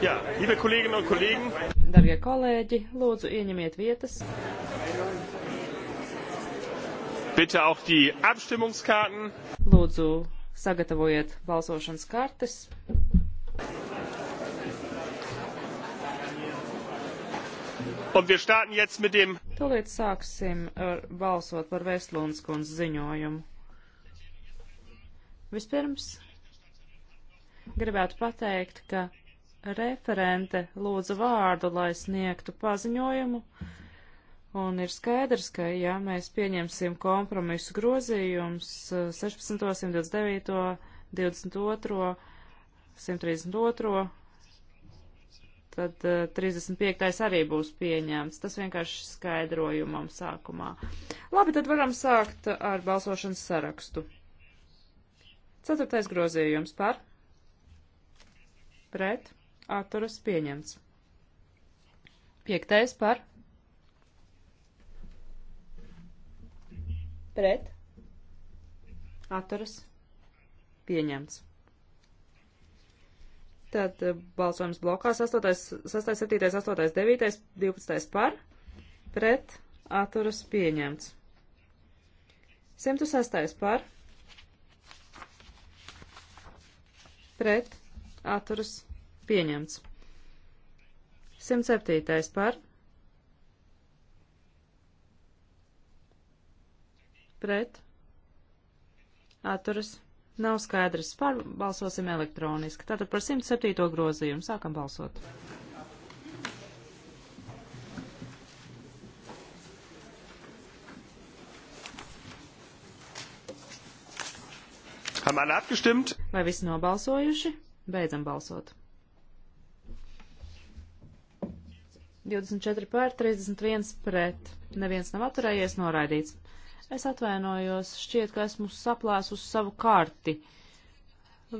Jā, liebe kolēģi un kolēģi. Darbie kolēģi, lūdzu ieņemiet vietas. Bitte auch die Abstimmungskarten. Lūdzu, sagatavojiet balsošanas kartes. Un wir starten jetzt mit dem. Tūlīt sāksim ar balsot par Vestlundskundas ziņojumu. Vispirms gribētu pateikt, ka referente lūdza vārdu, lai sniegtu paziņojumu, un ir skaidrs, ka, ja mēs pieņemsim kompromisu grozījums 16., 129., 22., 132., tad 35. Eh, arī būs pieņemts. Tas vienkārši skaidrojumam sākumā. Labi, tad varam sākt ar balsošanas sarakstu. Ceturtais grozījums par pret atturas pieņemts. Piektais par pret atturas pieņemts. Tad eh, balsojums blokā 6, 6 7, 8, 9, 12 par, pret, atturas pieņemts. 106 par, pret, atturas, pieņemts. 107. par, pret, atturas, nav skaidrs, pārbalsosim elektroniski. Tātad par 107. grozījumu sākam balsot. Haben alle abgestimmt? Vai visi nobalsojuši? Beidzam balsot. 24 pār 31 pret. Neviens nav atturējies noraidīts. Es atvainojos, šķiet, ka esmu saplāsus savu karti.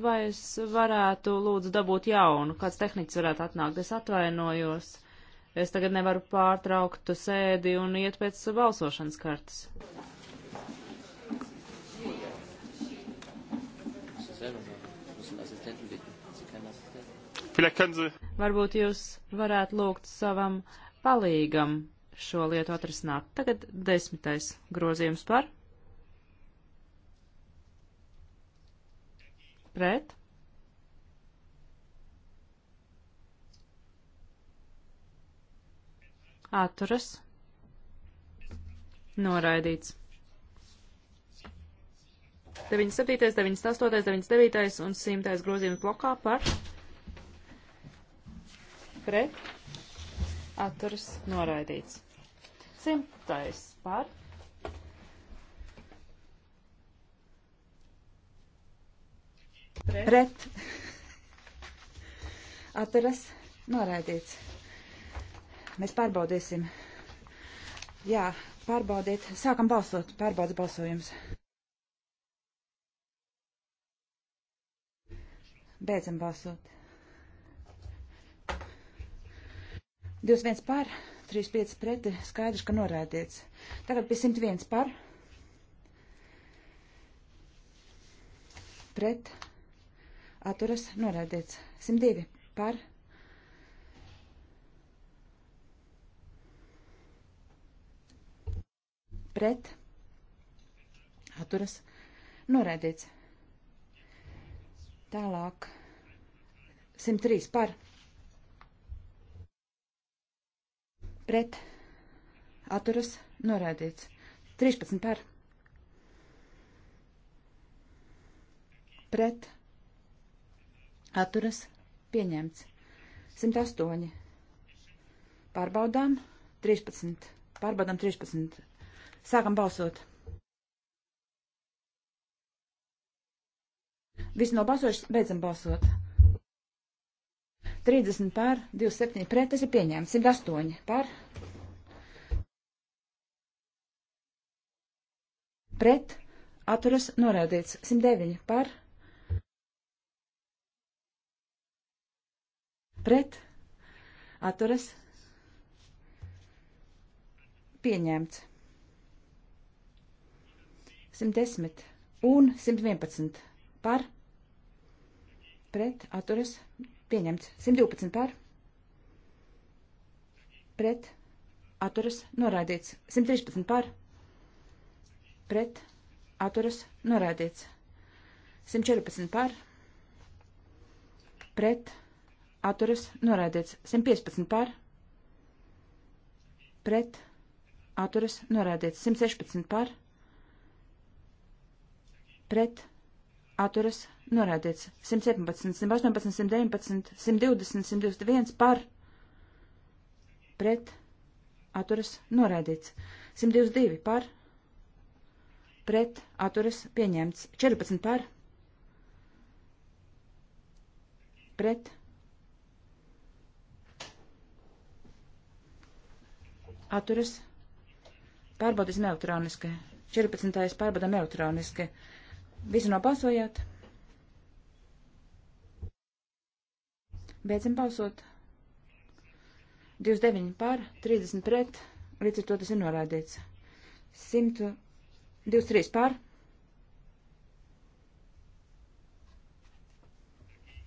Vai es varētu lūdzu dabūt jaunu? Kāds tehniķis varētu atnākt? Es atvainojos. Es tagad nevaru pārtraukt sēdi un iet pēc balsošanas kartes. Varbūt jūs varētu lūgt savam palīgam šo lietu atrisināt. Tagad desmitais grozījums par. Pret. Atturas. Noraidīts. 97., 98., 99. un 100. grozījums blokā par pret atturas noraidīts. 100. par pret, pret. atturas noraidīts. Mēs pārbaudīsim. Jā, pārbaudiet. Sākam balsot. Pārbaudas balsojums. Beidzam balsot. 21 par, 35 preti, skaidrs, ka norādīts. Tagad pie 101 par. Pret. Atturas norādīts. 102 par. Pret. Atturas norādīts. Tālāk. 103 par. Pret. Atturas norādīts. 13 par. Pret. Atturas pieņemts. 108. Pārbaudām 13. Pārbaudām 13. Sākam balsot. Visi nobalsojuši, beidzam balsot. 30 pār, 27 pret, tas ir pieņēmts. 108 pār. Pret, atturas norādīts. 109 pār. Pret, atturas pieņēmts. 110 un 111 par pret atturas pieņemts. 112 par pret atturas noraidīts. 113 par pret atturas noraidīts. 114 par pret atturas noraidīts. 115 par pret atturas noraidīts. 116 par pret atturas noraidīts Norādīts 117, 118, 119, 120, 121 par pret atturas norādīts. 122 par pret atturas pieņemts. 14 par pret atturas pārbaudīsim elektroniski. 14. pārbaudām elektroniski. Visu nobalsojāt. Beidzam balsot. 29 pār, 30 pret, līdz ar to tas ir norādīts. 123 pār.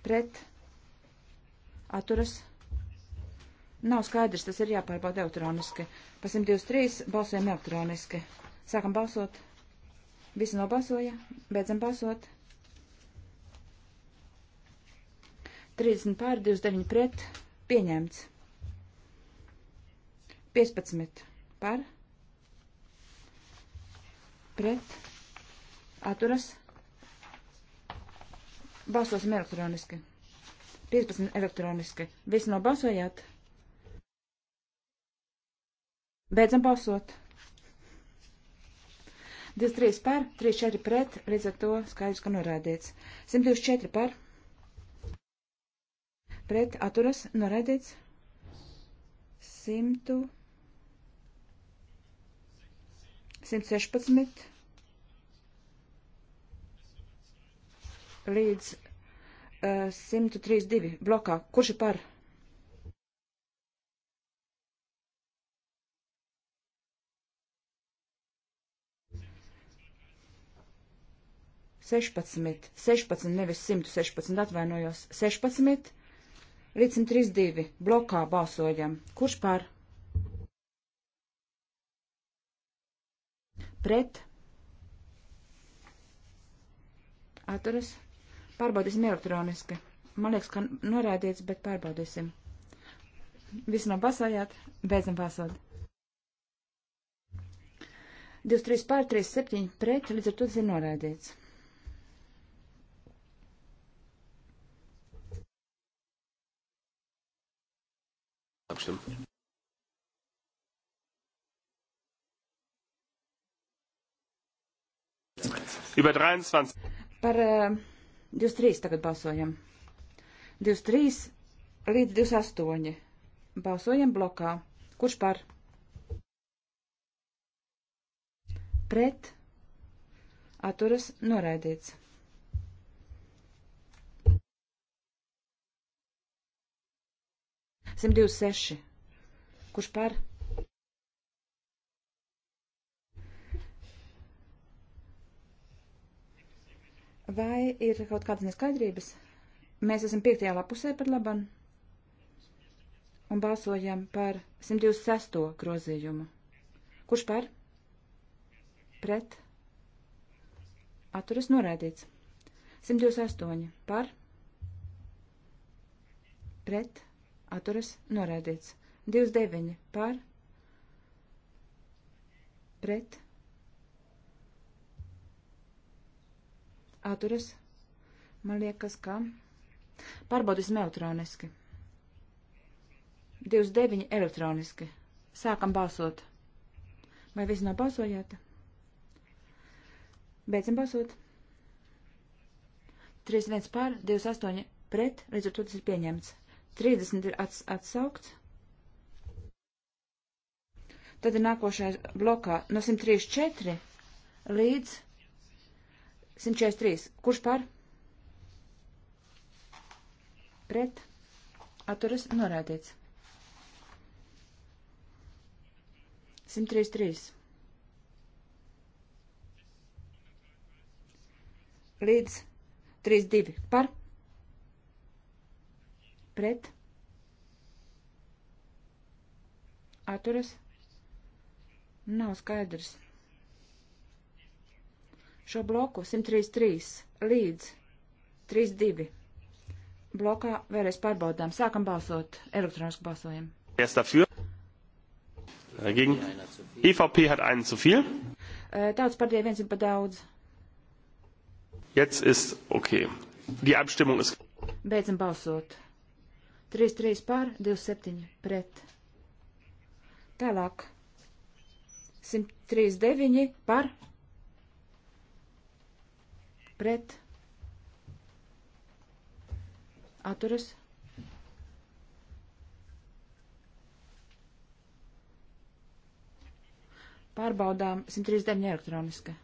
Pret. Atturas. Nav skaidrs, tas ir jāpārbauda elektroniski. Pa 123 balsojam elektroniski. Sākam balsot. Visi nobalsoja. Beidzam balsot. 30 pār 29 pret pieņemts. 15 par pret atturas balsosim elektroniski. 15 elektroniski. Visi nobalsojāt? Beidzam balsot. 23 par, 34 pret, līdz ar to skaidrs, ka norādīts. 124 par pret atturas noraidīts 100, 116 līdz uh, eh, 132 blokā. Kurš ir par? Sešpadsmit, sešpadsmit, nevis simtu sešpadsmit, atvainojos, sešpadsmit, līdz 132 blokā balsojam. Kurš par? Pret? Atturas? Pārbaudīsim elektroniski. Man liekas, ka norādīts, bet pārbaudīsim. Visi nav basājāt, beidzam basot. 23 pār 37 pret, līdz ar to tas ir norādīts. abstimmen? Über 23. Par uh, eh, 23 tagad balsojam. 23 līdz 28. Balsojam blokā. Kurš par? Pret. Atturas noraidīts. 126. Kurš par? Vai ir kaut kādas neskaidrības? Mēs esam piektajā lapusē par laban un balsojam par 126. grozījumu. Kurš par? Pret? Atturas noraidīts. 128. Par? Pret? atturas noraidīts. 29 par pret atturas, man liekas, ka pārbaudīsim elektroniski. 29 elektroniski. Sākam balsot. Vai visi nobalsojāt? Beidzam balsot. 31 pār, 28 pret, līdz ar to tas ir pieņemts. 30 ir ats atsaukts. Tad ir nākošais blokā no 134 līdz 143. Kurš par? Pret. Atturas norādīts. 133. Līdz 32 par pret atturas nav skaidrs. Šo bloku 133 līdz 32 blokā vēlreiz pārbaudām. Sākam balsot elektroniski balsojumu. Yes, Gegen EVP hat einen zu viel. Äh, Tautas partija viens ir par daudz. Jetzt ist okay. Die Abstimmung ist. Beidzam balsot. 3-3 pār, 2-7 pret. Tālāk. 139 par pret atturas. Pārbaudām 139 elektroniski.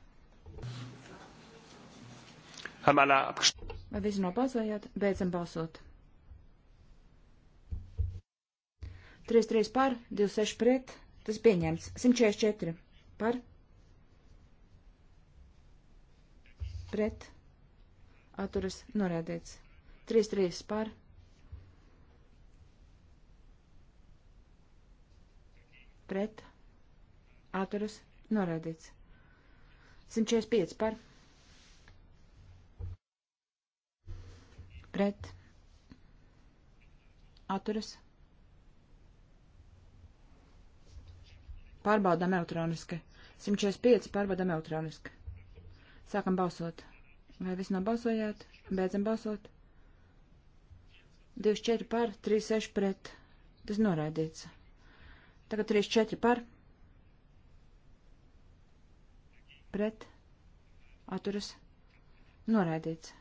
Vai visi nobalsojāt? Beidzam balsot. 33 par, 26 pret, tas pieņemts. 144 par, pret, atturas norādīts. 33 par, pret, atturas norādīts. 145 par, pret, atturas norādīts Pārbaudām elektroniski. 145 pārbaudām elektroniski. Sākam balsot. Vai visi nobalsojāt? Beidzam balsot. 24 par, 36 pret. Tas noraidīts. Tagad 34 par. Pret. Atturas. Noraidīts.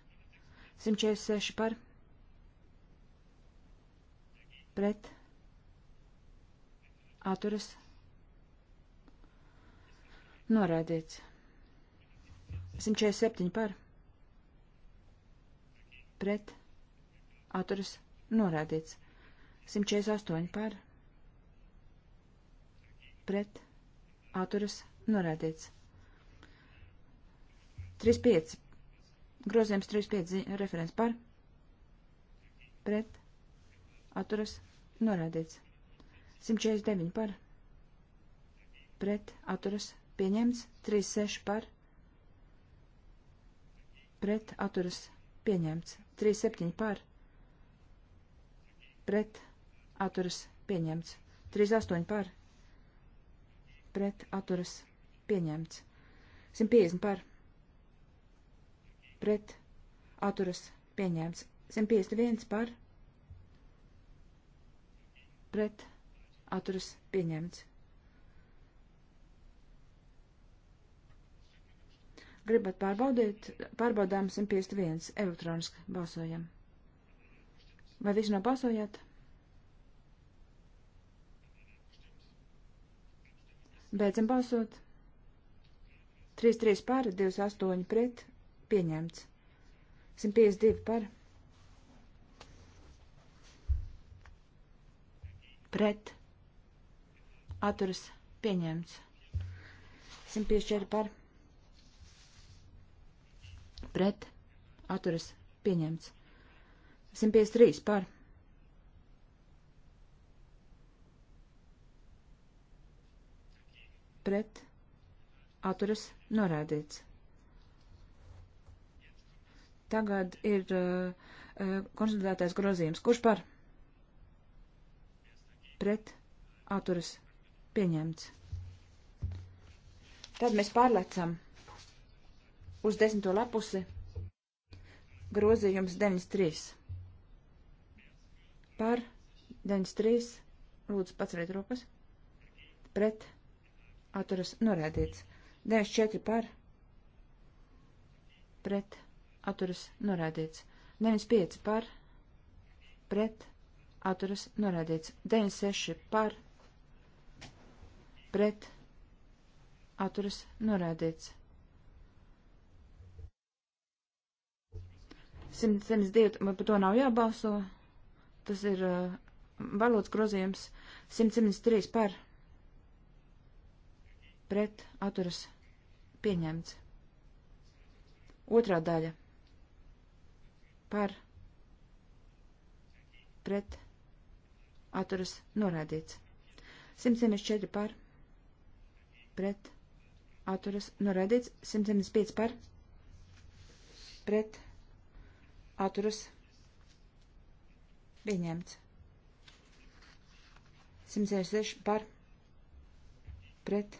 146 par. Pret. Atturas. Noraidīts Norādīts. 147 par. Pret. Atturas. Norādīts. 148 par. Pret. Atturas. Norādīts. 35. Grozījums 35 referents par. Pret. Atturas. Norādīts. 149 par. Pret. Atturas pieņemts, 36 par, pret atturas pieņemts, 37 par, pret atturas pieņemts, 38 par, pret atturas pieņemts, 150 par, pret atturas pieņemts, 151 par, pret atturas pieņemts. Gribat pārbaudīt? Pārbaudām 151 elektroniski balsojam. Vai visi nobalsojāt? Beidzam balsot. 3-3 pār, 2-8 pret, pieņemts. 152 par. Pret. Atturas pieņemts. 154 par pret, atturas, pieņemts. 153 par. Pret, atturas, norādīts. Tagad ir uh, uh konsolidētais grozījums. Kurš par? Pret, atturas, pieņemts. Tad mēs pārlecam uz desmito lapusi grozījums 93. Par 93 lūdzu paceliet rokas. Pret atturas norēdīts. 94 par. Pret atturas norēdīts. 95 par. Pret atturas norēdīts. 96 par. Pret atturas norēdīts. 172, vai par to nav jābalso, tas ir uh, valodas grozījums 173 par pret atturas pieņemts. Otrā daļa par pret atturas norādīts. 174 par pret atturas norādīts. 175 par pret atturas pieņemts. 166 par pret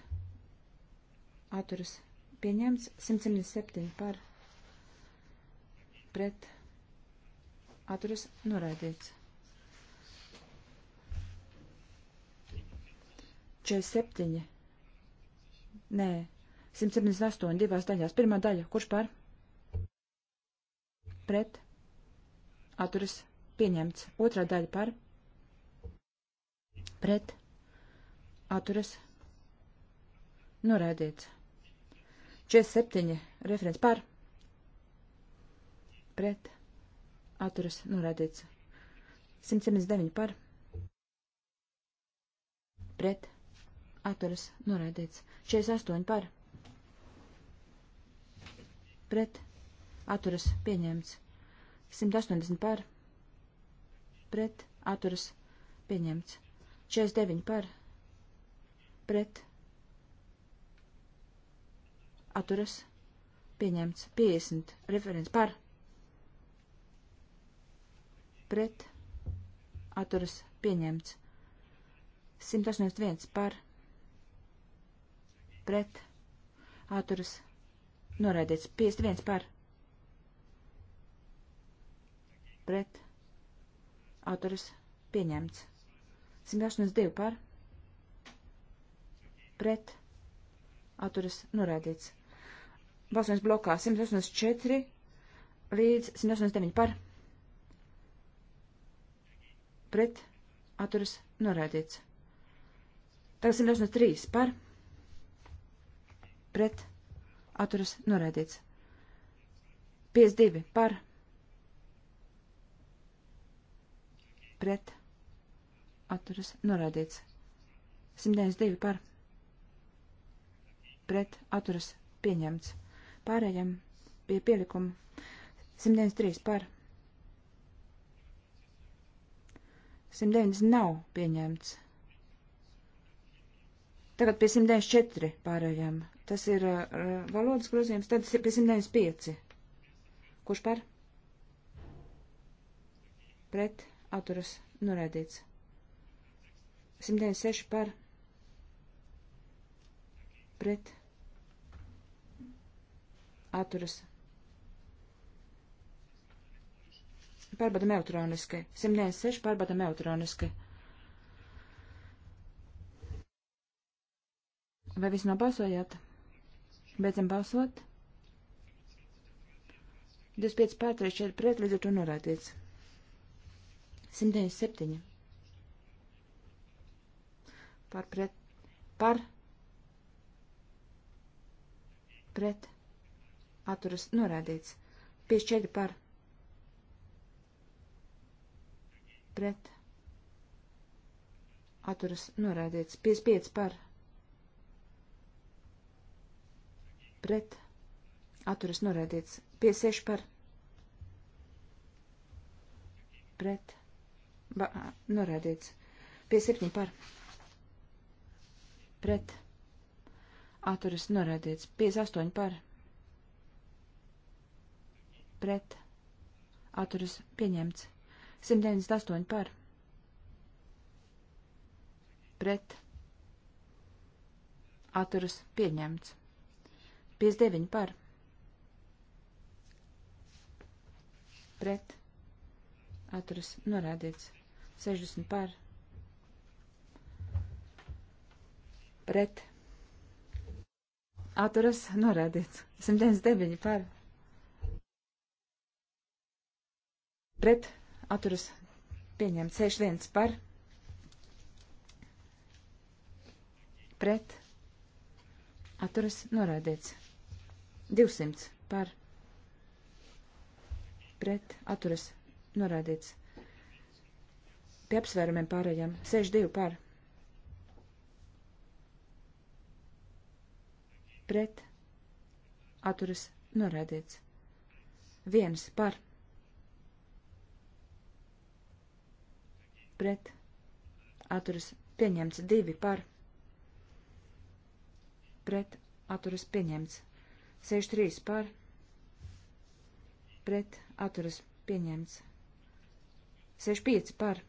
atturas pieņemts. 177 par pret atturas noraidīts. 47. Nē, 178 divās daļās. Pirmā daļa, kurš par? Pret atturas pieņemts. Otrā daļa par pret atturas noraidīts. 47 referents par pret atturas noraidīts. 179 par pret atturas noraidīts. 48 par pret atturas pieņemts. 180 par, pret, atturas, pieņemts. 49 par, pret, atturas, pieņemts. 50 referents par, pret, atturas, pieņemts. 181 par, pret, atturas, noraidīts. 51 par, pret pret autors pieņemts. 182 par pret autors norādīts. Balsojums blokā 184 līdz 189 par pret autors norādīts. Tagad 183 par pret autors norādīts. 52 par pret pret atturas norādīts. 192 par pret atturas pieņemts. Pārējām pie pielikuma 193 par 190 nav pieņemts. Tagad pie 194 pārējām. Tas ir uh, valodas grozījums, tad pie 195. Kurš par? Pret atturas norēdīts. 196 par pret atturas. Pārbaudam elektroniski. 196 pārbaudam elektroniski. Vai viss nobalsojāt? Beidzam balsot. 25 pār 34 pret, līdz ar to norādīts. 197 par pret, par pret atturas norādīts. 54 par pret atturas norādīts. 55 par pret atturas norādīts. 56 par pret Ba, norādīts. Pie septiņi par. Pret. Atturas norādīts. Pie astoņi par. Pret. Atturas pieņemts. 198 par. Pret. Atturas pieņemts. 59 par. Pret. Atturas norādīts. 60 par pret atturas norādīts 109 par pret atturas pieņemts 61 par pret atturas norādīts 200 par pret atturas norādīts 200. Pie apsvērumiem pārējām. 6-2 par. Pret. Atturas norēdīts. 1 par. Pret. Atturas pieņemts. 2 par. Pret. Atturas pieņemts. 6-3 par. Pret. Atturas pieņemts. 6-5 par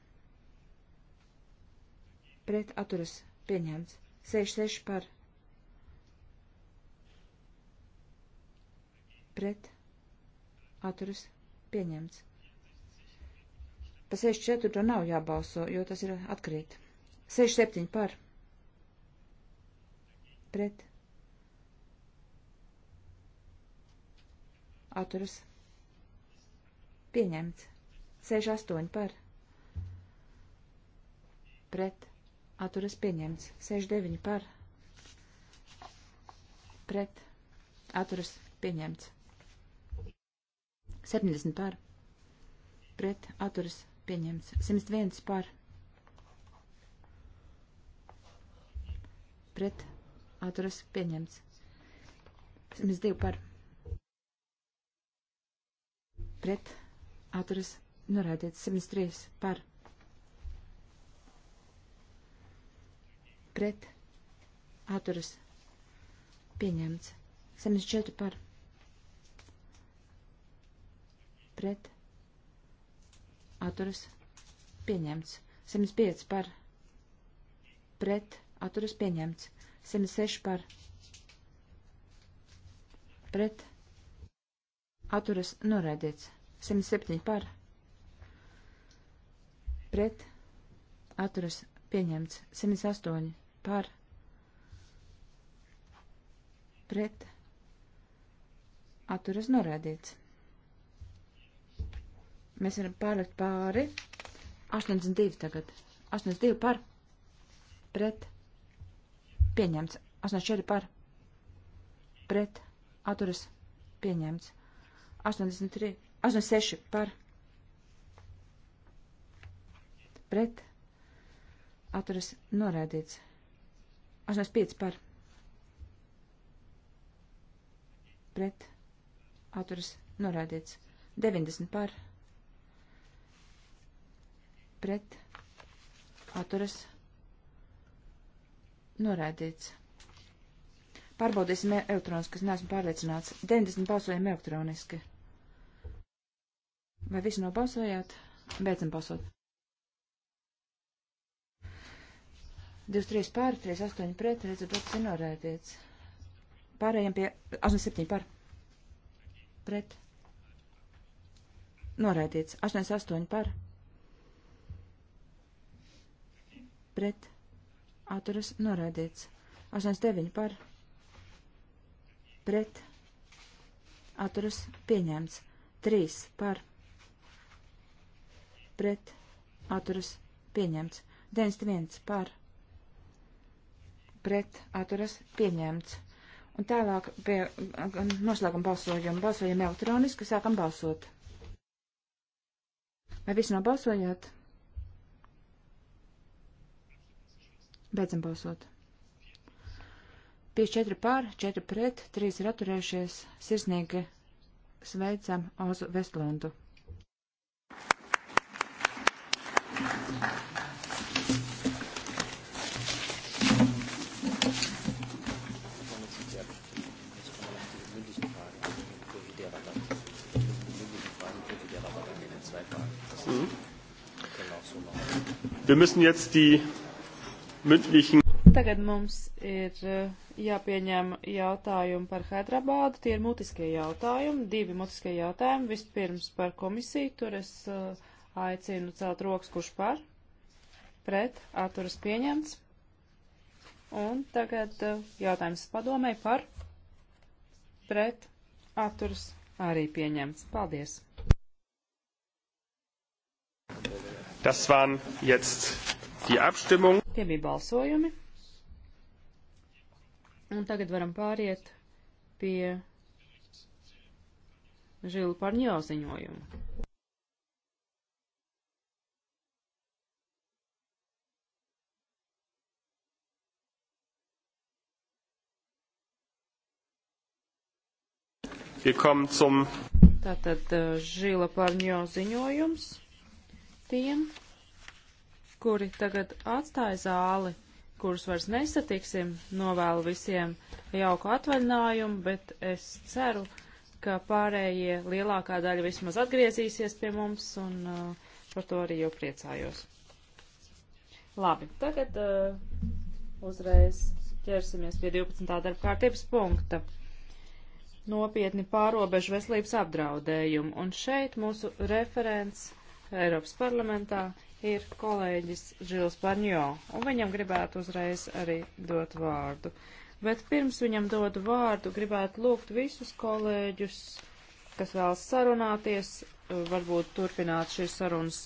pret atturas pieņemts. 66 par pret atturas pieņemts. Pa 64 to nav jābalso, jo tas ir atkrīt. 67 par pret atturas pieņemts. 68 par pret atturas pieņemts. 69 par pret atturas pieņemts. 70 par pret atturas pieņemts. 101 par pret atturas pieņemts. 102 par pret atturas norādīts. 103 par pret pret atturas pieņemts. 74 par pret atturas pieņemts. 75 par pret atturas pieņemts. 76 par pret atturas noraidīts. 77 par pret atturas pieņemts. 108 par pret atturas norādīts. Mēs varam pārlikt pāri 82 tagad. 82 par pret pieņemts. 84 par pret atturas pieņemts. 83, 86 par pret atturas norādīts. 85 par. Pret. Atturas norādīts. 90 par. Pret. Atturas norādīts. Pārbaudīsim elektroniski, kas neesmu pārliecināts. 90 balsojam elektroniski. Vai visi nobalsojāt? Beidzam balsot. 23 pār, 38 pret, rezultāts ir norēdīts. Pārējiem pie 87 pār. Pret. Norēdīts. 88 pār. Pret. Atturas norēdīts. 89 pār. Pret. Atturas pieņemts. 3 pār. Pret. Atturas pieņemts. 91 pār pret atturas pieņemts. Un tālāk pie noslēguma balsojuma. Balsojam elektroniski, sākam balsot. Vai visi nobalsojāt? Beidzam balsot. 54 pār, 4 pret, 3 ir atturējušies. Sirsnīgi sveicam Ozu Vestlundu. Wir müssen jetzt die mündlichen. Tagad mums ir eh, jāpieņem jautājumi par Hedrabādu. Tie ir mutiskie jautājumi, divi mutiskie jautājumi. Vispirms par komisiju. Tur es eh, aicinu celt rokas, kurš par, pret, atturas pieņemts. Un tagad eh, jautājums padomē par, pret, atturas arī pieņemts. Paldies! Das waren jetzt die Abstimmung. Tie bija balsojumi. Un tagad varam pāriet pie Žila Parņo ziņojuma. Tātad eh, Žila Parņo ziņojums. Tiem, kuri tagad atstāja zāli, kurus vairs nesatiksim, novēlu visiem jauku atvaļinājumu, bet es ceru, ka pārējie lielākā daļa vismaz atgriezīsies pie mums un uh, par to arī jau priecājos. Labi, tagad uh, uzreiz ķersimies pie 12. darba kārtības punkta. Nopietni pārobežu veselības apdraudējumu. Un šeit mūsu referents Eiropas parlamentā ir kolēģis Žils Barņo, un viņam gribētu uzreiz arī dot vārdu. Bet pirms viņam dodu vārdu, gribētu lūgt visus kolēģus, kas vēlas sarunāties, varbūt turpināt šīs sarunas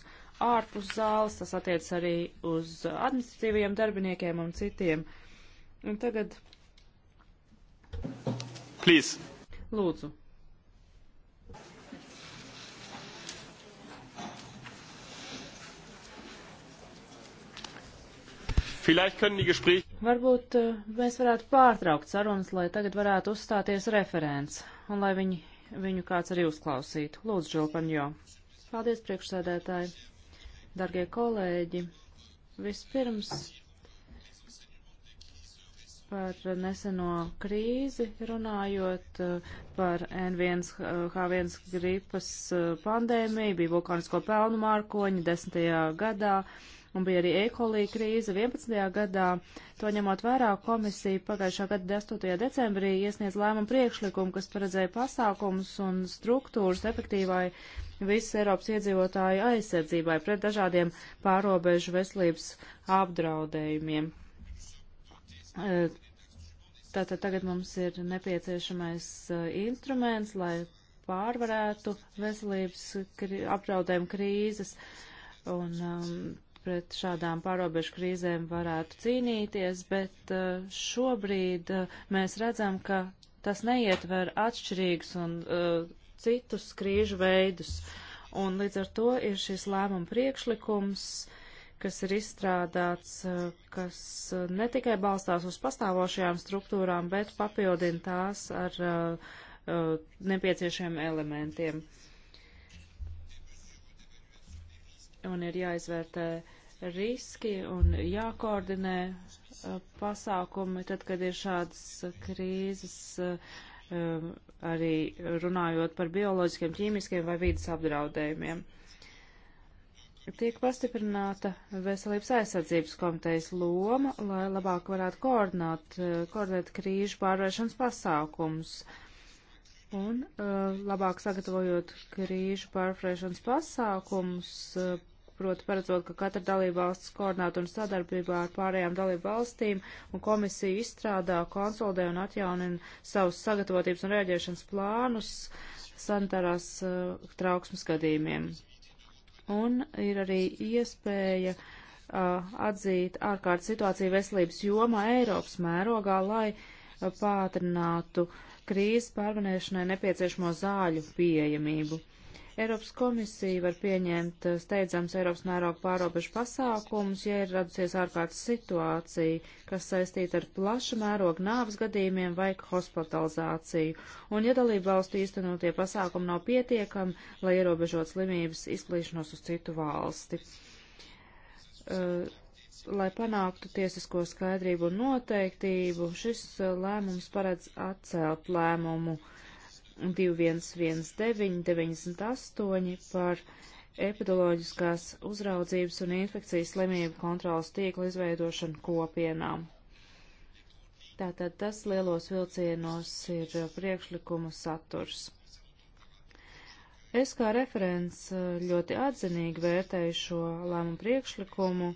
ārpus zāles, tas attiec arī uz administratīviem darbiniekiem un citiem. Un tagad. Please. Lūdzu. Varbūt eh, mēs varētu pārtraukt sarunas, lai tagad varētu uzstāties referents un lai viņi, viņu kāds arī uzklausītu. Lūdzu, Žilpaņo. Paldies, priekšsēdētāji. Dargie kolēģi, vispirms par neseno krīzi runājot, eh, par N1H1 eh, gripas pandēmiju, bija vulkānisko pelnu mārkoņi 10. gadā, un bija arī ekolī krīze 11. gadā. To ņemot vērā, komisija pagājušā gada 8. decembrī iesniedz lēmumu priekšlikumu, kas paredzēja pasākums un struktūras efektīvai visas Eiropas iedzīvotāju aizsardzībai pret dažādiem pārobežu veselības apdraudējumiem. E, tātad tagad mums ir nepieciešamais e, instruments, lai pārvarētu veselības krī, apdraudējumu krīzes. Un um, pret šādām pārobežu krīzēm varētu cīnīties, bet uh, šobrīd uh, mēs redzam, ka tas neietver atšķirīgus un uh, citus krīžu veidus. Un līdz ar to ir šis lēmuma priekšlikums, kas ir izstrādāts, uh, kas ne tikai balstās uz pastāvošajām struktūrām, bet papildina tās ar uh, nepieciešiem elementiem. Uh, un ir jāizvērtē riski un jākoordinē pasākumi, tad, kad ir šādas krīzes, arī runājot par bioloģiskiem, ķīmiskiem vai vīdas apdraudējumiem. Tiek pastiprināta veselības aizsardzības komitejas loma, lai labāk varētu koordināt, koordinēt krīžu pārvēršanas pasākums. Un labāk sagatavojot krīžu pārvēršanas pasākums, proti paredzot, ka katra dalībvalsts koordinātu un sadarbībā ar pārējām dalībvalstīm un komisija izstrādā, konsolidē un atjaunina savus sagatavotības un rēģēšanas plānus sanitārās uh, trauksmes gadījumiem. Un ir arī iespēja uh, atzīt ārkārtas situāciju veselības jomā Eiropas mērogā, lai uh, pātrinātu krīzes pārvarēšanai nepieciešamo zāļu pieejamību. Eiropas komisija var pieņemt eh, steidzams Eiropas mēroga pārobežu pasākumus, ja ir radusies ārkārtas situācija, kas saistīta ar plaša mēroga nāvas gadījumiem vai hospitalizāciju, un ja dalību valstu īstenotie pasākumi nav pietiekami, lai ierobežot slimības izplīšanos uz citu valsti. Uh, lai panāktu tiesisko skaidrību un noteiktību, šis eh, lēmums paredz atcelt lēmumu uh, 2119, 98 par epidoloģiskās uzraudzības un infekcijas slimību kontrolas tīkla izveidošanu kopienām. Tātad tas lielos vilcienos ir eh, priekšlikuma saturs. Es kā referents eh, ļoti atzinīgi vērtēju šo lēmumu priekšlikumu,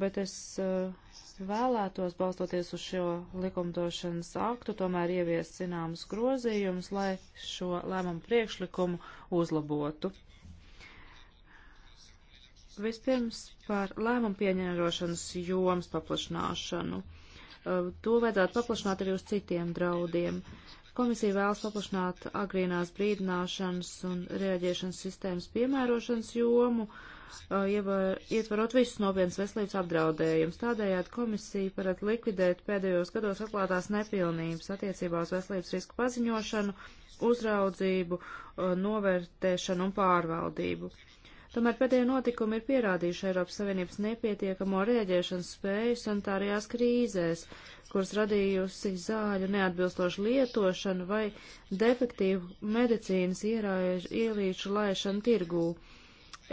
bet es uh, vēlētos, balstoties uz šo likumdošanas aktu, tomēr ievies zināmas grozījumus, lai šo lēmumu priekšlikumu uzlabotu. Vispirms par lēmumu pieņemšanas jomas paplašināšanu. Uh, to vajadzētu paplašināt arī uz citiem draudiem. Komisija vēlas paplašināt agrīnās brīdināšanas un reaģēšanas sistēmas piemērošanas jomu, uh, Uh, ietvarot visus nopietnas veselības apdraudējumus. Tādējādi komisija parat likvidēt pēdējos gados atklātās nepilnības attiecībā uz veselības risku paziņošanu, uzraudzību, uh, novērtēšanu un pārvaldību. Tomēr pēdējie notikumi ir pierādījuši Eiropas Savienības nepietiekamo rēģēšanas spējas un tā arī tās krīzēs, kuras radījusi zāļu neatbilstošu lietošanu vai defektīvu medicīnas ierāž, ielīču laišanu tirgū. Uh,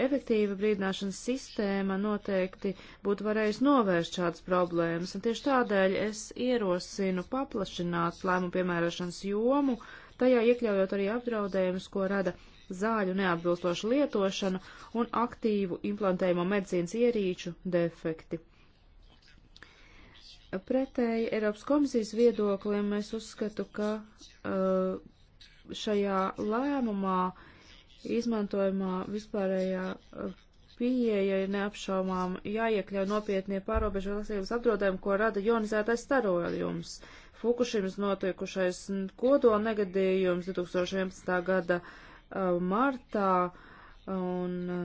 efektīva brīdināšanas sistēma noteikti būtu varējusi novērst šādas problēmas, un tieši tādēļ es ierosinu paplašināt lēmumu piemērošanas jomu, tajā iekļaujot arī apdraudējumus, ko rada zāļu neatbilstoša lietošana un aktīvu implantējumu medicīnas ierīču defekti. Pretēji Eiropas komisijas viedoklim es uzskatu, ka uh, šajā lēmumā uh, izmantojumā vispārējā eh, pieeja ir neapšaumām jāiekļauj nopietnie pārobežu veselības apdraudējumi, ko rada jonizētais starojums. Fukušims notiekušais kodola negadījums 2011. gada uh, martā un eh,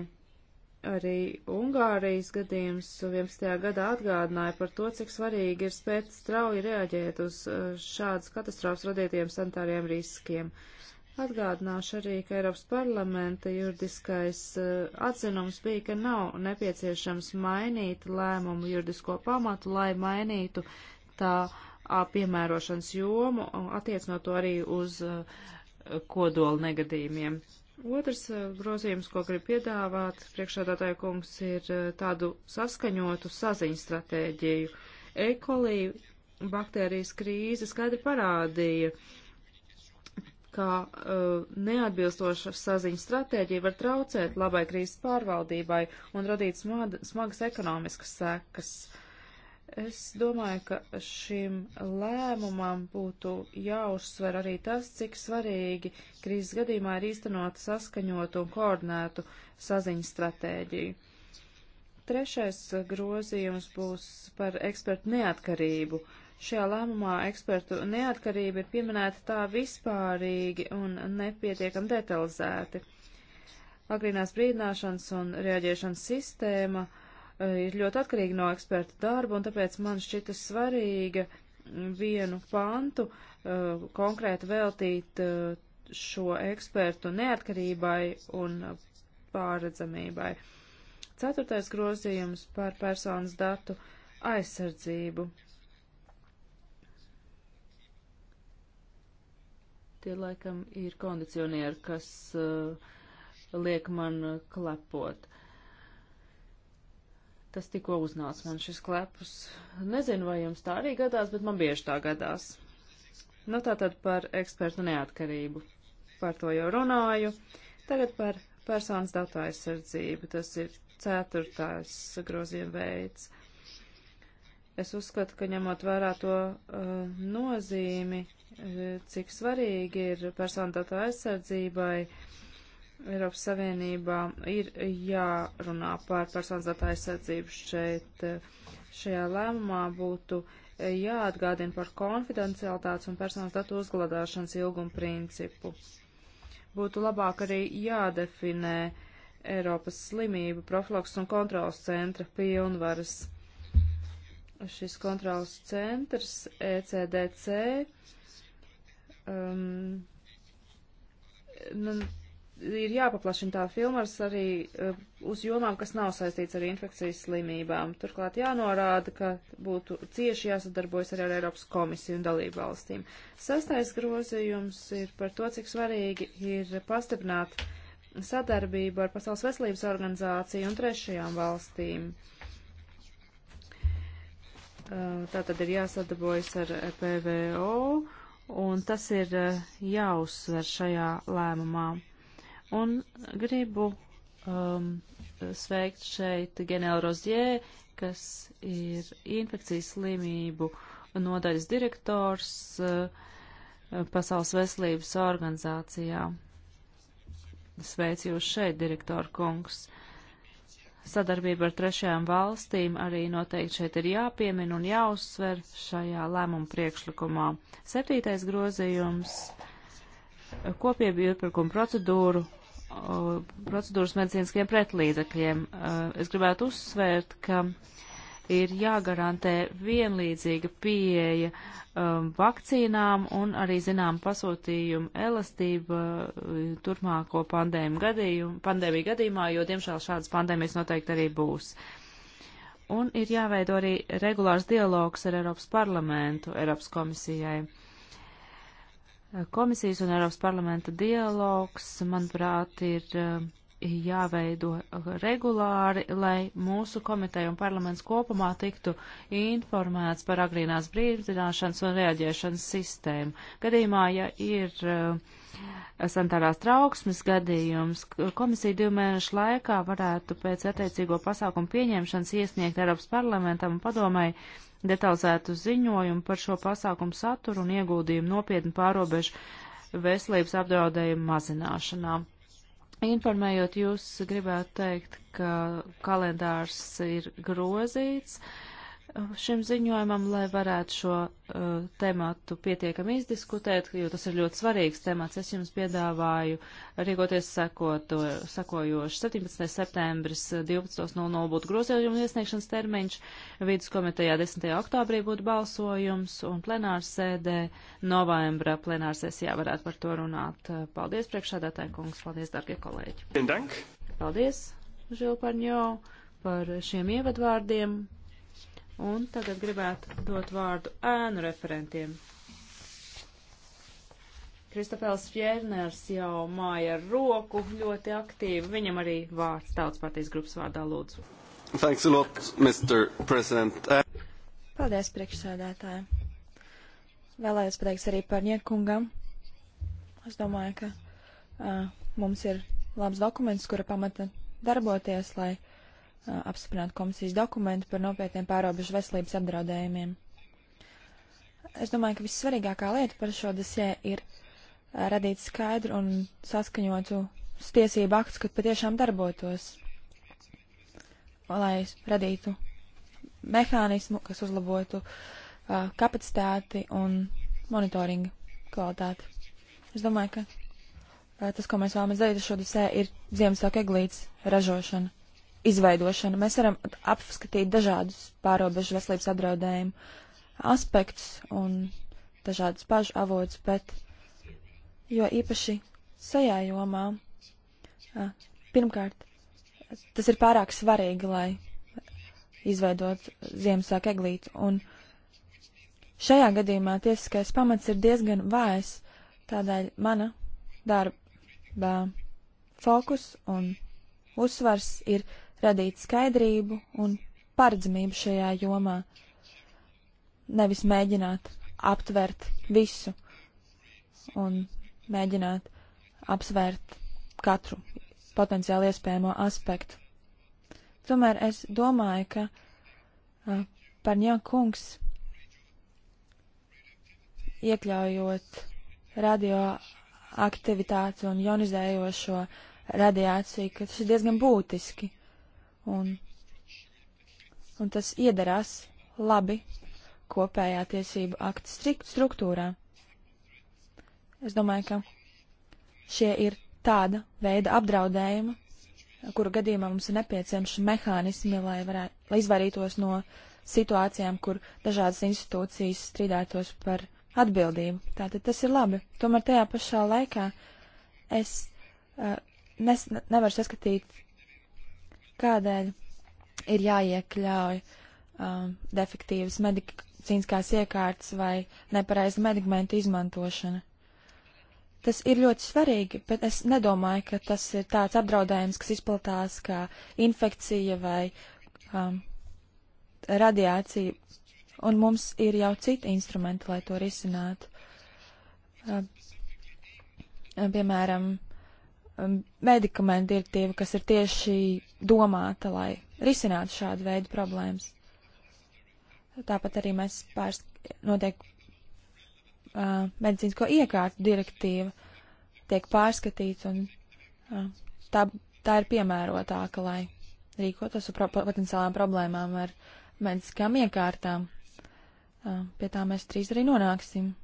arī Ungārijas gadījums 11. gadā atgādināja par to, cik svarīgi ir spēt strauji reaģēt uz uh, šādas katastrofas radītiem sanitāriem riskiem. Uh, Atgādināšu arī, ka Eiropas parlamenta juridiskais uh, atzinums bija, ka nav nepieciešams mainīt lēmumu juridisko pamatu, lai mainītu tā uh, piemērošanas jomu, attiecinot to arī uz uh, kodola negadījumiem. Otrs grozījums, ko grib piedāvāt, priekšādātāja kungs, ir tādu saskaņotu saziņu stratēģiju. Ekolī baktērijas krīze skaidri parādīja, uh, ka uh, neatbilstoša saziņas stratēģija var traucēt labai krīzes pārvaldībai un radīt smad, smagas ekonomiskas sekas. Es domāju, ka šim lēmumam būtu jāuzsver arī tas, cik svarīgi krīzes gadījumā ir īstenot saskaņotu un koordinētu saziņas stratēģiju. Trešais grozījums būs par ekspertu neatkarību. Uh, Šajā lēmumā ekspertu neatkarība ir pieminēta tā vispārīgi un nepietiekam detalizēti. Agrīnās brīdināšanas un reaģēšanas sistēma e, ir ļoti atkarīga no eksperta darba, un tāpēc man šķita svarīga vienu pantu uh, konkrēti veltīt uh, šo ekspertu neatkarībai un pārredzamībai. Ceturtais grozījums par personas datu aizsardzību. Tie laikam ir kondicionieri, kas uh, liek man klepot. Tas tikko uznāca man šis klepus. Nezinu, vai jums tā arī gadās, bet man bieži tā gadās. Nu, tātad par ekspertu neatkarību. Par to jau runāju. Tagad par personas datu aizsardzību. Tas ir ceturtais grozījuma veids. Es uzskatu, ka ņemot vērā to uh, nozīmi, cik svarīgi ir personu datu aizsardzībai. Eiropas Savienībā ir jārunā par personas datu aizsardzību šeit. Šajā lēmumā būtu jāatgādina par konfidencialitātes un personas datu uzglabāšanas ilgumu principu. Būtu labāk arī jādefinē Eiropas slimību profilaks un kontrolas centra pilnvaras. Šis kontrolas centrs ECDC um, nu, ir jāpaplašina tā filmas arī uh, uz jomām, kas nav saistīts ar infekcijas slimībām. Turklāt jānorāda, ka būtu cieši jāsadarbojas arī ar Eiropas komisiju un dalību valstīm. Sastais grozījums ir par to, cik svarīgi ir pastiprināt sadarbību ar Pasaules veselības organizāciju un trešajām valstīm. Uh, tā tad ir jāsadarbojas ar PVO un tas ir eh, jāuzsver šajā lēmumā. Un gribu um, sveikt šeit Genēlu Rozjē, kas ir infekcijas slimību nodaļas direktors uh, Pasaules veselības organizācijā. Sveicu jūs šeit, direktora kungs sadarbība ar trešajām valstīm arī noteikti šeit ir jāpiemina un jāuzsver šajā lēmuma priekšlikumā. Septītais grozījums - kopiebu iepirkuma procedūru, procedūras medicīniskiem pretlīdzekļiem. Es gribētu uzsvērt, ka ir jāgarantē vienlīdzīga pieeja um, vakcīnām un arī zinām pasūtījumu elastība uh, turpmāko pandēmiju gadījumu, pandēmiju gadījumā, jo diemžēl šādas pandēmijas noteikti arī būs. Un ir jāveido arī regulārs dialogs ar Eiropas parlamentu, Eiropas komisijai. Komisijas un Eiropas parlamenta dialogs, manuprāt, ir uh, jāveido regulāri, lai mūsu komiteja un parlaments kopumā tiktu informēts par agrīnās brīdināšanas un reaģēšanas sistēmu. Gadījumā, ja ir eh, sanitārās trauksmes gadījums, komisija divu mēnešu laikā varētu pēc attiecīgo pasākumu pieņemšanas iesniegt Eiropas parlamentam un padomai detalizētu ziņojumu par šo pasākumu saturu un ieguldījumu nopietnu pārobežu veselības apdraudējumu mazināšanā. Informējot jūs, gribētu teikt, ka kalendārs ir grozīts. Uh, Uh, šim ziņojumam, lai varētu šo uh, tematu pietiekami izdiskutēt, jo tas ir ļoti svarīgs temats. Es jums piedāvāju rīkoties sekoto, sekojoši 17. septembris 12.00 uh, būtu grozījuma iesniegšanas termiņš, viduskomitejā 10. oktobrī būtu balsojums un plenārs sēdē novembra plenārsesijā varētu par to runāt. Uh, paldies priekšādātāji kungs, paldies darbie kolēģi. Paldies, Žilparņo, par šiem ievadvārdiem. Un tagad gribētu dot vārdu ēnu referentiem. Kristofēls Fjerners jau māja ar roku ļoti aktīvi. Viņam arī vārds tautas partijas grupas vārdā lūdzu. Thanks a lot, Mr. President. Paldies, priekšsēdētāji. Vēlējos pateikt arī par niekungam. Es domāju, ka uh, mums ir labs dokuments, kura pamata darboties, lai apstiprināt komisijas dokumentu par nopietniem pārobežu veselības apdraudējumiem. Es domāju, ka vissvarīgākā lieta par šo dosie ir radīt skaidru un saskaņotu tiesību aktus, kad patiešām darbotos, lai radītu mehānismu, kas uzlabotu uh, kapacitāti un monitoringa kvalitāti. Es domāju, ka uh, tas, ko mēs vēlamies darīt ar šo dosē, ir Ziemassvētku eglītes ražošana izveidošanu. Mēs varam apskatīt dažādus pārobežu veselības apdraudējumu aspektus un dažādus pašu avotus, bet jo īpaši šajā jomā, pirmkārt, tas ir pārāk svarīgi, lai izveidot Ziemassvētku eglīti, un šajā gadījumā tiesiskais pamats ir diezgan vājs, tādēļ mana darba fokus un uzsvars ir radīt skaidrību un paredzamību šajā jomā, nevis mēģināt aptvert visu un mēģināt apsvērt katru potenciāli iespējamo aspektu. Tomēr es domāju, ka uh, Parņā kungs iekļaujot radioaktivitāti un jonizējošo radiāciju, ka tas ir diezgan būtiski un, un tas iedarās labi kopējā tiesību akta struktūrā. Es domāju, ka šie ir tāda veida apdraudējumi, kuru gadījumā mums ir nepieciešami mehānismi, lai, varētu, lai izvairītos no situācijām, kur dažādas institūcijas strīdētos par atbildību. Tātad tas ir labi. Tomēr tajā pašā laikā es uh, nes, nevaru saskatīt Kādēļ ir jāiekļauj um, defektīvas medicīniskās iekārtas vai nepareiza medikamentu izmantošana? Tas ir ļoti svarīgi, bet es nedomāju, ka tas ir tāds apdraudējums, kas izplatās kā infekcija vai um, radiācija, un mums ir jau citi instrumenti, lai to risinātu. Uh, piemēram, Um, medikamentu direktīva, kas ir tieši domāta, lai risinātu šādu veidu problēmas. Tāpat arī mēs pārs notiek uh, medicīnisko iekārtu direktīva tiek pārskatīts un uh, tā, tā ir piemērotāka, lai rīkotos ar pro potenciālām problēmām ar mediskām iekārtām. Uh, pie tā mēs trīs arī nonāksim.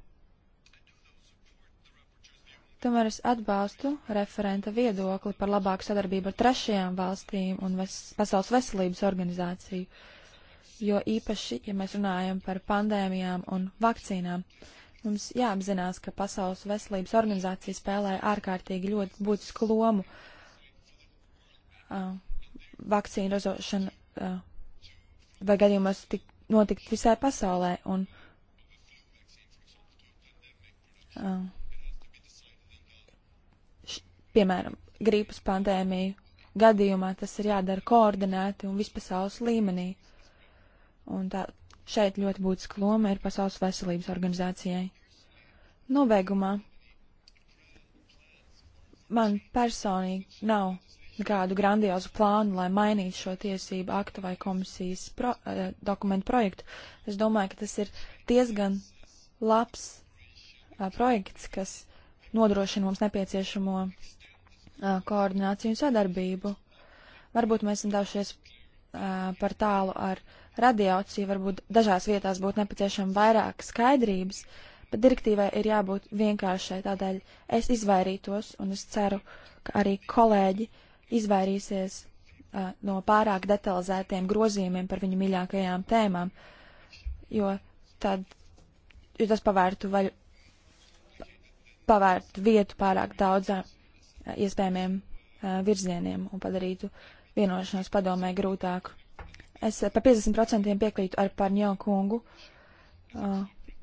Tomēr es atbalstu referenta viedokli par labāku sadarbību ar trešajām valstīm un ves Pasaules veselības organizāciju, jo īpaši, ja mēs runājam par pandēmijām un vakcīnām, mums jāapzinās, ka Pasaules veselības organizācija spēlē ārkārtīgi ļoti būtisku lomu uh, vakcīnu ražošana uh, vai gadījumos tik, notikt visai pasaulē. Un, uh, piemēram, grīpas pandēmiju gadījumā tas ir jādara koordinēti un vispasaules līmenī. Un tā šeit ļoti būtiska loma ir Pasaules veselības organizācijai. Novēgumā man personīgi nav nekādu grandiozu plānu, lai mainītu šo tiesību aktu vai komisijas pro, eh, dokumentu projektu. Es domāju, ka tas ir diezgan labs eh, projekts, kas nodrošina mums nepieciešamo koordināciju un sadarbību. Varbūt mēs esam devušies par tālu ar radiāciju, varbūt dažās vietās būtu nepieciešama vairāk skaidrības, bet direktīvai ir jābūt vienkāršai, tādēļ es izvairītos, un es ceru, ka arī kolēģi izvairīsies uh, no pārāk detalizētiem grozījumiem par viņu mīļākajām tēmām, jo tad, jo tas pavērtu vai pavērtu vietu pārāk daudzām iespējamiem virzieniem un padarītu vienošanos padomē grūtāku. Es par 50% piekrītu ar Parņo kungu,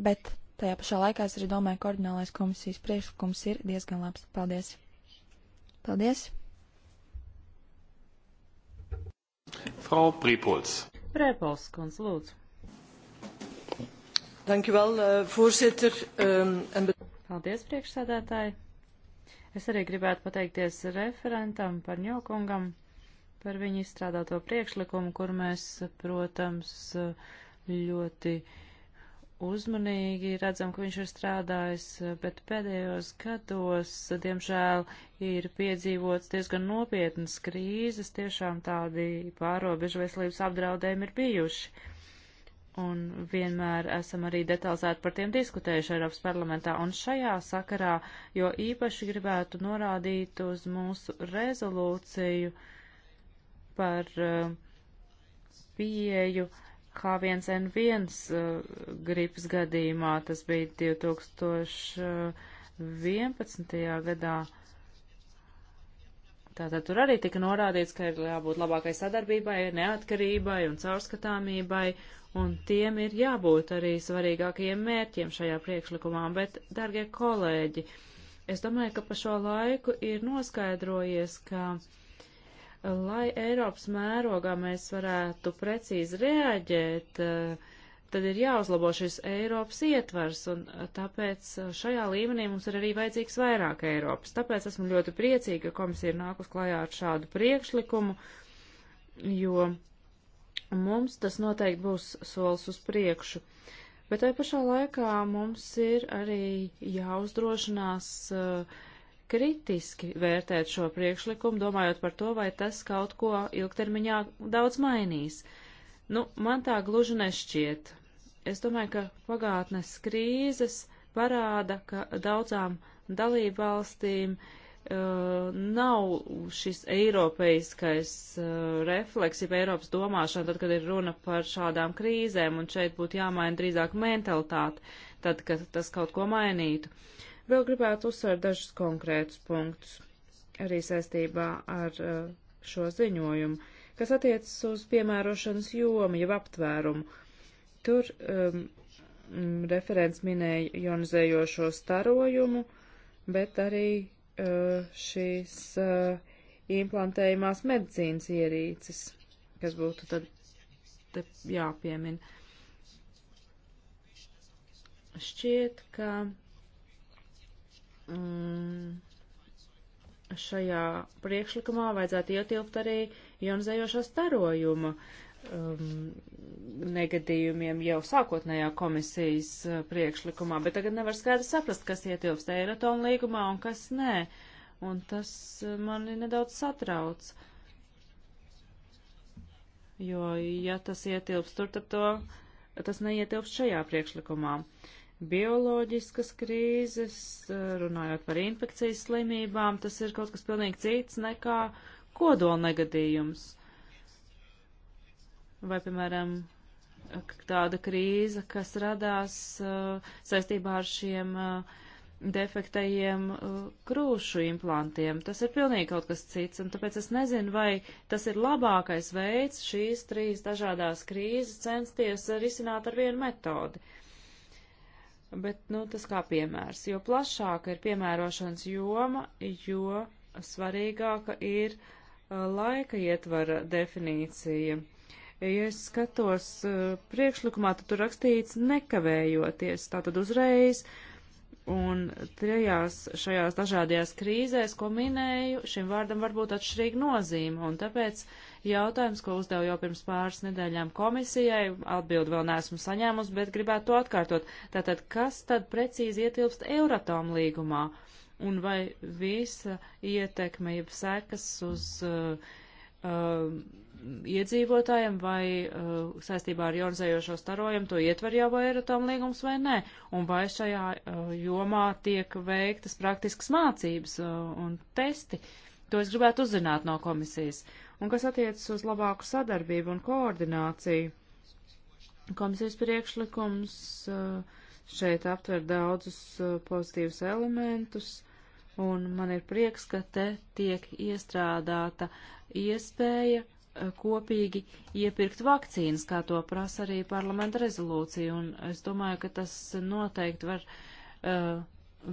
bet tajā pašā laikā es arī domāju, ka ordinālais komisijas priekšlikums ir diezgan labs. Paldies! Paldies! Frau Priepols. Priepols, kundz, lūdzu. Dank u wel, eh, voorzitter. Um, en... Paldies, priekšsēdētāji. Es arī gribētu pateikties referentam par ņokungam, par viņu izstrādāto priekšlikumu, kur mēs, protams, ļoti uzmanīgi redzam, ka viņš ir strādājis, bet pēdējos gados, diemžēl, ir piedzīvots diezgan nopietnas krīzes, tiešām tādi pārobežu veselības apdraudējumi ir bijuši un vienmēr esam arī detalizēti par tiem diskutējuši Eiropas parlamentā. Un šajā sakarā, jo īpaši gribētu norādīt uz mūsu rezolūciju par uh, pieeju H1N1 uh, gripas gadījumā, tas bija 2011. gadā. Tātad tur arī tika norādīts, ka ir jābūt labākai sadarbībai, neatkarībai un caurskatāmībai, un tiem ir jābūt arī svarīgākajiem mērķiem šajā priekšlikumā, bet, dargie kolēģi, es domāju, ka pa šo laiku ir noskaidrojies, ka, lai Eiropas mērogā mēs varētu precīzi reaģēt, eh, tad ir jāuzlabo šis Eiropas ietvars, un eh, tāpēc eh, šajā līmenī mums ir arī vajadzīgs vairāk Eiropas. Tāpēc esmu ļoti priecīga, ka komisija ir nākus klajā ar šādu priekšlikumu, jo Mums tas noteikti būs solis uz priekšu. Bet tai pašā laikā mums ir arī jāuzdrošinās uh, kritiski vērtēt šo priekšlikumu, domājot par to, vai tas kaut ko ilgtermiņā daudz mainīs. Nu, man tā gluži nešķiet. Es domāju, ka pagātnes krīzes parāda, ka daudzām dalību valstīm Uh, nav šis eiropeiskais uh, refleks, jeb Eiropas domāšana, tad, kad ir runa par šādām krīzēm, un šeit būtu jāmaina drīzāk mentalitāte, tad, kad tas kaut ko mainītu. Vēl gribētu uzsvērt dažus konkrētus punktus arī saistībā ar uh, šo ziņojumu, kas attiecas uz piemērošanas jomu, jeb aptvērumu. Tur um, referents minēja jonizējošo starojumu, bet arī Eh, šīs eh, implantējumās medicīnas ierīces, kas būtu tad, tad jāpiemina. Šķiet, ka mm, šajā priekšlikumā vajadzētu ietilpt arī ionizējošā starojuma uh, um, negadījumiem jau sākotnējā komisijas uh, priekšlikumā, bet tagad nevar skaidri saprast, kas ietilpst Eiratona līgumā un kas nē. Un tas uh, mani nedaudz satrauc. Jo, ja tas ietilpst tur, tad to, tas neietilpst šajā priekšlikumā. Bioloģiskas krīzes, uh, runājot par infekcijas slimībām, tas ir kaut kas pilnīgi cits nekā kodola negadījums vai, piemēram, tāda krīze, kas radās uh, saistībā ar šiem uh, defektajiem uh, krūšu implantiem. Tas ir pilnīgi kaut kas cits, un tāpēc es nezinu, vai tas ir labākais veids šīs trīs dažādās krīzes censties risināt ar vienu metodi. Bet, nu, tas kā piemērs, jo plašāka ir piemērošanas joma, jo svarīgāka ir uh, laika ietvara definīcija. Ja es skatos eh, priekšlikumā, tad tur rakstīts nekavējoties, tātad uzreiz. Un trijās šajās dažādajās krīzēs, ko minēju, šim vārdam var būt atšķirīga nozīme, un tāpēc jautājums, ko uzdevu jau pirms pāris nedēļām komisijai, atbildi vēl neesmu saņēmusi, bet gribētu to atkārtot. Tātad, kas tad precīzi ietilpst Euratom līgumā, un vai visa ietekme, jeb sekas uz uh, uh, iedzīvotājiem vai uh, saistībā ar jonizējošo starojumu to ietver jau Eiratom līgums vai nē, un vai šajā uh, jomā tiek veiktas praktiskas mācības uh, un testi. To es gribētu uzzināt no komisijas. Un kas attiecas uz labāku sadarbību un koordināciju, komisijas priekšlikums uh, šeit aptver daudzus uh, pozitīvus elementus. Uh, Un man ir prieks, ka te tiek iestrādāta iespēja eh, kopīgi iepirkt vakcīnas, kā to prasa arī parlamenta rezolūcija. Un es domāju, ka tas noteikti var uh,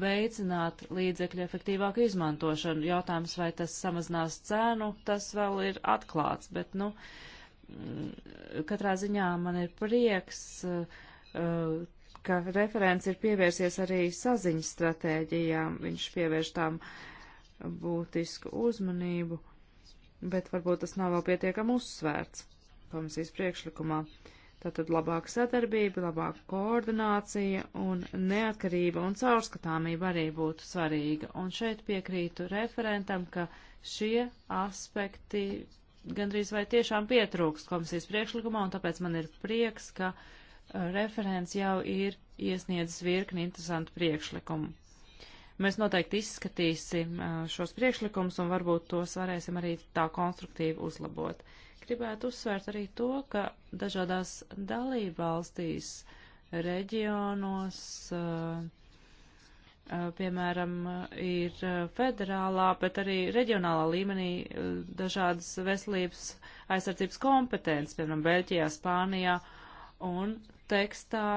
veicināt līdzekļu efektīvāku izmantošanu. Jautājums, vai tas samazinās cēnu, tas vēl ir atklāts, bet, nu, mm, katrā ziņā man ir prieks uh, ka referents ir pievērsies arī saziņas stratēģijām, viņš pievērš tām būtisku uzmanību, bet varbūt tas nav vēl pietiekam uzsvērts komisijas priekšlikumā. Tātad labāka sadarbība, labāka koordinācija un neatkarība un caurskatāmība arī būtu svarīga. Un šeit piekrītu referentam, ka šie aspekti gandrīz vai tiešām pietrūkst komisijas priekšlikumā, un tāpēc man ir prieks, ka uh, referents jau ir iesniedzis virkni interesantu priekšlikumu. Mēs noteikti izskatīsim šos priekšlikumus un varbūt tos varēsim arī tā konstruktīvi uzlabot. Gribētu uzsvērt arī to, ka dažādās dalībvalstīs, reģionos, piemēram, ir federālā, bet arī reģionālā līmenī dažādas veselības aizsardzības kompetences, piemēram, Beļķijā, Spānijā, un tekstā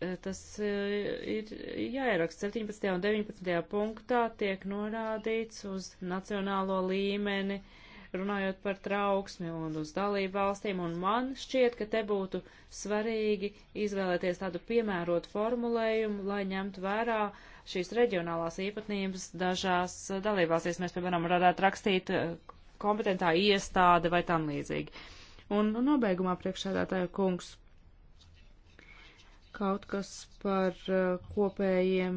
eh, tas eh, ir jāieraksta 17. un 19. punktā tiek norādīts uz nacionālo līmeni, runājot par trauksmi un uz dalību valstīm, un man šķiet, ka te būtu svarīgi izvēlēties tādu piemērotu formulējumu, lai ņemtu vērā šīs reģionālās īpatnības dažās dalību valstīs. Mēs, piemēram, varētu rakstīt eh, kompetentā iestāde vai tam līdzīgi. Un, un nobeigumā priekšsēdētāja kungs kaut kas par uh, kopējiem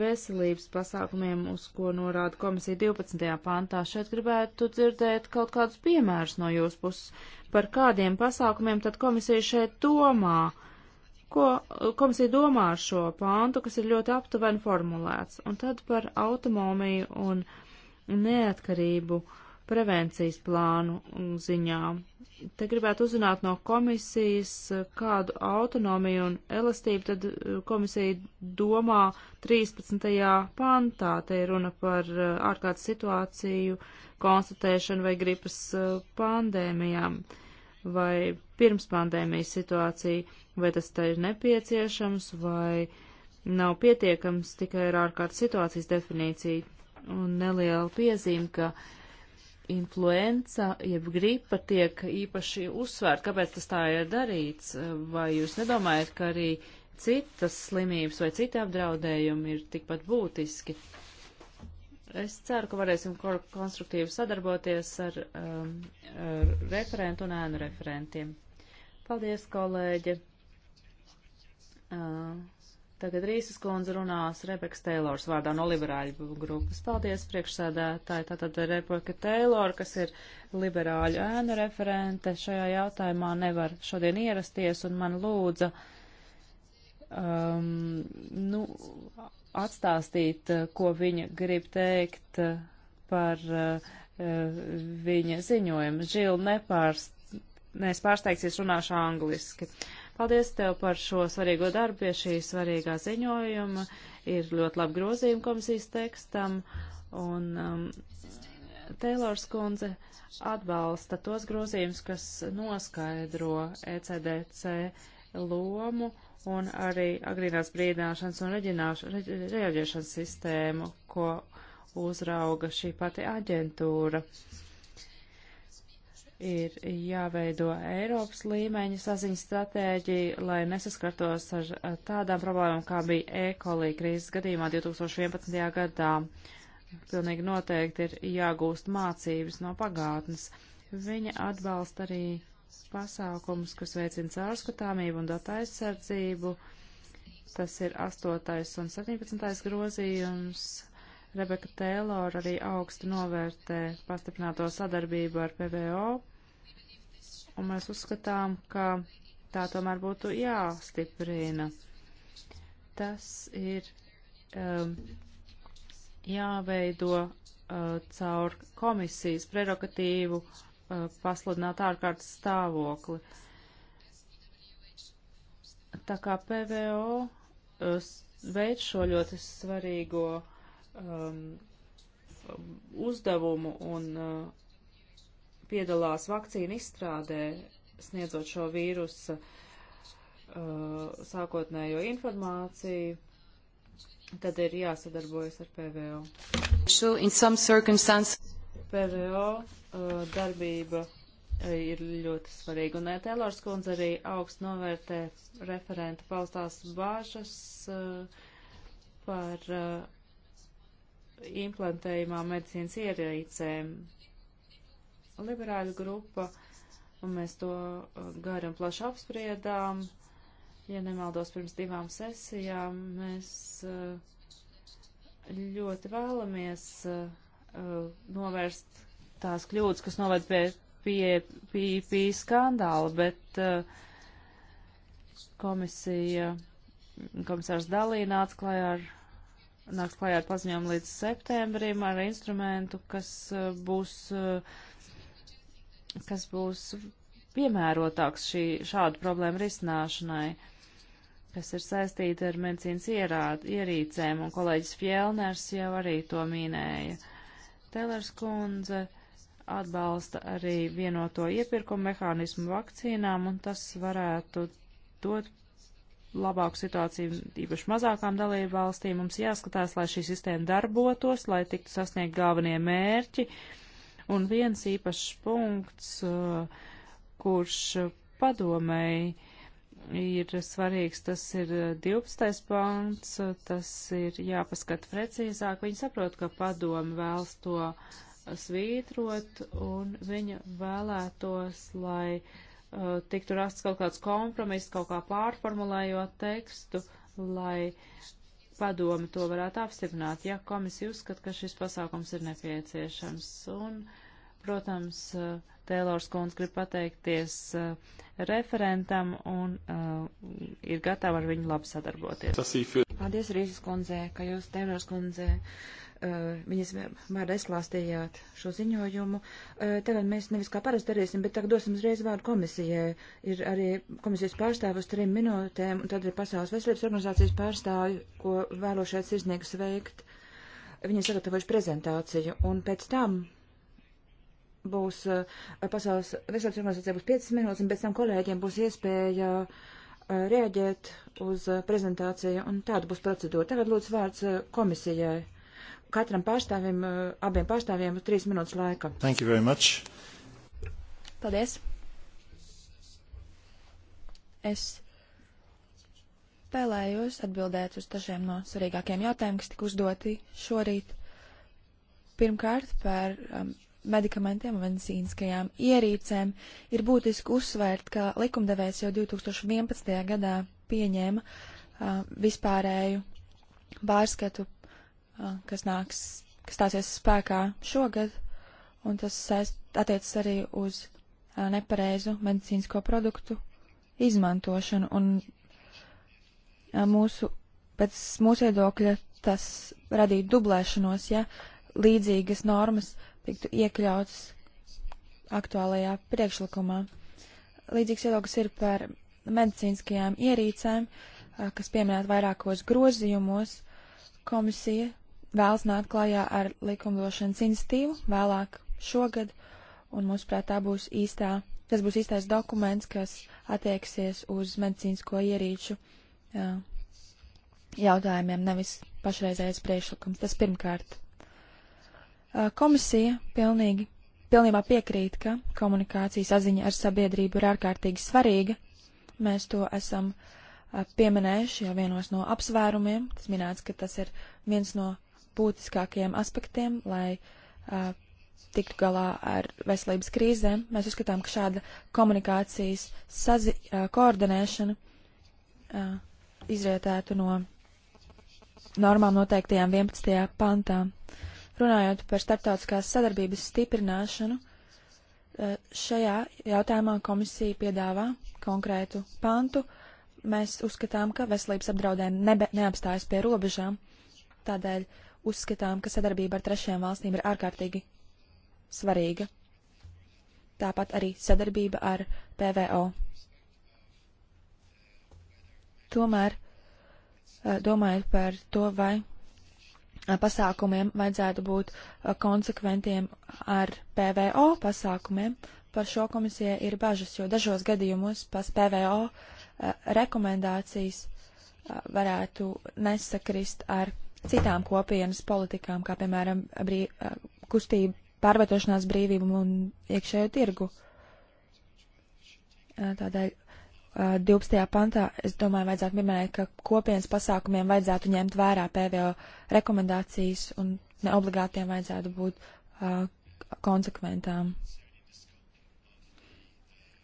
veselības pasākumiem, uz ko norāda komisija 12. pantā. Šeit gribētu dzirdēt kaut kādus piemērus no jūsu puses, par kādiem pasākumiem tad komisija šeit domā. Ko komisija domā ar šo pāntu, kas ir ļoti aptuveni formulēts, un tad par autonomiju un neatkarību uh, prevencijas plānu ziņā. Te gribētu uzzināt no komisijas, kādu autonomiju un elastību tad eh, komisija domā 13. pantā. Te ir runa par eh, ārkārtas situāciju, konstatēšanu vai gripas eh, pandēmijām vai pirms pandēmijas situāciju, vai tas tā ir nepieciešams, vai nav pietiekams tikai ar ārkārtas situācijas definīciju. Un neliela piezīme, ka uh, influenza, jeb gripa tiek īpaši uzsvērta. Kāpēc tas tā ir darīts? Vai jūs nedomājat, ka arī citas slimības vai citi apdraudējumi ir tikpat būtiski? Es ceru, ka varēsim konstruktīvi sadarboties ar, um, ar referentu un ēnu referentiem. Paldies, kolēģi! Uh, Tagad Rīsas kundze runās Rebeks Teilors vārdā no liberāļu grupas. Paldies, priekšsēdētāji. Tātad Rebeka Teilor, kas ir liberāļu ēnu referente, šajā jautājumā nevar šodien ierasties un man lūdza um, nu, atstāstīt, ko viņa grib teikt uh, par uh, viņa ziņojumu. Žil nepārst, nes pārsteigsies runāšu angliski. Uh, Paldies tev par šo svarīgo darbu pie šī svarīgā ziņojuma. Ir ļoti labi grozījumi komisijas tekstam, un um, Teilors kundze atbalsta tos grozījumus, kas noskaidro ECDC lomu un arī agrīnās brīdināšanas un reaģēšanas sistēmu, ko uzrauga šī pati aģentūra. Uh, ir jāveido Eiropas līmeņa saziņas stratēģija, lai nesaskartos ar, ar tādām problēmām, kā bija e-kolī krīzes gadījumā 2011. gadā. Pilnīgi noteikti ir jāgūst mācības no pagātnes. Viņa atbalsta arī pasākumus, kas veicina caurskatāmību un datu aizsardzību. Tas ir 8. un 17. grozījums Rebeka Tēlora arī augstu novērtē pastiprināto sadarbību ar PVO un mēs uzskatām, ka tā tomēr būtu jāstiprina. Tas ir um, jāveido uh, caur komisijas prerogatīvu uh, pasludināt ārkārtas stāvokli. Tā kā PVO uh, veic šo ļoti svarīgo um, uzdevumu un uh, piedalās vakcīnu izstrādē, sniedzot šo vīrusu uh, sākotnējo informāciju, tad ir jāsadarbojas ar PVO. PVO uh, darbība uh, ir ļoti svarīga, un uh, Tēlors kundze arī augst novērtē referenta paustās bāžas uh, par uh, implantējumām medicīnas ierīcēm liberāļu grupa, un mēs to uh, gari un plaši apspriedām. Ja nemaldos pirms divām sesijām, mēs uh, ļoti vēlamies uh, novērst tās kļūdas, kas noved pie pie, pie, pie skandāla, bet komisija, komisārs Dalī nāca klajā ar, nāks klajā ar paziņojumu līdz septembrim ar instrumentu, kas būs uh, kas būs piemērotāks šī, šādu problēmu risināšanai, kas ir saistīta ar medicīnas ierād, ierīcēm, un kolēģis Fjellners jau arī to minēja. Telers kundze atbalsta arī vienoto iepirkumu mehānismu vakcīnām, un tas varētu dot labāku situāciju īpaši mazākām dalību valstīm. Mums jāskatās, lai šī sistēma darbotos, lai tiktu sasniegt galvenie mērķi, uh, Un viens īpašs punkts, uh, kurš padomēji ir svarīgs, tas ir 12. Uh, pants, uh, tas ir jāpaskat precīzāk. Viņi saprot, ka padomi vēlas to svītrot un viņa vēlētos, lai uh, tiktu rasts kaut kāds kompromiss, kaut kā pārformulējot tekstu, lai padome to varētu apstiprināt, ja komisija uzskata, ka šis pasākums ir nepieciešams. Un, protams, eh, Tēlors kundze grib pateikties eh, referentam un uh, ir gatava ar viņu labi sadarboties. Paldies, Rīzes kundze, ka jūs, Tēlors kundze, Eh, viņas vārdā izklāstījāt šo ziņojumu. Eh, tagad mēs nevis kā parasti darīsim, bet tagad dosim uzreiz vārdu komisijai. Ir arī komisijas pārstāvis uz trim minūtēm, un tad ir Pasaules veselības organizācijas pārstāvi, ko vēlošais sirsnīgi sveikt. Viņi sagatavojuši prezentāciju, un pēc tam būs eh, Pasaules veselības organizācija būs 5 minūtes, un pēc tam kolēģiem būs iespēja reaģēt uz prezentāciju, un tāda būs procedūra. Tagad lūdzu vārds komisijai katram pārstāvim, eh, abiem pārstāvjiem uz trīs minūtes laika. Thank you very much. Paldies. Es spēlējos atbildēt uz dažiem no svarīgākiem jautājumiem, kas tika uzdoti šorīt. Pirmkārt, par um, medikamentiem un medicīniskajām ierīcēm ir būtiski uzsvērt, ka likumdevējs jau 2011. gadā pieņēma uh, vispārēju pārskatu kas nāks, kas stāsies spēkā šogad, un tas saist, attiecas arī uz nepareizu medicīnisko produktu izmantošanu, un mūsu, pēc mūsu iedokļa tas radītu dublēšanos, ja līdzīgas normas tiktu iekļautas aktuālajā priekšlikumā. Līdzīgs iedoklis ir par medicīniskajām ierīcēm, kas pieminēt vairākos grozījumos. Komisija vēlas nākt klajā ar likumdošanas institīvu vēlāk šogad, un mūsuprāt tā būs īstā, tas būs īstais dokuments, kas attieksies uz medicīnisko ierīču jā, jautājumiem, nevis pašreizējais priekšlikums. Tas pirmkārt. Komisija pilnīgi, pilnībā piekrīt, ka komunikācija saziņa ar sabiedrību ir ārkārtīgi svarīga. Mēs to esam pieminējuši jau vienos no apsvērumiem. Tas minēts, ka tas ir viens no būtiskākajiem aspektiem, lai uh, tiktu galā ar veselības krīzēm. Mēs uzskatām, ka šāda komunikācijas sazi, uh, koordinēšana uh, izrietētu no normām noteiktajām 11. pantā. Runājot par starptautiskās sadarbības stiprināšanu, uh, šajā jautājumā komisija piedāvā konkrētu pantu. Mēs uzskatām, ka veselības apdraudējumi neapstājas pie robežām. Tādēļ uh, uzskatām, ka sadarbība ar trešajām valstīm ir ārkārtīgi svarīga. Tāpat arī sadarbība ar PVO. Tomēr, eh, domājot par to, vai eh, pasākumiem vajadzētu būt eh, konsekventiem ar PVO pasākumiem, par šo komisija ir bažas, jo dažos gadījumos pas PVO rekomendācijas varētu nesakrist ar citām kopienas politikām, kā piemēram brī, kustība pārvietošanās brīvību un iekšējo tirgu. Tādēļ 12. pantā, es domāju, vajadzētu minēt, ka kopienas pasākumiem vajadzētu ņemt vērā PVO rekomendācijas un neobligātiem vajadzētu būt uh, konsekventām.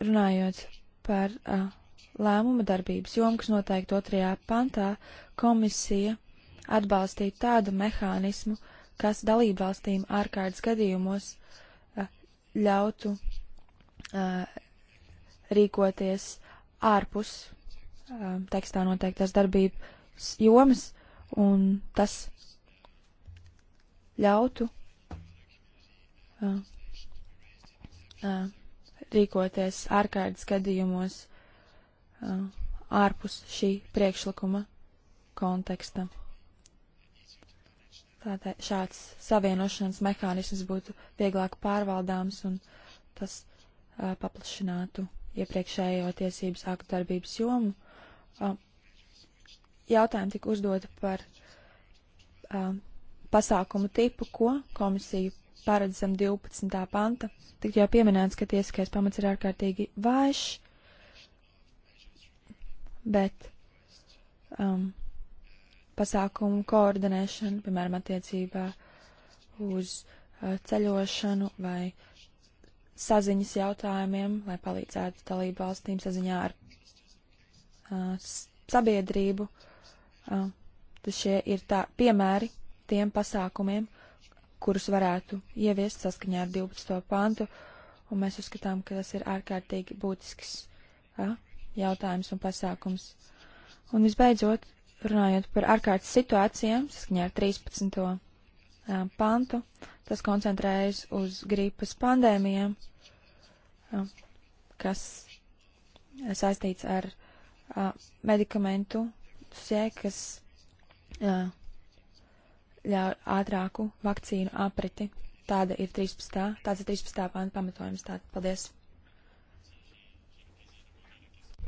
Runājot par uh, lēmuma darbības jomu, kas noteikti 2. pantā, komisija atbalstīt tādu mehānismu, kas dalībvalstīm ārkārtas gadījumos eh, ļautu eh, rīkoties ārpus eh, tekstā noteiktas darbības jomas, un tas ļautu rīkoties ārkārtas gadījumos ārpus šī priekšlikuma konteksta. Tātad šāds savienošanas mehānisms būtu vieglāk pārvaldāms un tas uh, paplašinātu iepriekšējo tiesības aktu darbības jomu. Uh, jautājumi tika uzdoti par uh, pasākumu tipu, ko komisija paredz zem 12. panta. Tik jau pieminēts, ka tiesiskais pamats ir ārkārtīgi vājš, bet um, pasākumu koordinēšanu, piemēram, attiecībā uz uh, ceļošanu vai saziņas jautājumiem, lai palīdzētu dalību valstīm saziņā ar uh, sabiedrību. Uh, tas šie ir tā piemēri tiem pasākumiem, kurus varētu ieviest saskaņā ar 12. pantu, un mēs uzskatām, ka tas ir ārkārtīgi būtisks a, uh, jautājums un pasākums. Un visbeidzot, Runājot par ārkārtas situācijām, saskaņā ar 13. pantu, tas koncentrējas uz gripas pandēmijām, kas saistīts ar medikamentu sie, kas ļauj ātrāku vakcīnu apriti. Tāda ir 13. tāds ir 13. panta pamatojums. Tātad paldies!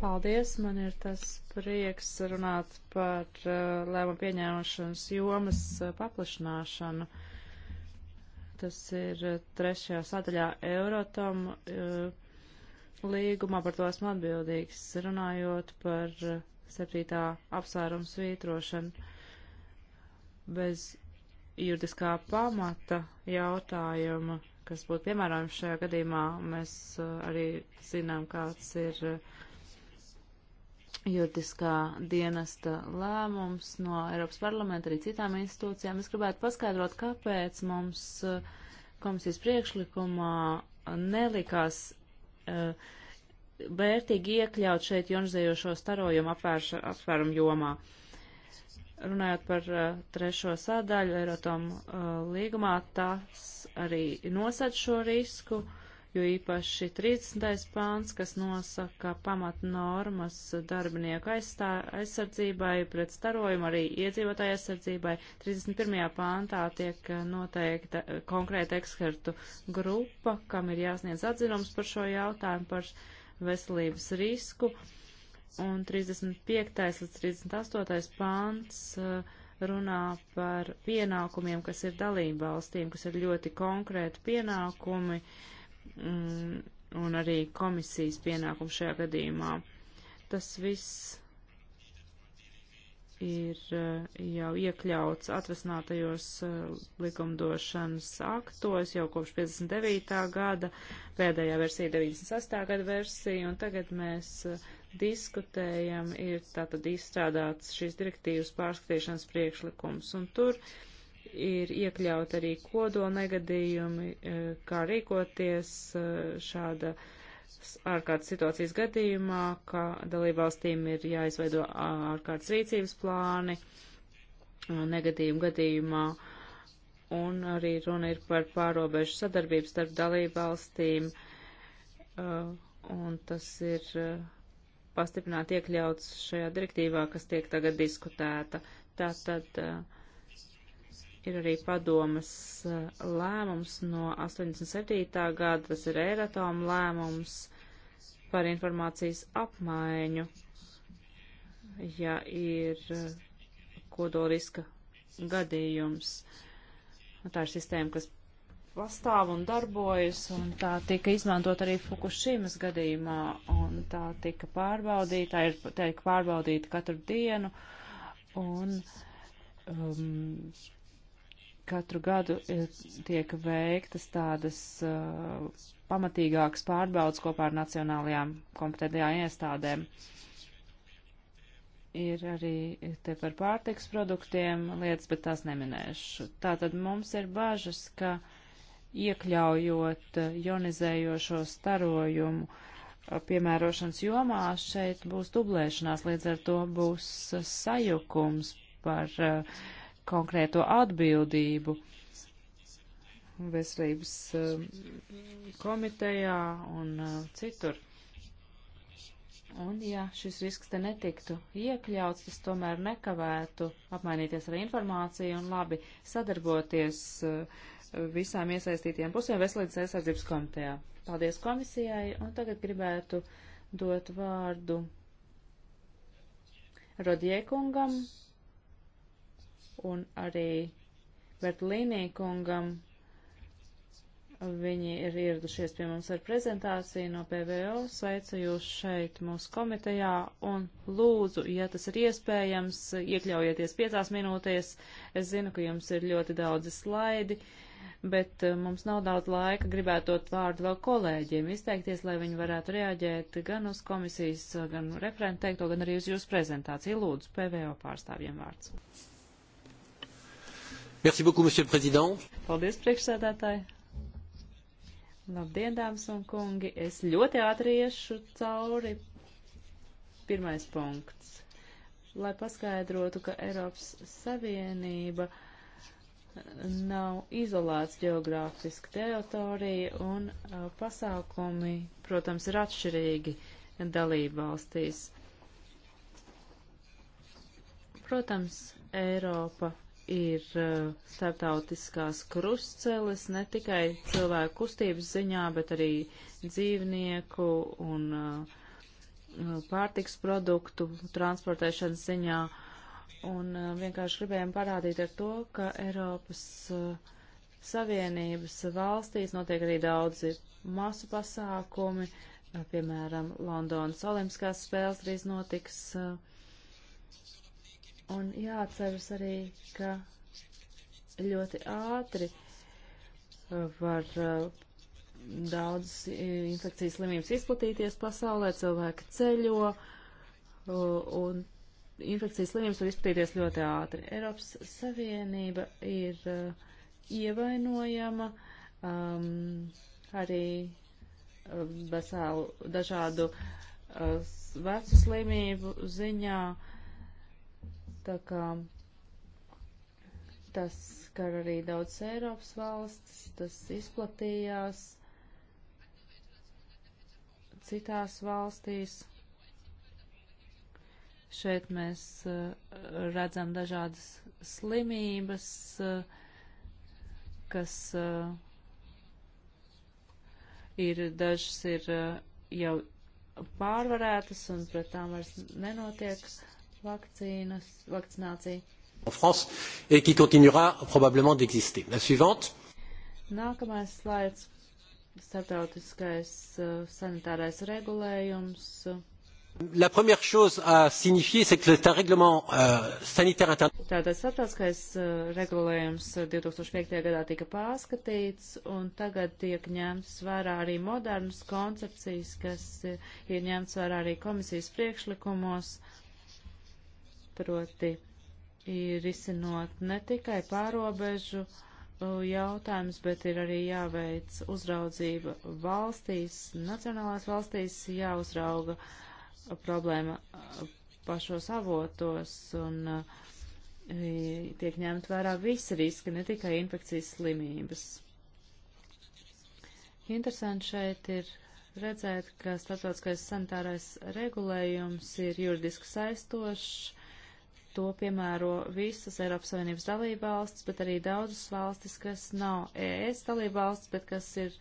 Paldies, man ir tas prieks runāt par uh, lēmumu pieņēmušanas jomas uh, paplašināšanu. Tas ir uh, trešajā sadaļā Eurotam uh, līgumā, par to esmu atbildīgs, runājot par uh, septītā apsvērumu svītrošanu bez juridiskā pamata jautājuma, kas būtu piemērojams šajā gadījumā. Mēs uh, arī zinām, kāds ir. Uh, juridiskā dienesta lēmums no Eiropas parlamenta arī citām institūcijām. Es gribētu paskaidrot, kāpēc mums eh, komisijas priekšlikumā eh, nelikās uh, vērtīgi iekļaut šeit jonizējošo starojumu apvērumu jomā. Runājot par uh, trešo sadaļu Eirotom uh, līgumā, tas arī nosad šo risku. Uh, jo īpaši 30. pāns, kas nosaka pamatnormas darbinieku aizstā, aizsardzībai, pret starojumu, arī iedzīvotāju aizsardzībai. 31. pāntā tiek noteikta konkrēta ekspertu grupa, kam ir jāsniedz atzinums par šo jautājumu par veselības risku. Un 35. līdz 38. pāns uh, runā par pienākumiem, kas ir dalība valstīm, kas ir ļoti konkrēti pienākumi. Uh, Mm, un arī komisijas pienākumu šajā gadījumā. Tas viss ir eh, jau iekļauts atvesinātajos eh, likumdošanas aktos jau kopš 59. gada, pēdējā versija 96. gada versija, un tagad mēs eh, diskutējam, ir tātad izstrādāts šīs direktīvas pārskatīšanas priekšlikums, un tur ir iekļaut arī kodola negadījumi, e, kā rīkoties e, šāda ārkārtas situācijas gadījumā, ka dalībvalstīm ir jāizveido ārkārtas rīcības plāni negadījumu gadījumā, un arī runa ir par pārobežu sadarbību starp dalībvalstīm, un tas ir pastiprināt iekļauts šajā direktīvā, kas tiek tagad diskutēta. Tātad uh, Ir arī padomas eh, lēmums no 87. gada, tas ir Eiratoma lēmums par informācijas apmaiņu, ja ir eh, kodoliska gadījums. Tā ir sistēma, kas pastāv un darbojas, un tā tika izmantot arī Fukushimas gadījumā, un tā tika pārbaudīta, tā ir, tā ir pārbaudīta katru dienu, un um, katru gadu e, tiek veiktas tādas uh, pamatīgākas pārbaudas kopā ar nacionālajām kompetentajām iestādēm. Ir arī te par pārtiks produktiem lietas, bet tās neminēšu. Tātad mums ir bažas, ka iekļaujot jonizējošo e, starojumu piemērošanas jomā, šeit būs dublēšanās, līdz ar to būs sajukums par uh, konkrēto atbildību veselības um, komitejā un uh, citur. Un, ja šis risks te netiktu iekļauts, tas tomēr nekavētu apmainīties ar informāciju un labi sadarboties uh, visām iesaistītajām pusēm veselības aizsardzības komitejā. Paldies komisijai, un tagad gribētu dot vārdu Rodie kungam un arī Bertlīnī kungam. Viņi ir ieradušies pie mums ar prezentāciju no PVO. Sveicu jūs šeit mūsu komitejā un lūdzu, ja tas ir iespējams, iekļaujieties piecās minūtēs. Es zinu, ka jums ir ļoti daudzi slaidi, bet eh, mums nav daudz laika. Gribētu dot vārdu vēl kolēģiem izteikties, lai viņi varētu reaģēt gan uz komisijas, gan referentu teikto, gan arī uz jūsu prezentāciju. Lūdzu, PVO pārstāvjiem vārds. Merci beaucoup, monsieur le président. Paldies, priekšsēdētāji. Labdien, dāmas un kungi. Es ļoti ātri iešu cauri. Pirmais punkts. Lai paskaidrotu, ka Eiropas Savienība nav izolēts geogrāfiski teritorija un uh, pasākumi, protams, ir atšķirīgi dalība valstīs. Protams, Eiropa ir uh, starptautiskās krustceles ne tikai cilvēku kustības ziņā, bet arī dzīvnieku un uh, pārtiks produktu transportēšanas ziņā. Un uh, vienkārši gribējām parādīt ar to, ka Eiropas Savienības valstīs notiek arī daudzi masu pasākumi, piemēram, Londonas Olimpiskās spēles drīz notiks Un jāatceras arī, ka ļoti ātri uh, var uh, daudzas infekcijas slimības izplatīties pasaulē, cilvēki ceļo, uh, un infekcijas slimības var izplatīties ļoti ātri. Eiropas Savienība ir ievainojama um, arī veselu dažādu uh, vecu slimību ziņā. Uh, Tā kā tas skar arī daudz Eiropas valsts, tas izplatījās citās valstīs. Šeit mēs uh, redzam dažādas slimības, uh, kas uh, ir dažas ir jau pārvarētas un pret tām vairs nenotiek vakcīnas, vakcināciju. En France, et qui continuera probablement d'exister. La suivante. Nākamais slaids - starptautiskais uh, sanitārais regulējums. La première chose à signifier, c'est que c'est un règlement euh, sanitaire international. Tātad starptautiskais uh, regulējums 2005. Uh, gadā tika pārskatīts, un tagad tiek ņemts vērā arī modernas koncepcijas, kas uh, ir ņemts vērā arī komisijas priekšlikumos. Uh, proti ir izsinot ne tikai pārobežu jautājums, bet ir arī jāveic uzraudzība valstīs, nacionālās valstīs jāuzrauga problēma pašos avotos un tiek ņemt vērā visi riski, ne tikai infekcijas slimības. Interesanti šeit ir redzēt, ka starptautiskais sanitārais regulējums ir juridiski saistošs to piemēro visas Eiropas Savienības dalībvalstis, bet arī daudzas valstis, kas nav ES dalībvalstis, bet kas ir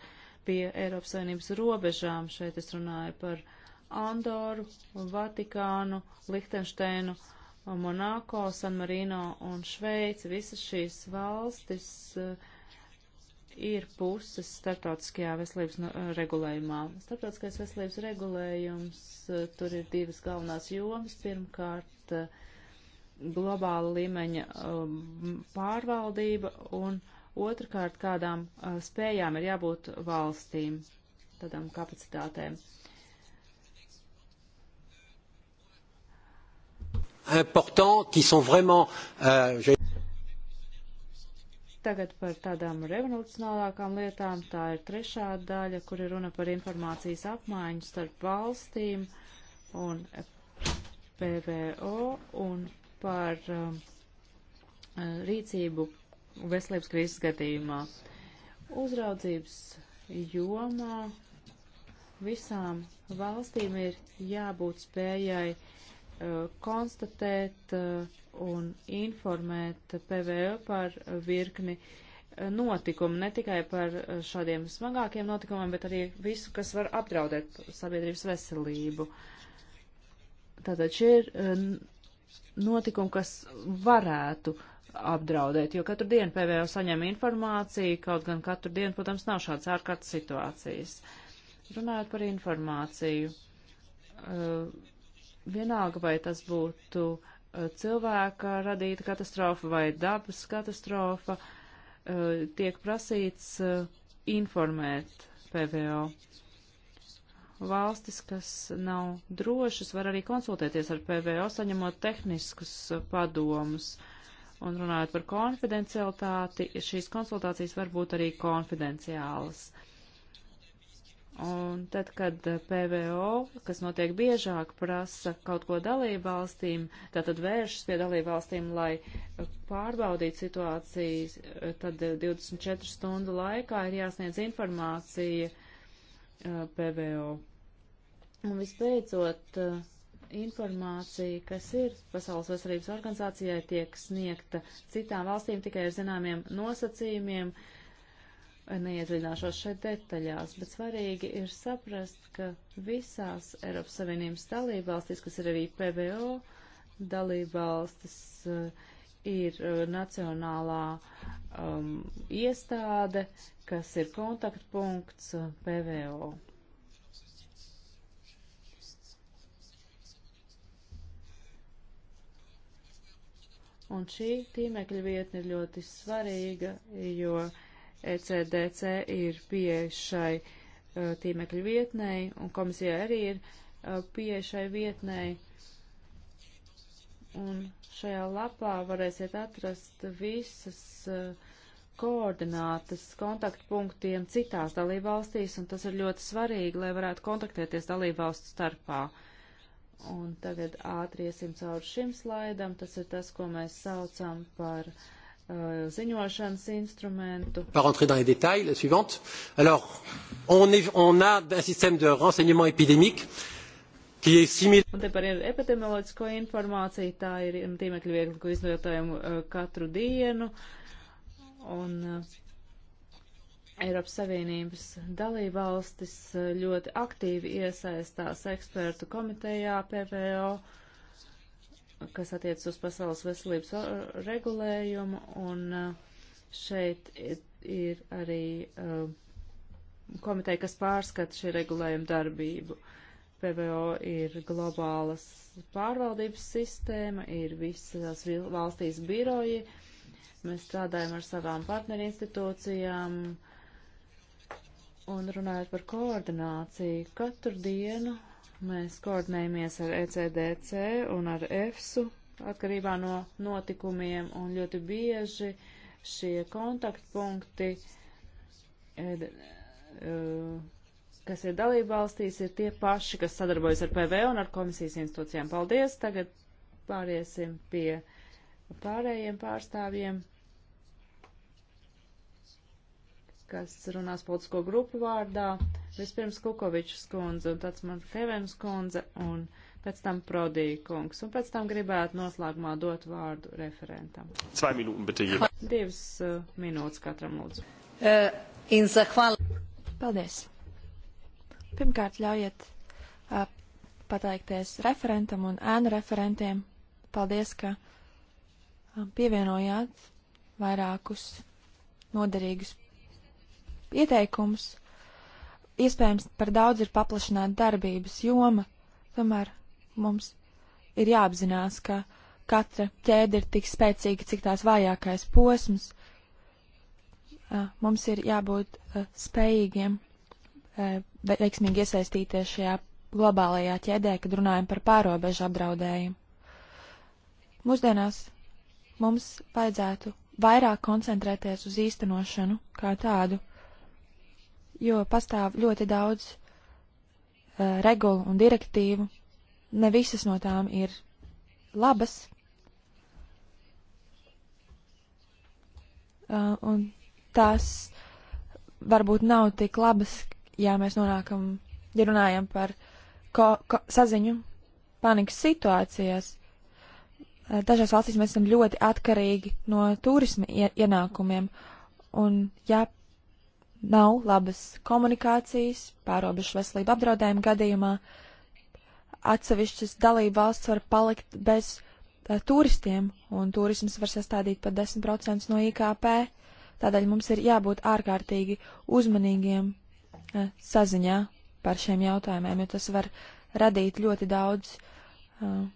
pie Eiropas Savienības robežām. Šeit es runāju par Andoru, Vatikānu, Lihtenšteinu, Monako, San Marino un Šveici. Visas šīs valstis eh, ir puses starptautiskajā veselības nu, eh, regulējumā. Starptautiskais veselības regulējums, eh, tur ir divas galvenās jomas. Pirmkārt, uh, globāla līmeņa um, pārvaldība un otrkārt kādām uh, spējām ir jābūt valstīm, tādām kapacitātēm. importants qui sont vraiment. Euh, Tagad par tādām revolucionālākām lietām. Tā ir trešā daļa, kur ir runa par informācijas apmaiņu starp valstīm un PVO. Un par um, rīcību veselības krīzes gadījumā. Uzraudzības jomā visām valstīm ir jābūt spējai uh, konstatēt uh, un informēt PVO par virkni uh, notikumu, ne tikai par uh, šādiem smagākiem notikumiem, bet arī visu, kas var apdraudēt sabiedrības veselību. Tātad šie ir uh, notikumi, kas varētu apdraudēt, jo katru dienu PVO saņem informāciju, kaut gan katru dienu, protams, nav šāds ārkārtas situācijas. Runājot par informāciju, eh, vienalga vai tas būtu eh, cilvēka radīta katastrofa vai dabas katastrofa, eh, tiek prasīts informēt PVO valstis, kas nav drošas, var arī konsultēties ar PVO, saņemot tehniskus eh, padomus. Un runājot par konfidencialitāti, šīs konsultācijas var būt arī konfidenciālas. Un tad, kad eh, PVO, kas notiek biežāk, prasa kaut ko dalību valstīm, tātad vēršas pie dalību valstīm, lai eh, pārbaudītu situācijas, tad 24 stundu laikā ir jāsniedz informācija PVO. Un visbeidzot, eh, informācija, kas ir Pasaules veselības organizācijai, tiek sniegta citām valstīm tikai ar zināmiem nosacījumiem. Neiedziļināšos šeit detaļās, bet svarīgi ir saprast, ka visās Eiropas Savienības dalībvalstīs, kas ir arī PVO dalībvalstis, eh, ir eh, nacionālā um, iestāde, kas ir kontaktpunkts PVO. Un šī tīmekļa vietne ir ļoti svarīga, jo ECDC ir pieeja šai uh, tīmekļa vietnei, un komisija arī ir uh, pieeja šai vietnei. Un šajā lapā varēsiet atrast visas uh, koordinātas kontaktpunktiem citās dalībvalstīs, un tas ir ļoti svarīgi, lai varētu kontaktēties dalībvalstu starpā. Uh, Un tagad ātri iesim cauri šim slaidam. Tas ir tas, ko mēs saucam par uh, ziņošanas instrumentu. Pas rentrer dans les détails, la suivante. Alors, on, est, on a un système de renseignement épidémique qui est similaire. Un te par epidemioloģisko informāciju, tā ir tīmekļu viegli, ko izvietojam uh, katru dienu. Un, uh, Eiropas Savienības dalībvalstis eh, ļoti aktīvi iesaistās ekspertu komitejā PVO, kas attiec uz pasaules veselības regulējumu, un eh, šeit ir arī eh, komiteja, kas pārskata šī regulējuma darbību. PVO ir globālas pārvaldības sistēma, ir visas valstīs biroji, mēs strādājam ar savām partneri institūcijām, uh, Un runājot par koordināciju, katru dienu mēs koordinējamies ar ECDC un ar EFSU atkarībā no notikumiem, un ļoti bieži šie kontaktpunkti, e, kas ir dalībvalstīs, ir tie paši, kas sadarbojas ar PVO un ar komisijas institūcijām. Paldies! Tagad pāriesim pie pārējiem pārstāvjiem. kas runās politisko grupu vārdā. Vispirms Kukovičs kundze, un tāds man Hevens kundze, un pēc tam Prodī kungs. Un pēc tam gribētu noslēgumā dot vārdu referentam. Cvai minūte, bet ir. Divas uh, minūtes katram lūdzu. Uh, Inzahval. Paldies. Pirmkārt, ļaujiet uh, pateikties referentam un ēnu referentiem. Paldies, ka uh, pievienojāt vairākus noderīgus ieteikums. Iespējams, par daudz ir paplašināta darbības joma, tomēr mums ir jāapzinās, ka katra ķēde ir tik spēcīga, cik tās vājākais posms. Mums ir jābūt spējīgiem veiksmīgi iesaistīties šajā globālajā ķēdē, kad runājam par pārobežu apdraudējumu. Mūsdienās mums vajadzētu vairāk koncentrēties uz īstenošanu kā tādu jo pastāv ļoti daudz uh, regulu un direktīvu. Ne visas no tām ir labas. Uh, un tās varbūt nav tik labas, ja mēs nonākam, ja runājam par ko, ko, saziņu panikas situācijās. Uh, dažās valstīs mēs esam ļoti atkarīgi no turisma ie, ienākumiem, un ja nav labas komunikācijas pārobežu veselību apdraudējumu gadījumā. Atsevišķas dalība valsts var palikt bez uh, turistiem, un turisms var sastādīt pat 10% no IKP. Tādēļ mums ir jābūt ārkārtīgi uzmanīgiem uh, saziņā par šiem jautājumiem, jo tas var radīt ļoti daudz uh,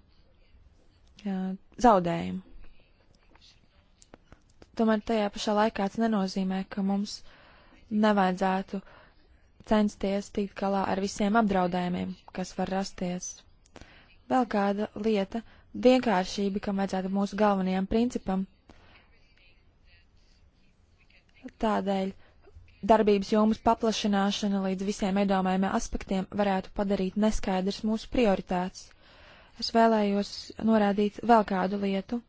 uh, zaudējumu. Tomēr tajā pašā laikā tas nenozīmē, ka mums uh, nevajadzētu censties tikt galā ar visiem apdraudējumiem, kas var rasties. Vēl kāda lieta - vienkāršība, kam vajadzētu mūsu galvenajam principam. Tādēļ darbības jomas paplašināšana līdz visiem iedomājumiem aspektiem varētu padarīt neskaidrs mūsu prioritātes. Es vēlējos norādīt vēl kādu lietu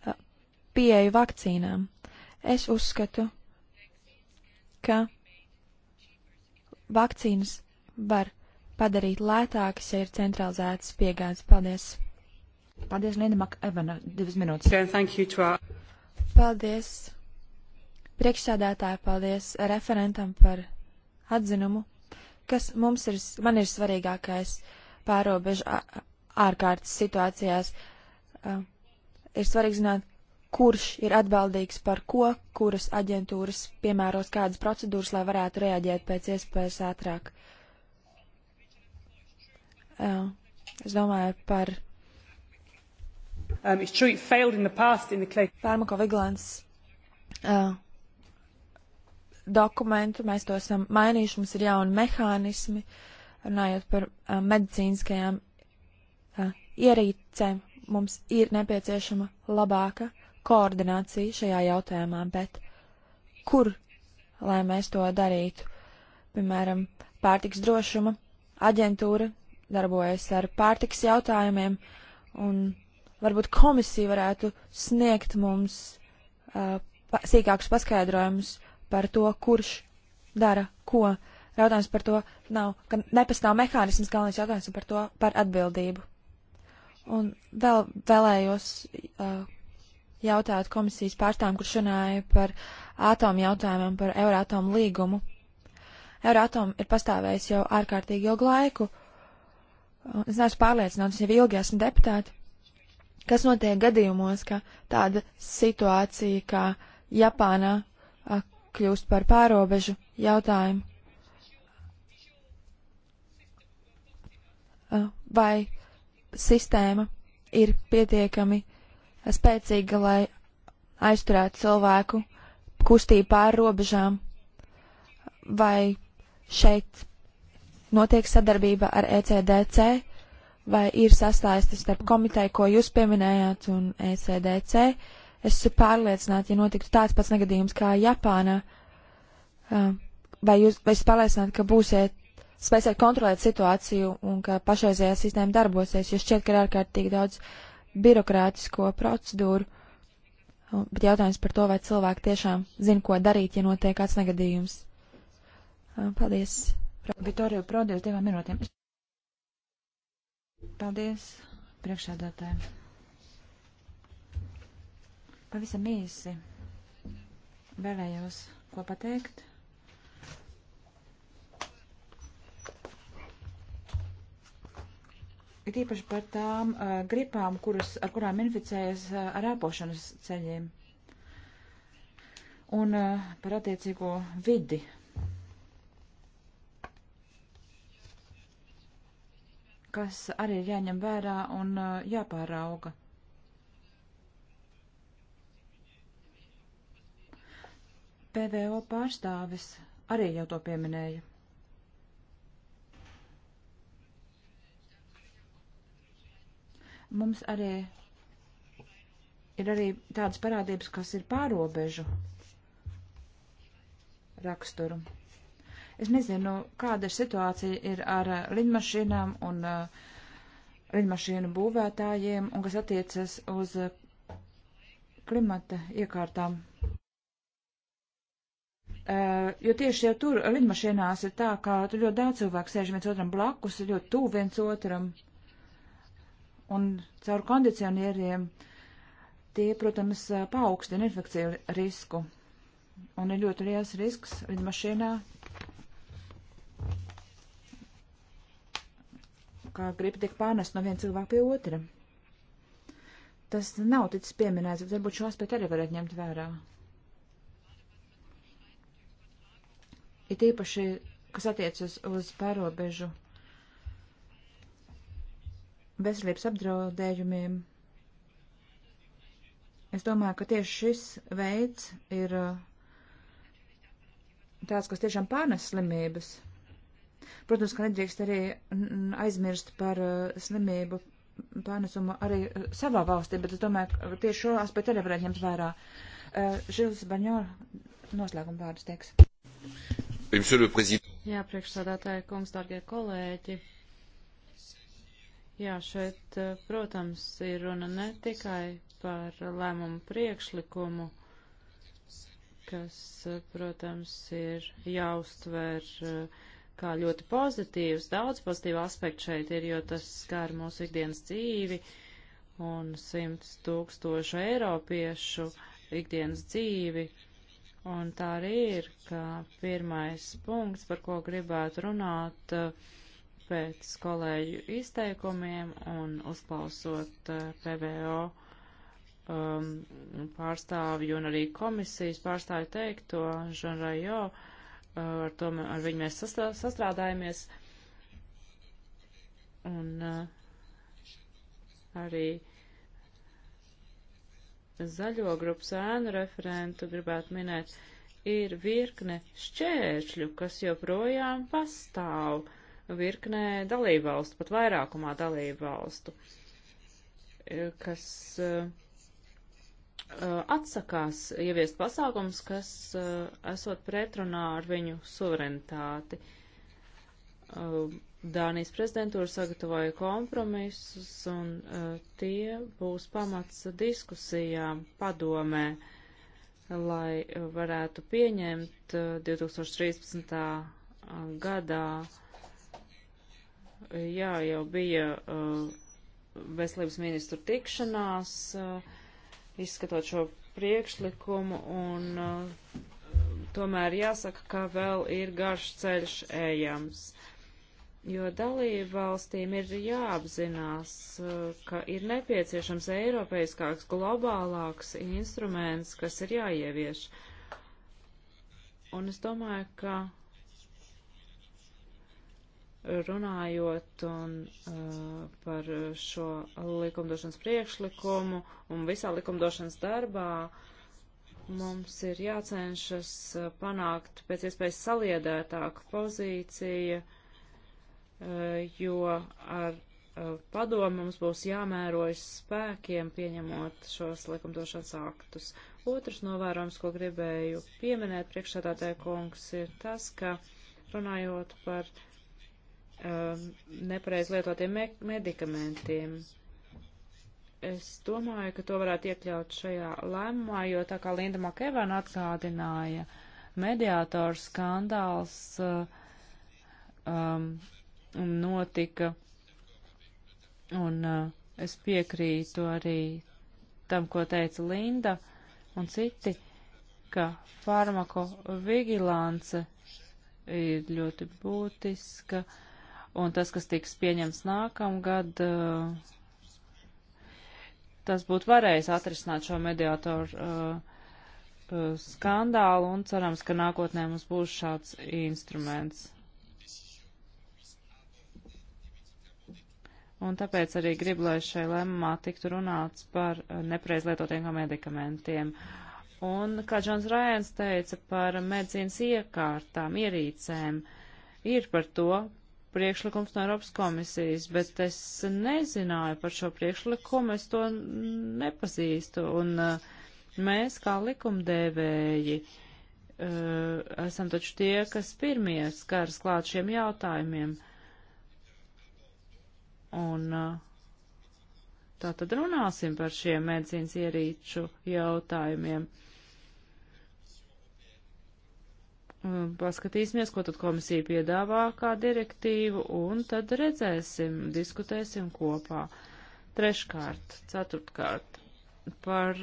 - pieeju vakcīnām. Es uzskatu, ka vakcīnas var padarīt lētākas, ja ir centralizētas piegādes. Paldies! Paldies, Linda Makavena, divas minūtes. Again, paldies! Priekšsādātāji, paldies referentam par atzinumu, kas mums ir, man ir svarīgākais pārobežu ārkārtas situācijās. Uh, ir svarīgi zināt, kurš ir atbildīgs par ko, kuras aģentūras piemēros kādas procedūras, lai varētu reaģēt pēc iespējas ātrāk. Uh, es domāju par. Um, Farmakovigilants uh, dokumentu mēs to esam mainījuši, mums ir jauni mehānismi, runājot par uh, medicīniskajām uh, ierīcēm, mums ir nepieciešama labāka koordināciju šajā jautājumā, bet kur, lai mēs to darītu? Piemēram, pārtiks drošuma aģentūra darbojas ar pārtiks jautājumiem, un varbūt komisija varētu sniegt mums uh, pa, sīkākus paskaidrojumus par to, kurš dara ko. Jautājums par to nav, ka nepastāv mehānisms, galvenais jautājums par to, par atbildību. Un vēl vēlējos uh, jautāt komisijas pārstāvjiem, kurš runāja par ātomu jautājumiem, par Eurātomu līgumu. Eurātom ir pastāvējis jau ārkārtīgi ilgu laiku. Es neesmu pārliecināts, jau ilgi esmu deputāti. Kas notiek gadījumos, ka tāda situācija kā Japānā a, kļūst par pārobežu jautājumu? A, vai sistēma ir pietiekami uh, spēcīga, lai aizturētu cilvēku kustību pāri robežām? Vai šeit notiek sadarbība ar ECDC, vai ir sastāsti starp komiteju, ko jūs pieminējāt, un ECDC? Es esmu pārliecināta, ja notiktu tāds pats negadījums kā Japānā, vai jūs vai esat pārliecināti, ka būsiet spēsiet kontrolēt situāciju un ka pašreizējā sistēma darbosies, jo šķiet, ka ir ārkārtīgi daudz uh, birokrātisko procedūru, bet jautājums par to, vai cilvēki tiešām zina, ko darīt, ja notiek kāds negadījums. Paldies. Vitorija, paldies divām minūtēm. Paldies priekšādātājiem. Pavisam īsi vēlējos ko pateikt. it īpaši par tām uh, gripām, kuras, ar kurām inficējas uh, ar ēpošanas ceļiem un uh, par attiecīgo vidi. kas arī ir jāņem vērā un uh, jāpārauga. PVO pārstāvis arī jau to pieminēja. Mums arī ir arī tādas parādības, kas ir pārobežu raksturu. Es nezinu, kāda ir situācija ir ar uh, lidmašīnām un uh, lidmašīnu būvētājiem un kas attiecas uz uh, klimata iekārtām. Uh, jo tieši jau tur lidmašīnās ir tā, ka tur ļoti daudz cilvēku sēž viens otram blakus, ļoti tuvu viens otram. Uh, un caur kondicionieriem tie, protams, paaugstina infekciju risku. Un ir ļoti liels risks lidmašīnā, kā gripa tiek pārnest no viena cilvēka pie otra. Tas nav ticis pieminēts, bet varbūt šo aspektu arī varētu ņemt vērā. It īpaši, kas attiecas uz, uz pārobežu veselības apdraudējumiem. Es domāju, ka tieši šis veids ir uh, tāds, kas tiešām pārnes slimības. Protams, ka nedrīkst arī aizmirst par uh, slimību pārnesumu arī uh, savā valstī, bet es domāju, ka tieši šo aspektu arī varētu ņemt vērā. Žils Baņo noslēguma vārdus teiks. Jā, priekšsādātāji, kungs, dārgie kolēģi. Jā, šeit, eh, protams, ir runa ne tikai par lēmumu priekšlikumu, kas, eh, protams, ir jāuztver eh, kā ļoti pozitīvs. Daudz pozitīvu aspektu šeit ir, jo tas skar mūsu ikdienas dzīvi un simts tūkstošu eiropiešu ikdienas dzīvi. Un tā arī ir, ka pirmais punkts, par ko gribētu runāt, uh, pēc kolēģu izteikumiem un uzklausot eh, PVO um, pārstāvju un arī komisijas pārstāvju teikto, Žan Rajo, eh, ar, to, ar viņu mēs sastrādājamies. Un uh, arī zaļo grupas ēnu referentu gribētu minēt, ir virkne šķēršļu, kas joprojām pastāv virknē dalībvalstu, pat vairākumā dalībvalstu, eh, kas eh, eh, atsakās ieviest pasākums, kas esot pretrunā ar viņu suverenitāti. Dānijas prezidentūra sagatavoja kompromisus, un tie būs pamats diskusijām padomē, lai varētu pieņemt 2013. gadā jā, jau bija uh, veselības ministru tikšanās, uh, izskatot šo priekšlikumu, un uh, tomēr jāsaka, ka vēl ir garš ceļš ejams. Jo dalību valstīm ir jāapzinās, ka ir nepieciešams eiropeiskāks, globālāks instruments, kas ir jāievieš. Un es domāju, ka runājot un, uh, par šo likumdošanas priekšlikumu un visā likumdošanas darbā, mums ir jācenšas eh, panākt pēc iespējas saliedētāku pozīciju, uh, jo ar uh, padomu mums būs jāmērojas spēkiem pieņemot šos likumdošanas aktus. Otrs novērojums, ko gribēju pieminēt priekšsādātāja kungs, ir tas, ka runājot par uh, Um, nepareiz lietotiem me medikamentiem. Es domāju, ka to varētu iekļaut šajā lēmumā, jo tā kā Linda Makevana atgādināja, mediātors skandāls uh, um, notika, un uh, es piekrītu arī tam, ko teica Linda un citi, ka farmakovigilance ir ļoti būtiska. Uh, un tas, kas tiks pieņemts nākamgad, eh, tas būtu varējis atrisināt šo mediātoru eh, eh, skandālu un cerams, ka nākotnē mums būs šāds instruments. Un tāpēc arī gribu, lai šai lēmumā tiktu runāts par nepreizlietotiem medikamentiem. Un, kā Džons Rājans teica par medicīnas iekārtām, ierīcēm, ir par to priekšlikums no Eiropas komisijas, bet es nezināju par šo priekšlikumu, es to nepazīstu. Un uh, mēs, kā likumdevēji, uh, esam taču tie, kas pirmie skars klāt šiem jautājumiem. Un uh, tā tad runāsim par šiem medicīnas ierīču jautājumiem. Uh, paskatīsimies, ko tad komisija piedāvā kā direktīvu, un tad redzēsim, diskutēsim kopā. Treškārt, ceturtkārt, par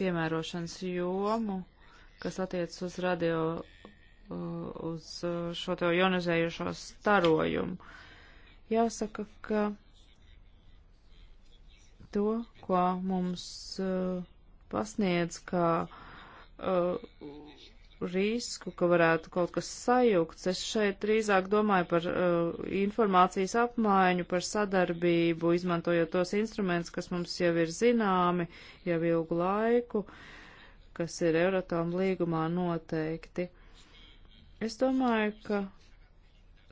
piemērošanas jomu, kas attiec uz radio, uz šo to jonizējušo starojumu. Jāsaka, ka to, ko mums uh, pasniedz kā uh, risku, ka varētu kaut kas sajukts. Es šeit drīzāk domāju par uh, informācijas apmaiņu, par sadarbību, izmantojot tos instrumentus, kas mums jau ir zināmi jau ilgu laiku, kas ir Euratom līgumā noteikti. Es domāju, ka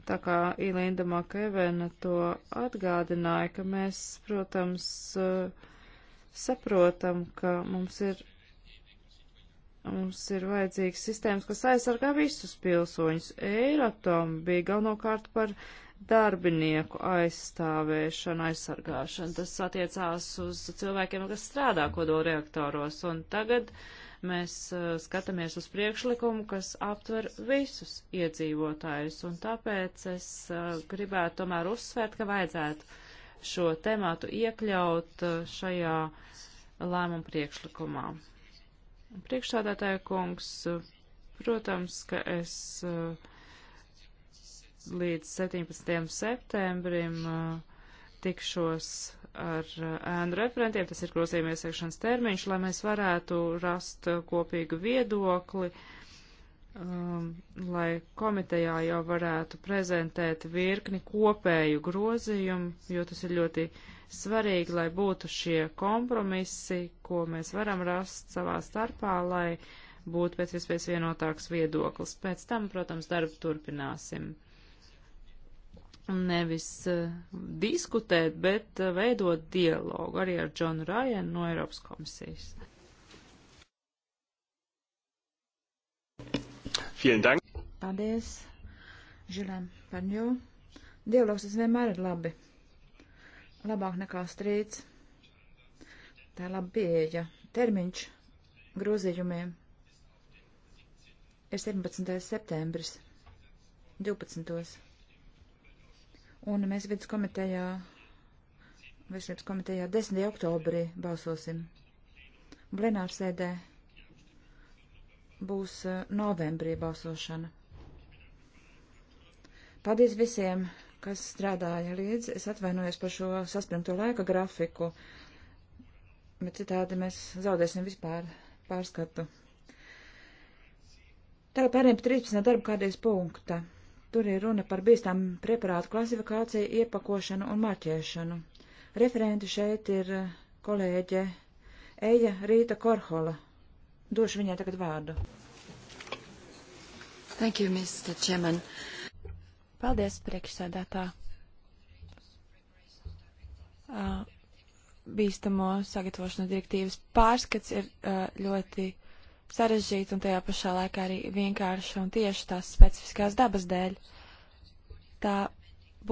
tā kā Ilinda Makevena to atgādināja, ka mēs, protams, uh, saprotam, ka mums ir, mums ir vajadzīgs sistēmas, kas aizsargā visus pilsoņus. Eiratom bija galvenokārt par darbinieku aizstāvēšanu, aizsargāšanu. Tas attiecās uz cilvēkiem, kas strādā kodolreaktoros, un tagad mēs uh, skatāmies uz priekšlikumu, kas aptver visus iedzīvotājus, un tāpēc es uh, gribētu tomēr uzsvērt, ka vajadzētu šo tematu iekļaut uh, šajā lēmuma priekšlikumā. Priekšstādātāja kungs, protams, ka es uh, līdz 17. septembrim uh, tikšos ar ēnu referentiem, tas ir grozījuma iesniegšanas termiņš, lai mēs varētu rast kopīgu viedokli uh, um, lai komitejā jau varētu prezentēt virkni kopēju grozījumu, jo tas ir ļoti svarīgi, lai būtu šie kompromisi, ko mēs varam rast savā starpā, lai būtu pēc vispēc vienotāks viedoklis. Pēc tam, protams, darbu turpināsim. Nevis uh, diskutēt, bet uh, veidot dialogu arī ar Džonu Rajanu no Eiropas komisijas. Vielen Dank. Paldies, Žilēm Parņū. Dialogs tas vienmēr ir labi. Labāk nekā strīds. Tā ir laba pieeja. Termiņš grozījumiem ir 17. septembris 12. Un mēs vidus komitejā, veselības komitejā 10. oktobrī balsosim. Plenārsēdē būs eh, novembrī balsošana. Paldies visiem, kas strādāja līdzi. Es atvainojos par šo saspringto laika grafiku, bet citādi mēs zaudēsim vispār pārskatu. Tagad pārējiem pie 13. darba kārtības punkta. Tur ir runa par bīstam preparātu klasifikāciju, iepakošanu un marķēšanu. Referenti šeit ir eh, kolēģe Eja Rīta Korhola. Došu viņai tagad vārdu. Thank you, Mr. Chairman. Paldies, priekšsēdētā. Uh, bīstamo sagatavošanas direktīvas pārskats ir uh, ļoti sarežģīta un tajā pašā laikā arī vienkārša un tieši tās specifiskās dabas dēļ. Tā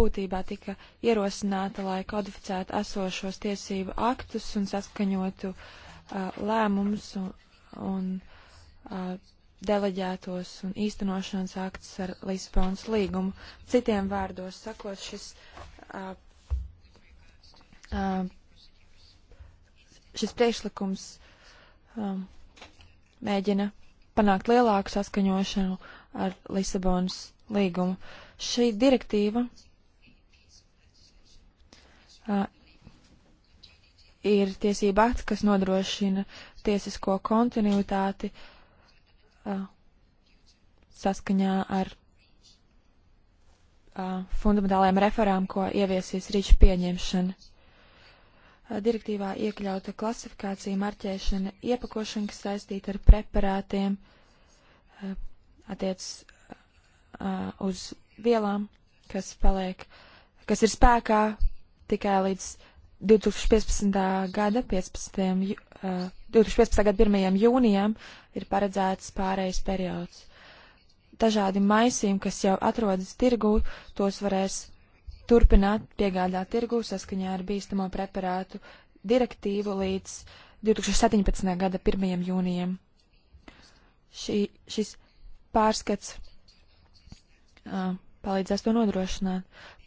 būtībā tika ierosināta, lai kodificētu esošos tiesību aktus un saskaņotu uh, lēmumus un, un uh, deleģētos un īstenošanas akts ar Lisabonas līgumu. Citiem vārdos sakot, šis, uh, uh, šis priekšlikums um, mēģina panākt lielāku saskaņošanu ar Lisabonas līgumu. Šī direktīva uh, ir tiesība akts, kas nodrošina tiesisko kontinuitāti uh, saskaņā ar uh, fundamentālajām reformām, ko ieviesīs rīču pieņemšana. Uh, direktīvā iekļauta klasifikācija, marķēšana, iepakošana, kas saistīta ar preparātiem, uh, attiec uh, uz vielām, kas paliek, kas ir spēkā tikai līdz 2015. gada 15 uh, 2015. Uh, gada 1. jūnijam ir paredzēts pārējais periods. Dažādi maisījumi, kas jau atrodas tirgū, tos varēs turpināt piegādāt tirgū saskaņā ar bīstamo preparātu direktīvu līdz 2017. gada 1. jūnijam. Šī, šis pārskats uh, palīdzēs to nodrošināt.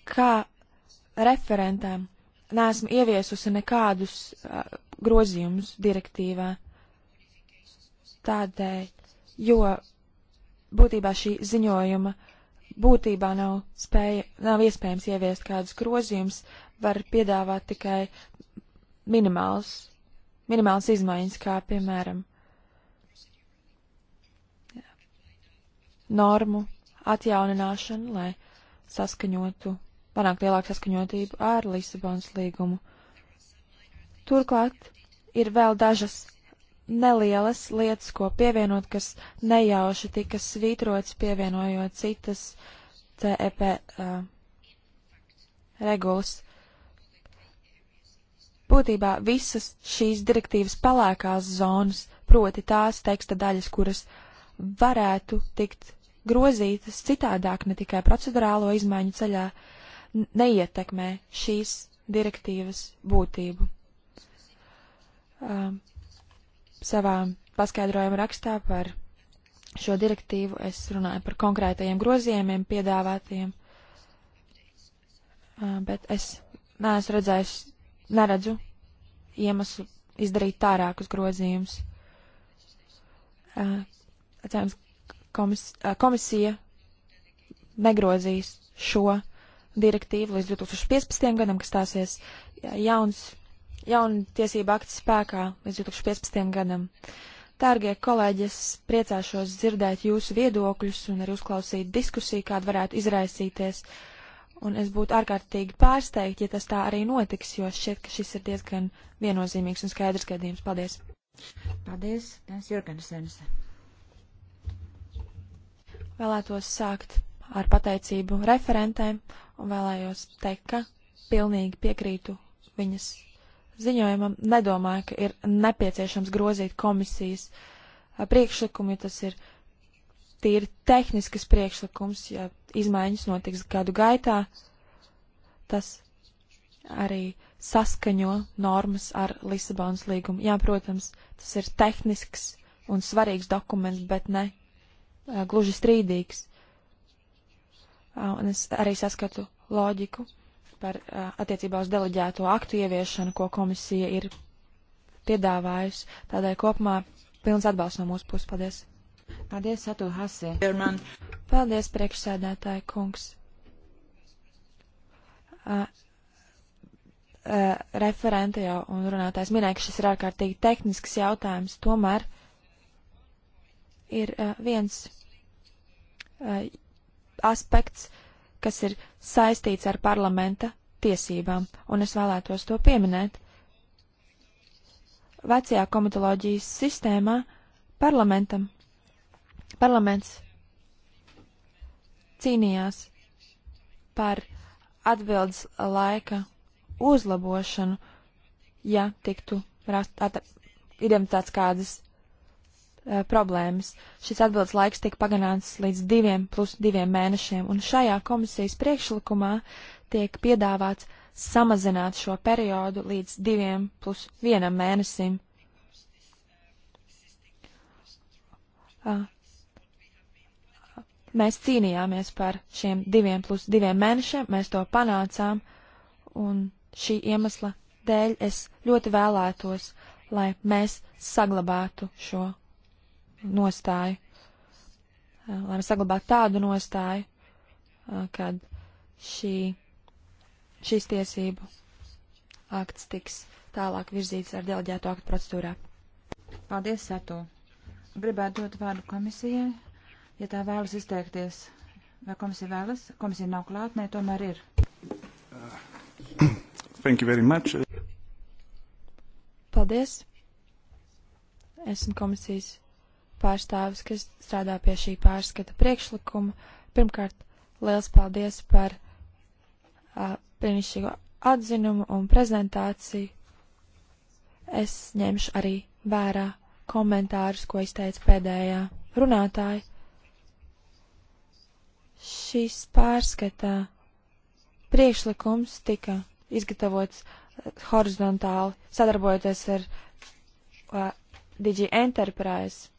Kā referentēm neesmu ieviesusi nekādus uh, grozījumus direktīvā. Tādēļ, jo būtībā šī ziņojuma būtībā nav, spēja, nav iespējams ieviest kādus grozījumus, var piedāvāt tikai minimāls, minimāls izmaiņas, kā piemēram normu atjaunināšanu, lai saskaņotu, panākt lielāku saskaņotību ar Lisabonas līgumu. Turklāt ir vēl dažas nelielas lietas, ko pievienot, kas nejauši tika svītrots, pievienojot citas CEP uh, regulas. Būtībā visas šīs direktīvas palēkās zonas, proti tās teksta daļas, kuras varētu tikt grozītas citādāk, ne tikai procedurālo izmaiņu ceļā, neietekmē šīs direktīvas būtību. Uh, savā paskaidrojuma rakstā par šo direktīvu es runāju par konkrētajiem grozījumiem piedāvātajiem, uh, bet es neesmu redzējis, neredzu iemeslu izdarīt tārākus grozījumus. Uh, Cerams, komis, uh, komisija negrozīs šo direktīvu līdz 2015. gadam, kas stāsies jauns jaunu tiesību aktu spēkā līdz 2015. gadam. Tārgie kolēģi, es priecāšos dzirdēt jūsu viedokļus un arī uzklausīt diskusiju, kāda varētu izraisīties. Un es būtu ārkārtīgi pārsteigta, ja tas tā arī notiks, jo šķiet, ka šis ir diezgan viennozīmīgs un skaidrs gadījums. Paldies! Paldies, Jānis Jurgensens! Vēlētos sākt ar pateicību referentēm un vēlējos teikt, ka pilnīgi piekrītu viņas ziņojumam nedomāju, ka ir nepieciešams grozīt komisijas uh, priekšlikumu, ja tas ir tīri tehniskas priekšlikums, ja izmaiņas notiks gadu gaitā, tas arī saskaņo normas ar Lisabonas līgumu. Jā, protams, tas ir tehnisks un svarīgs dokuments, bet ne uh, gluži strīdīgs. Uh, un es arī saskatu loģiku par attiecībā uz deleģēto aktu ieviešanu, ko komisija ir piedāvājusi. Tādēļ kopumā pilns atbalsts no mūsu puses. Paldies! Paldies, Satu Hasi! Paldies, priekšsēdētāji kungs! Uh, uh, referente jau un runātājs minēja, ka šis ir ārkārtīgi tehnisks jautājums, tomēr ir uh, viens aspekts, uh, kas ir saistīts ar parlamenta tiesībām, un es vēlētos to pieminēt. Vecajā komitoloģijas sistēmā parlamentam, parlaments cīnījās par atbildes laika uzlabošanu, ja tiktu rast, identitātes kādas Eh, problēmas. Šis atbildes laiks tika pagarināts līdz diviem plus diviem mēnešiem, un šajā komisijas priekšlikumā tiek piedāvāts samazināt šo periodu līdz diviem plus vienam mēnesim. Mēs cīnījāmies par šiem diviem plus diviem mēnešiem, mēs to panācām, un šī iemesla dēļ es ļoti vēlētos, lai mēs saglabātu šo nostāju, lai mēs saglabātu tādu nostāju, kad šī, šis tiesību akts tiks tālāk virzīts ar deleģēto aktu procedūrā. Paldies, Sato. Gribētu dot vārdu komisijai, ja tā vēlas izteikties. Vai komisija vēlas? Komisija nav klāt, nē, tomēr ir. Thank you very much. Paldies. Es un komisijas pārstāvis, kas strādā pie šī pārskata priekšlikuma. Pirmkārt, liels paldies par uh, brīnišķīgo atzinumu un prezentāciju. Es ņemšu arī vērā komentārus, ko izteica pēdējā runātāja. Šis pārskata priekšlikums tika izgatavots horizontāli, sadarbojoties ar uh, Digi Enterprise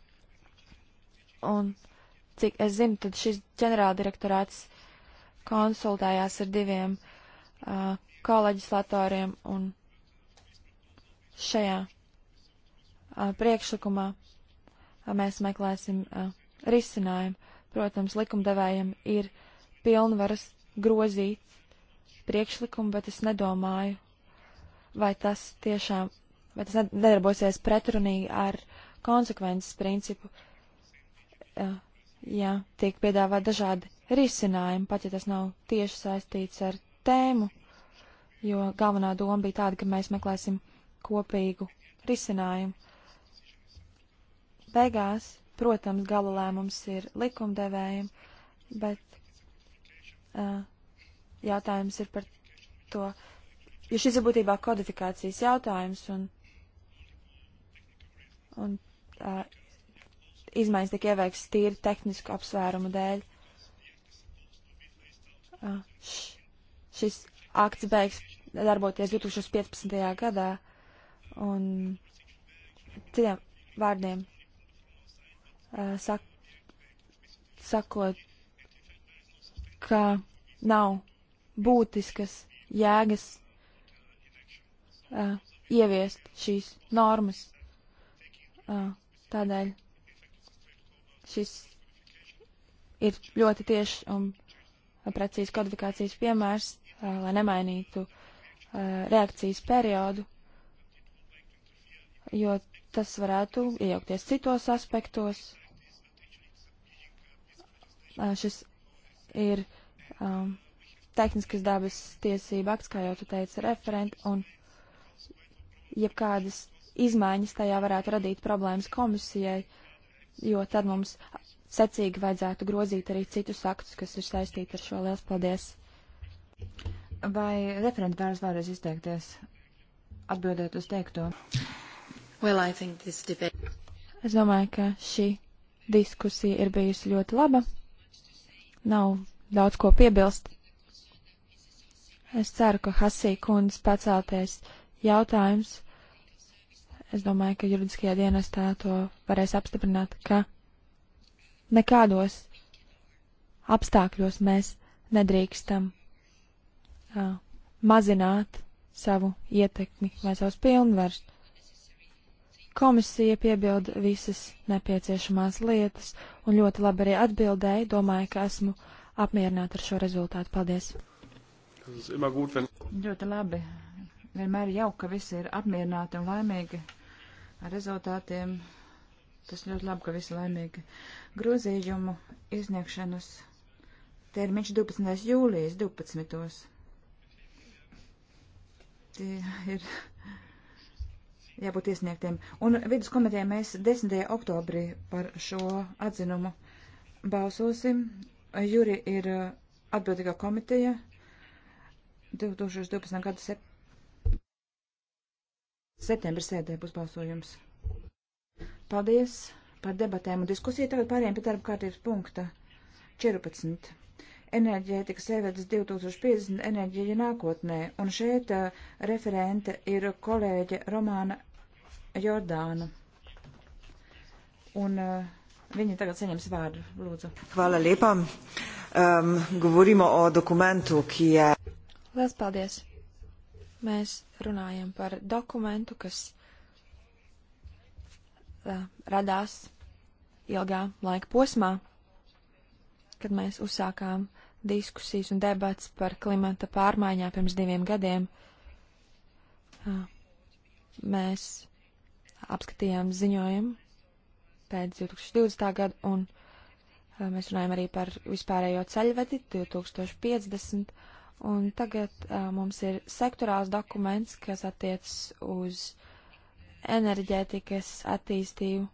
Un, cik es zinu, tad šis ģenerāldirektorāts konsultējās ar diviem uh, koleģislatoriem un šajā uh, priekšlikumā uh, mēs meklēsim uh, risinājumu. Protams, likumdevējiem ir pilnvaras grozīt priekšlikumu, bet es nedomāju, vai tas tiešām, vai tas nedarbosies pretrunīgi ar konsekvences principu. Uh, Eh, ja tiek piedāvāt dažādi risinājumi, pat ja tas nav tieši saistīts ar tēmu, jo galvenā doma bija tāda, ka mēs meklēsim kopīgu risinājumu. Beigās, protams, gala lēmums ir likumdevējiem, bet uh, jautājums ir par to, jo šis ir būtībā kodifikācijas jautājums un, un uh, izmaiņas tika ieveikts tīri tehnisku apsvērumu dēļ. Uh, šis akts beigs darboties 2015. gadā, un citiem vārdiem uh, sak, sakot, ka nav būtiskas jēgas uh, ieviest šīs normas. Uh, tādēļ Šis ir ļoti tieši un precīzi kodifikācijas piemērs, lai nemainītu reakcijas periodu, jo tas varētu iejaukties citos aspektos. Šis ir um, tehniskas dabas tiesība akts, kā jau tu teici, referenti, un jebkādas izmaiņas tajā varētu radīt problēmas komisijai, jo tad mums secīgi vajadzētu grozīt arī citus aktus, kas ir saistīti ar šo. Lielas paldies! Vai referenti vēlas vēlreiz izteikties, atbildēt uz teikto? Well, debate... Es domāju, ka šī diskusija ir bijusi ļoti laba. Nav daudz ko piebilst. Es ceru, ka Hasī kundas paceltais jautājums Es domāju, ka juridiskajā dienestā to varēs apstiprināt, ka nekādos apstākļos mēs nedrīkstam uh, mazināt savu ietekmi vai savus pilnvarus. Komisija piebilda visas nepieciešamās lietas un ļoti labi arī atbildēja. Domāju, ka esmu apmierināta ar šo rezultātu. Paldies! Ļoti labi. Vienmēr jauka visi ir apmierināti un laimīgi ar rezultātiem. Tas ļoti labi, ka visi laimīgi. Grozījumu izniegšanas termiņš 12. jūlijas 12. Tie ir jābūt iesniegtiem. Un viduskomitē mēs 10. oktobrī par šo atzinumu balsosim. Juri ir atbildīgā komiteja 2012. gada 7. Septembra sēdē būs balsojums. Paldies par debatēm un diskusiju. Tagad pārējiem pie darba kārtības punkta 14. Enerģētikas sievietes 2050 enerģija nākotnē. Un šeit uh, referente ir kolēģe Romāna Jordāna. Un uh, Viņa tagad saņems vārdu, lūdzu. Hvala lepa. Um, govorimo o dokumentu, ki je. Lielas paldies. Mēs runājam par dokumentu, kas uh, radās ilgā laika posmā, kad mēs uzsākām diskusijas un debats par klimata pārmaiņām pirms diviem gadiem. Uh, mēs apskatījām ziņojumu pēc 2020. gada un uh, mēs runājam arī par vispārējo ceļvedi 2050 Un tagad uh, mums ir sektorāls dokuments, kas attiecas uz enerģētikas attīstību,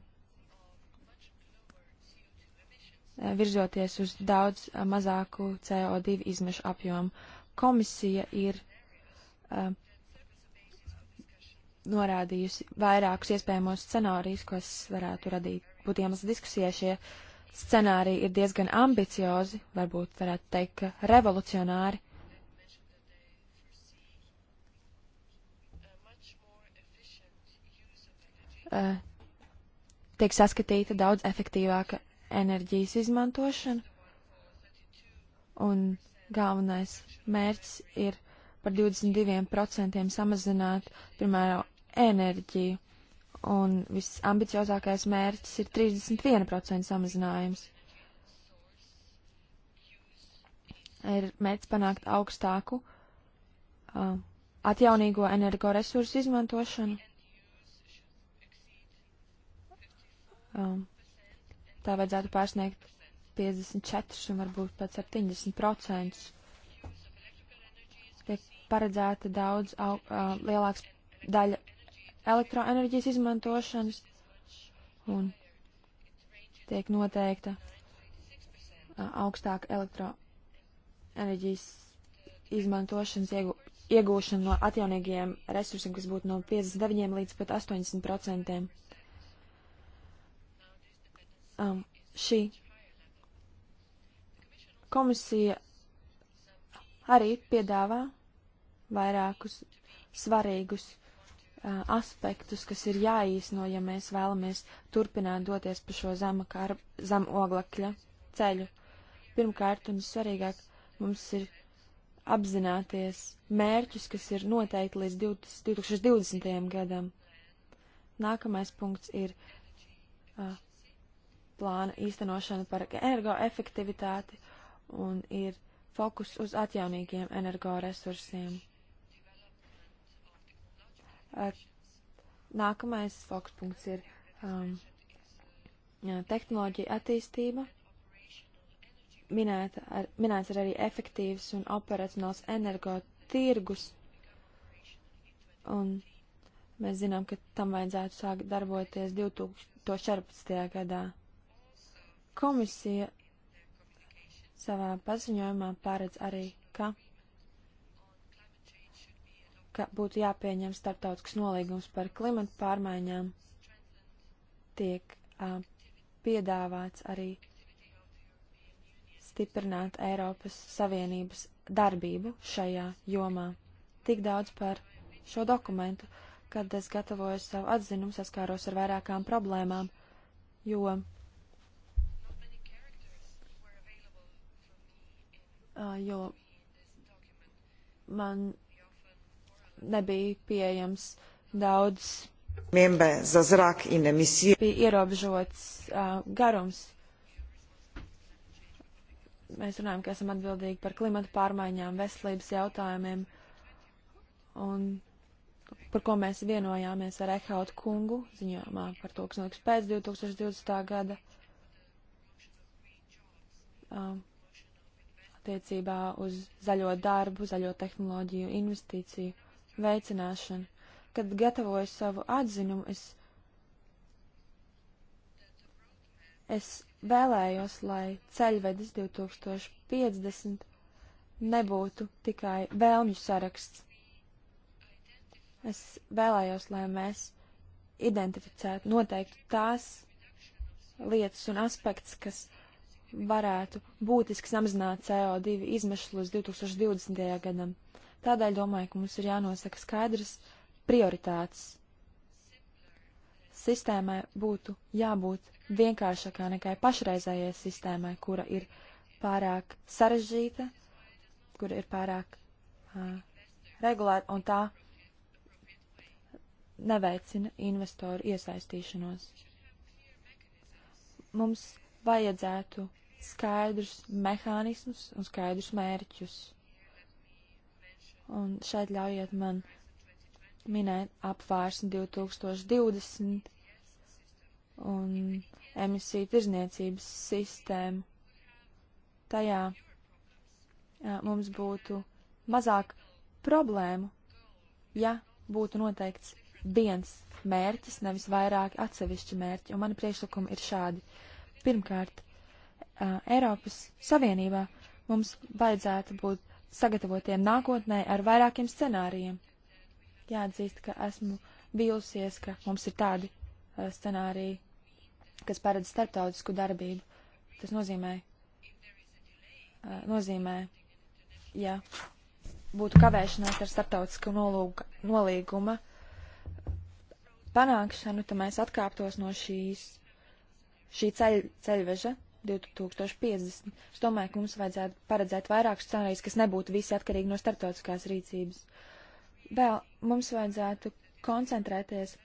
uh, virzoties uz daudz uh, mazāku CO2 izmešu apjomu. Komisija ir uh, norādījusi vairākus iespējamos scenārijus, kas varētu radīt būt iemesls diskusijai šie scenāriji ir diezgan ambiciozi, varbūt varētu teikt, ka revolucionāri, uh, tiek saskatīta daudz efektīvāka enerģijas izmantošana, un galvenais mērķis ir par 22% samazināt, piemēram, enerģiju, un visambiciozākais mērķis ir 31% samazinājums. Ir mērķis panākt augstāku uh, atjaunīgo energoresursu izmantošanu um, tā vajadzētu pārsniegt 54 un varbūt pat 70%. Tiek paredzēta daudz au, uh, lielāks daļa elektroenerģijas izmantošanas un tiek noteikta uh, augstāka elektroenerģijas izmantošanas iegu, iegūšana no atjaunīgajiem resursiem, kas būtu no 59 līdz pat 80 procentiem um, šī komisija arī piedāvā vairākus svarīgus uh, aspektus, kas ir jāīsno, ja mēs vēlamies turpināt doties pa šo zema, karb, zem oglekļa ceļu. Pirmkārt un svarīgāk mums ir apzināties mērķus, kas ir noteikti līdz 20, 2020. gadam. Nākamais punkts ir uh, plāna īstenošanu par energoefektivitāti un ir fokus uz atjaunīgiem energoresursiem. Nākamais fokus punkts ir um, tehnoloģija attīstība. Minēta ar, minēts ir arī efektīvs un operacionāls energotirgus. Un mēs zinām, ka tam vajadzētu sākt darboties 2014. gadā. Komisija savā paziņojumā paredz arī, ka, ka būtu jāpieņem starptautisks nolīgums par klimatu pārmaiņām. Tiek uh, piedāvāts arī stiprināt Eiropas Savienības darbību šajā jomā. Tik daudz par šo dokumentu, kad es gatavoju savu atzinumu, saskāros ar vairākām problēmām, jo jo man nebija pieejams daudz. Miembe za zrak in emisiju. Bija ierobežots uh, garums. Mēs runājam, ka esam atbildīgi par klimatu pārmaiņām, veselības jautājumiem un par ko mēs vienojāmies ar Ehautu kungu ziņojumā par to, kas notiks pēc 2020. gada. Um, attiecībā uz zaļo darbu, zaļo tehnoloģiju, investīciju veicināšanu. Kad gatavoju savu atzinumu, es, es vēlējos, lai ceļvedis 2050 nebūtu tikai vēlmju saraksts. Es vēlējos, lai mēs identificētu noteikti tās lietas un aspekts, kas varētu būtiski samazināt CO2 izmešus līdz 2020. gadam. Tādēļ domāju, ka mums ir jānosaka skaidrs prioritātes. Sistēmai būtu jābūt vienkāršākā nekā pašreizējai sistēmai, kura ir pārāk sarežģīta, kura ir pārāk uh, regulēta un tā neveicina investoru iesaistīšanos. Mums vajadzētu skaidrus mehānismus un skaidrus mērķus. Un šeit ļaujiet man minēt apvārsni 2020 un emisiju tirzniecības sistēmu. Tajā jā, mums būtu mazāk problēmu, ja būtu noteikts viens mērķis, nevis vairāki atsevišķi mērķi, un mani priekšlikumi ir šādi. Uh, Pirmkārt, Eiropas Savienībā mums vajadzētu būt sagatavotiem nākotnē ar vairākiem scenārijiem. Jāatzīst, ka esmu vīlusies, ka mums ir tādi scenāriji, kas paredz starptautisku darbību. Tas nozīmē, nozīmē, ja būtu kavēšanās ar starptautisku nolūga, nolīguma panākšanu, tad mēs atkāptos no šīs šī ceļ, ceļveža 2050. Es domāju, ka mums vajadzētu paredzēt vairākus scenārijus, kas nebūtu visi atkarīgi no starptautiskās rīcības. Vēl mums vajadzētu koncentrēties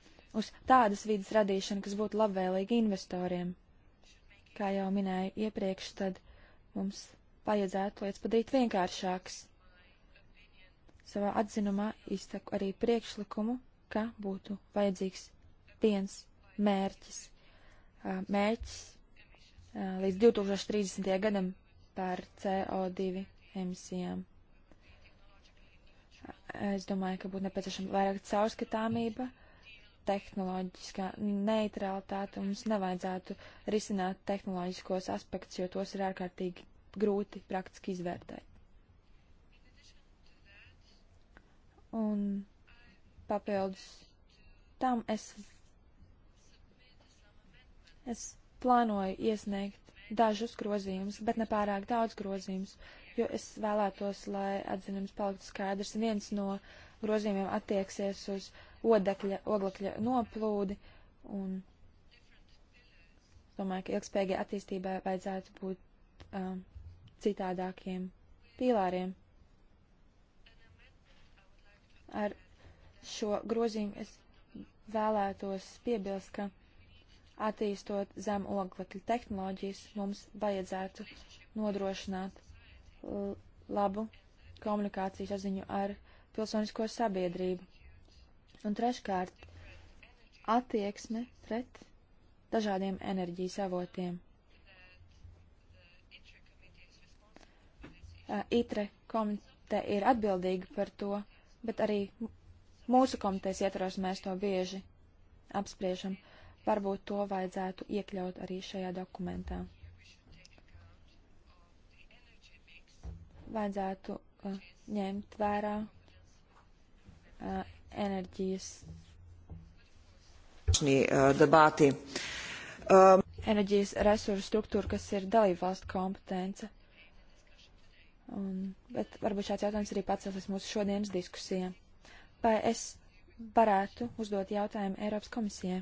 uz tādas vidas radīšanu, kas būtu labvēlīga investoriem. Kā jau minēju iepriekš, tad mums vajadzētu lietas padarīt vienkāršākas. Savā atzinumā izsaku arī priekšlikumu, ka būtu vajadzīgs viens mērķis Uh, mērķis uh, līdz 2030. gadam par CO2 emisijām. Uh, es domāju, ka būtu nepieciešama vairāk caurskatāmība, tehnoloģiskā neutralitāte. Mums nevajadzētu risināt tehnoloģiskos aspektus, jo tos ir ārkārtīgi grūti praktiski izvērtēt. Un papildus tam es Es plānoju iesniegt dažus grozījumus, bet ne pārāk daudz grozījumus, jo es vēlētos, lai atzinums paliktu skaidrs. Viens no grozījumiem attieksies uz odekļa, oglekļa noplūdi, un domāju, ka ilgspējīgai attīstībai vajadzētu būt um, citādākiem pīlāriem. Ar šo grozījumu es vēlētos piebilst, ka attīstot zem oglekļa tehnoloģijas, mums vajadzētu nodrošināt labu komunikāciju saziņu ar pilsonisko sabiedrību. Un treškārt, attieksme pret dažādiem enerģijas avotiem. ITRE komite ir atbildīga par to, bet arī mūsu komitejas ietvaros mēs to bieži apspriežam. Uh, Varbūt to vajadzētu iekļaut arī šajā dokumentā. Vajadzētu uh, ņemt vērā uh, enerģijas uh, debāti. Um. Enerģijas resursu struktūra, kas ir dalībvalstu kompetence. Un, bet varbūt šāds jautājums arī pacelsies mūsu šodienas diskusijā. Vai es varētu uzdot jautājumu Eiropas komisijai?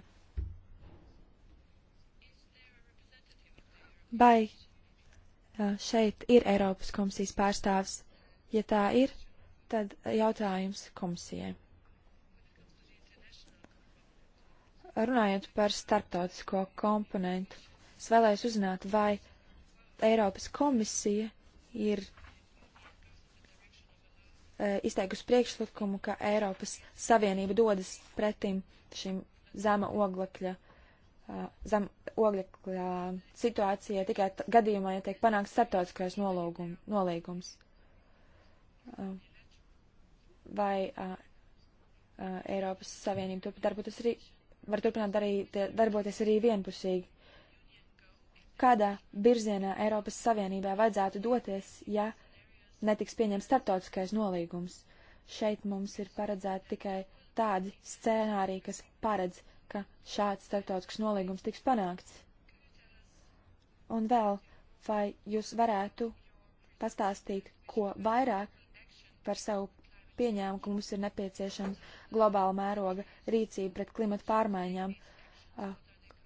Vai šeit ir Eiropas komisijas pārstāvs? Ja tā ir, tad jautājums komisijai. Runājot par starptautisko komponentu, es vēlējos uzzināt, vai Eiropas komisija ir e, izteikusi priekšlikumu, ka Eiropas Savienība dodas pretim šim zema oglekļa uh, zem oglekļa situācijai tikai gadījumā, ja tiek panāks starptautiskais nolīgums. Vai a, a, Eiropas Savienība turp darboties arī, var turpināt darīt, darboties arī vienpusīgi? Kādā virzienā Eiropas Savienībā vajadzētu doties, ja netiks pieņemts starptautiskais nolīgums? Šeit mums ir paredzēti tikai tādi scenāriji, kas paredz ka šāds starptautisks nolīgums tiks panākts? Un vēl, vai jūs varētu pastāstīt, ko vairāk par savu pieņēmu, ka mums ir nepieciešama globāla mēroga rīcība pret klimatu pārmaiņām, a,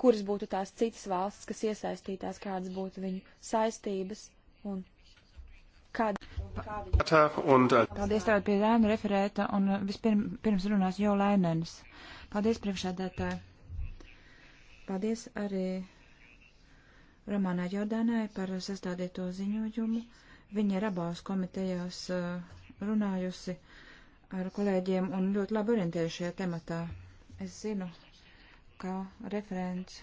kuras būtu tās citas valstis, kas iesaistītās, kādas būtu viņu saistības un kāda. Paldies tātad pie Rēna referēta un vispirms runās Jo Lainēns. Paldies, priekšādātāji. Paldies arī Romānai Jordānai par sastādīto ziņojumu. Viņa ir abās komitejās uh, runājusi ar kolēģiem un ļoti labi orientējušajā tematā. Es zinu, ka referents,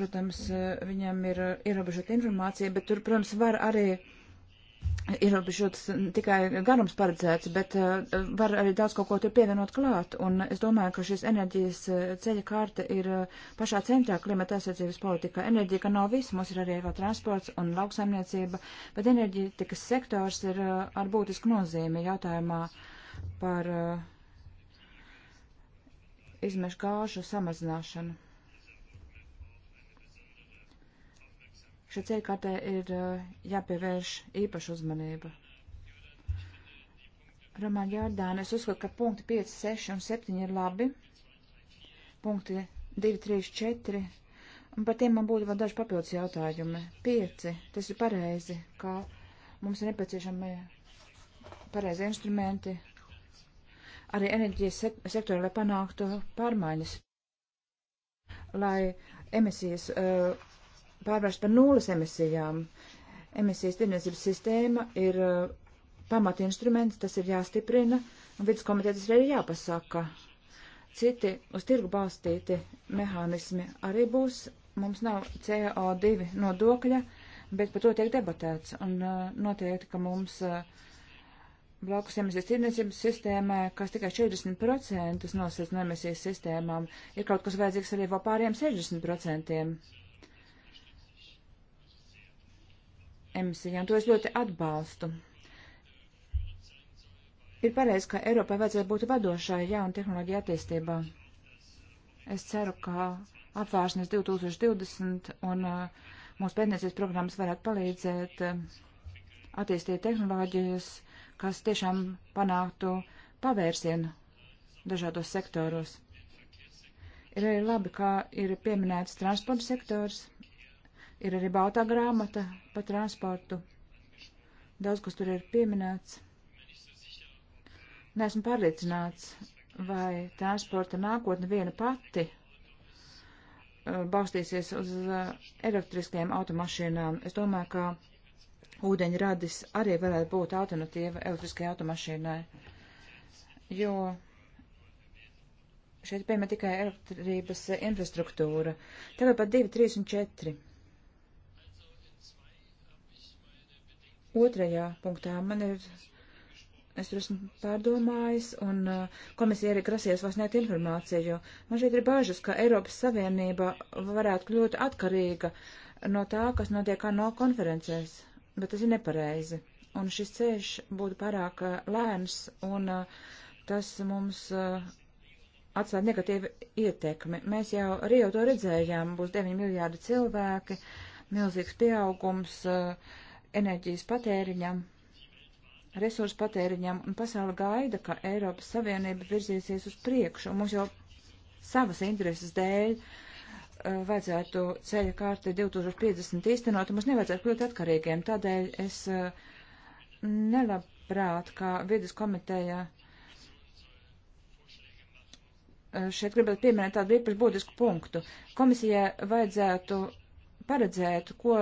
protams, uh, viņam ir uh, ierobežota informācija, bet tur, protams, var arī ierobežots tikai garums paredzēts, bet uh, var arī daudz kaut ko tur pievienot klāt. Un es domāju, ka šis enerģijas eh, ceļa kārta ir eh, pašā centrā klimata aizsardzības politikā. Enerģija, ka nav viss, mums ir arī vēl transports un lauksaimniecība, bet enerģētikas sektors ir uh, ar būtisku nozīmi jautājumā par uh, izmešu gāžu samazināšanu. Šai ceļkartē ir eh, jāpievērš īpaša uzmanība. Romāna Jordāna, es uzskatu, ka punkti 5, 6 un 7 ir labi. Punkti 2, 3, 4. Un par tiem man būtu vēl daži papildus jautājumi. 5. Tas ir pareizi, ka mums ir nepieciešami pareizi instrumenti arī enerģijas sektorā, lai panāktu pārmaiņas, lai emisijas uh, pārvērst par nulles emisijām. Emisijas tirniecības sistēma ir uh, pamatinstruments, tas ir jāstiprina, un vidas komitētas arī jāpasaka. Citi uz tirgu balstīti mehānismi arī būs. Mums nav CO2 nodokļa, bet par to tiek debatēts. Un uh, noteikti, ka mums uh, blakus emisijas tirniecības sistēmai, kas tikai 40% nosacīts no emisijas sistēmām, ir kaut kas vajadzīgs arī vēl pāriem 60%. emisijām. To es ļoti atbalstu. Ir pareizi, ka Eiropai vajadzētu būt vadošai jaunu tehnoloģiju attīstībā. Es ceru, ka apvāršanas 2020 un uh, mūsu pētniecības programmas varētu palīdzēt uh, attīstīt tehnoloģijas, kas tiešām panāktu pavērsienu dažādos sektoros. Ir arī labi, kā ir pieminēts transporta sektors Ir arī baltā grāmata par transportu. Daudz, kas tur ir pieminēts. Nesmu pārliecināts, vai transporta nākotne viena pati uh, balstīsies uz uh, elektriskajām automašīnām. Es domāju, ka ūdeņradis arī varētu būt alternatīva elektriskajai automašīnai, jo šeit piemēra tikai elektrības infrastruktūra. Tagad pat 2, 3 un 4. Otrajā punktā man ir, es tur esmu pārdomājis, un uh, komisija arī grasies vairs net informāciju. Man šeit ir bažas, ka Eiropas Savienība varētu kļūt atkarīga no tā, kas notiek ANO konferencēs, bet tas ir nepareizi. Un šis ceļš būtu pārāk uh, lēns, un uh, tas mums atstāja negatīvu ietekmi. Mēs jau Rio to redzējām, būs 9 miljārdi cilvēki, milzīgs pieaugums. Uh, enerģijas patēriņam, resursu patēriņam, un pasauli gaida, ka Eiropas Savienība virzīsies uz priekšu, un mums jau savas intereses dēļ eh, vajadzētu ceļa kārti 2050 īstenot, un mums nevajadzētu kļūt atkarīgiem. Tādēļ es eh, nelabprāt, kā vidas komiteja eh, šeit gribētu pieminēt tādu īpaši būtisku punktu. Komisijai vajadzētu paredzēt, ko,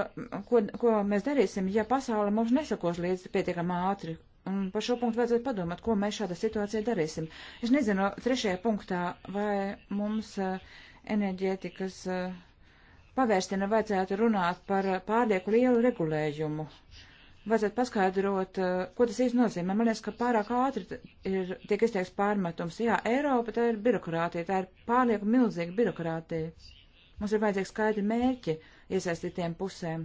ko, ko mēs darīsim, ja pasaule mums nesakos līdzi pietiekam ātri. Un par šo punktu vajadzētu padomāt, ko mēs šādā situācijā darīsim. Es nezinu, trešajā punktā, vai mums eh, enerģētikas eh, pavērstienam vajadzētu runāt par pārlieku lielu regulējumu. Vajadzētu paskaidrot, eh, ko tas īsti nozīmē. Man liekas, ka pārāk ātri ir, tiek izteikts pārmetums. Jā, Eiropa tā ir birokrātija, tā ir pārlieku milzīga birokrātija. Mums ir vajadzīgi skaidri mērķi, iesaistītiem pusēm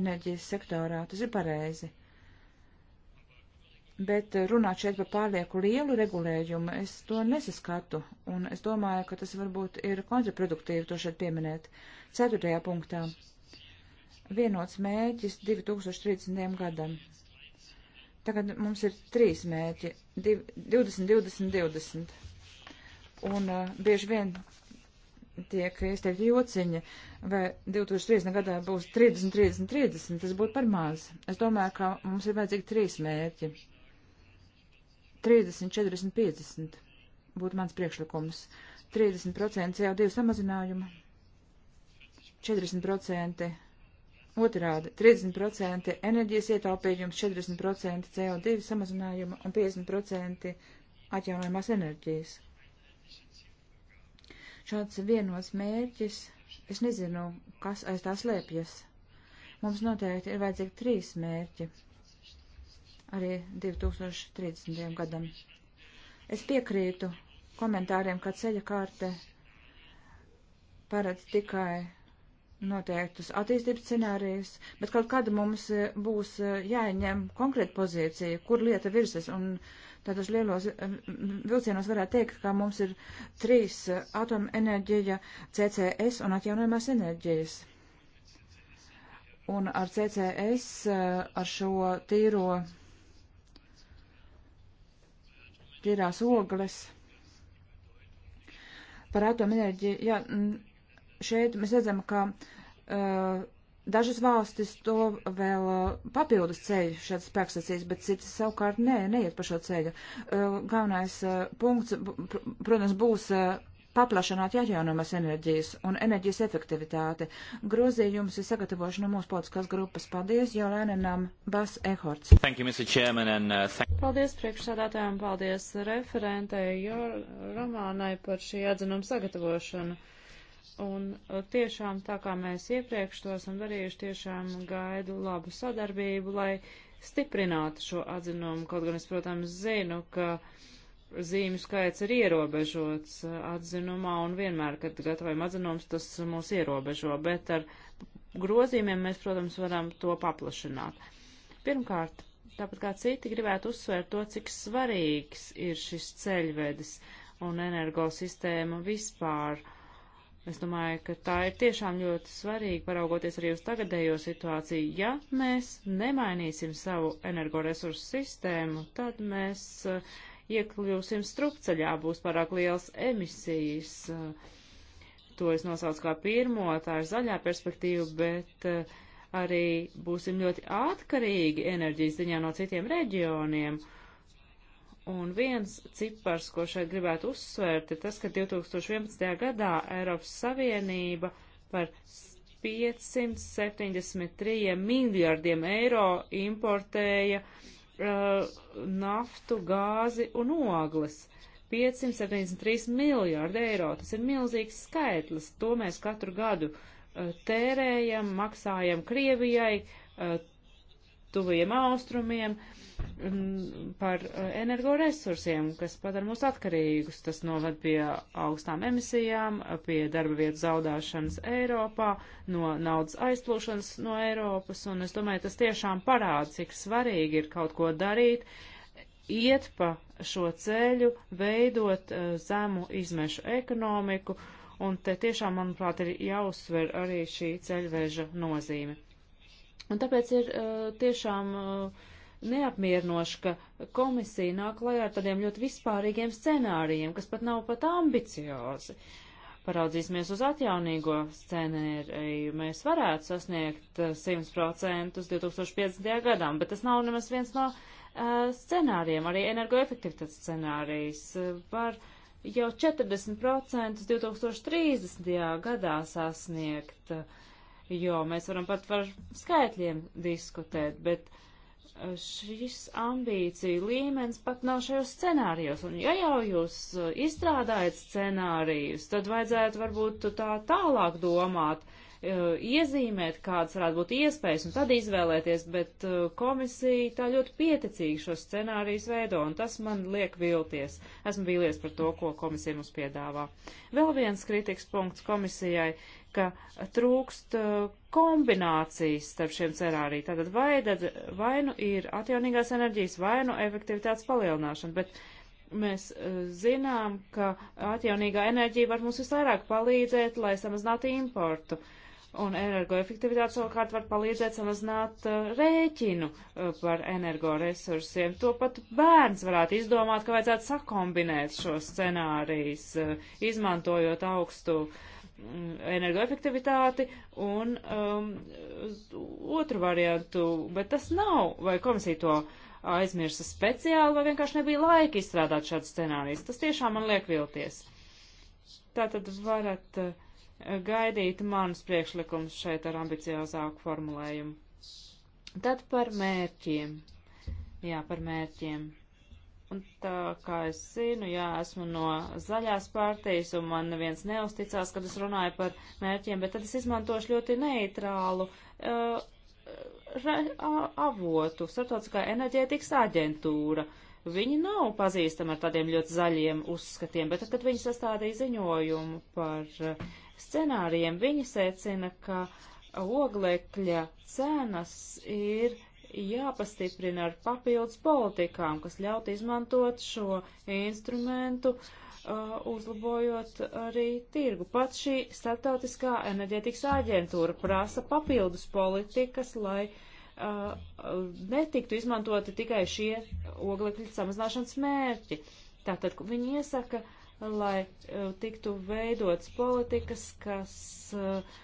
enerģijas sektorā. Tas ir pareizi. Bet eh, runāt šeit par pārlieku lielu regulējumu, es to nesaskatu, un es domāju, ka tas varbūt ir kontraproduktīvi to šeit pieminēt. Ceturtajā punktā. Vienots mēķis 2030. gadam. Tagad mums ir trīs mēķi - 20, 20, 20. Un uh, bieži vien tiek iestiet jūciņa, vai 2030. gadā būs 30, 30, 30, tas būtu par maz. Es domāju, ka mums ir vajadzīgi trīs mērķi. 30, 40, 50 būtu mans priekšlikums. 30% CO2 samazinājuma, 40% otrādi, 30% enerģijas ietaupījums, 40% CO2 samazinājuma un 50% atjaunojumās enerģijas. Šāds vienos mērķis, es nezinu, kas aiz tā slēpjas. Mums noteikti ir vajadzīgi trīs mērķi arī 2030. gadam. Es piekrītu komentāriem, ka ceļa kārte paredz tikai noteiktus attīstības scenārijus, bet kaut kad mums būs jāņem konkrēta pozīcija, kur lieta virsas un Tātad lielos vilcienos varētu teikt, ka mums ir trīs atomenerģija, CCS un atjaunojumās enerģijas. Un ar CCS, eh, ar šo tīro, tīrās ogles, par atomenerģiju, jā, šeit mēs redzam, ka uh, Dažas valstis to vēl papildus ceļu šādas spēksacīs, bet citas savukārt nē, neiet pa šo ceļu. Galvenais punkts, protams, būs paplašināt atjaunojamas enerģijas un enerģijas efektivitāti. Grozījums ir sagatavošana no mūsu politiskās grupas. Paldies, Jolēnenam Bas Ehorts. Thank you, Mr. Chairman, and, uh, thank... Paldies priekšsādātājiem, paldies referentei Romānai par šī atzinuma sagatavošanu. Un uh, tiešām, tā kā mēs iepriekš to esam darījuši, tiešām gaidu labu sadarbību, lai stiprinātu šo atzinumu. Kaut gan es, protams, zinu, ka zīmju skaits ir ierobežots uh, atzinumā, un vienmēr, kad gatavojam atzinums, tas mūs ierobežo, bet ar grozījumiem mēs, protams, varam to paplašināt. Pirmkārt, tāpat kā citi, gribētu uzsvērt to, cik svarīgs ir šis ceļvedis un energosistēma vispār Es domāju, ka tā ir tiešām ļoti svarīga, paraugoties arī uz tagadējo situāciju. Ja mēs nemainīsim savu energoresursu sistēmu, tad mēs eh, iekļūsim strupceļā, būs pārāk liels emisijas. Eh, to es nosaucu kā pirmo, tā ir zaļā perspektīva, bet eh, arī būsim ļoti atkarīgi enerģijas ziņā no citiem reģioniem. Uh, Un viens cipars, ko šeit gribētu uzsvērt, ir tas, ka 2011. gadā Eiropas Savienība par 573 miljardiem eiro importēja uh, naftu, gāzi un ogles. 573 miljārdi eiro. Tas ir milzīgs skaitlis. To mēs katru gadu uh, tērējam, maksājam Krievijai, uh, tuviem austrumiem. Uh, par uh, energoresursiem, kas padara mūs atkarīgus. Tas novad pie augstām emisijām, pie darba vietu zaudēšanas Eiropā, no naudas aizplūšanas no Eiropas, un es domāju, tas tiešām parāda, cik svarīgi ir kaut ko darīt, iet pa šo ceļu, veidot uh, zemu izmešu ekonomiku, un te tiešām, manuprāt, ir jāuzsver arī šī ceļveža nozīme. Un tāpēc ir uh, tiešām uh, neapmierinoši, ka komisija nāk klajā ar tādiem ļoti vispārīgiem scenārijiem, kas pat nav pat ambiciozi. Paraudzīsimies uz atjaunīgo scenēriju. Mēs varētu sasniegt 100% 2050. gadam, bet tas nav nemaz viens no uh, scenārijiem. Arī energoefektivitātes scenārijs eh, var jau 40% 2030. gadā sasniegt, eh, jo mēs varam pat par skaitļiem diskutēt, bet uh, šis ambīcija līmenis pat nav šajos scenārijos. Un ja jau jūs uh, izstrādājat scenārijus, tad vajadzētu varbūt tā tālāk domāt, E, iezīmēt, kādas varētu būt iespējas un tad izvēlēties, bet e, komisija tā ļoti pieticīgi šo scenārijas veido, un tas man liek vilties. Esmu vīlies par to, ko komisija mums piedāvā. Vēl viens kritikas punkts komisijai, ka trūkst e, kombinācijas starp šiem scenāriju. Tātad vai, tad, vai nu ir atjaunīgās enerģijas, vai nu efektivitātes palielināšana, bet mēs uh, zinām, ka atjaunīgā enerģija var mums visvairāk palīdzēt, lai samazinātu importu. Un energoefektivitāte savukārt var palīdzēt samazināt uh, rēķinu uh, par energoresursiem. To pat bērns varētu izdomāt, ka vajadzētu sakombinēt šo scenārijus, uh, izmantojot augstu um, energoefektivitāti un um, otru variantu, bet tas nav, vai komisija to aizmirsa speciāli, vai vienkārši nebija laika izstrādāt šādu scenāriju. Tas tiešām man liek vilties. Tātad varat uh, gaidīt manus priekšlikumus šeit ar ambiciozāku formulējumu. Tad par mērķiem. Jā, par mērķiem. Un tā kā es zinu, jā, esmu no zaļās partijas, un man neviens neusticās, kad es runāju par mērķiem, bet tad es izmantošu ļoti neitrālu uh, avotu, starptautiskā enerģētikas aģentūra. Viņi nav pazīstami ar tādiem ļoti zaļiem uzskatiem, bet tad, kad viņi sastādīja ziņojumu par uh, scenārijiem. Viņi secina, ka oglekļa cenas ir jāpastiprina ar papildus politikām, kas ļaut izmantot šo instrumentu, uh, uzlabojot arī tirgu. Pat šī starptautiskā enerģētikas aģentūra prasa papildus politikas, lai uh, netiktu izmantoti tikai šie oglekļa samazināšanas mērķi. Tātad viņi iesaka uh, lai uh, tiktu veidots politikas, kas uh,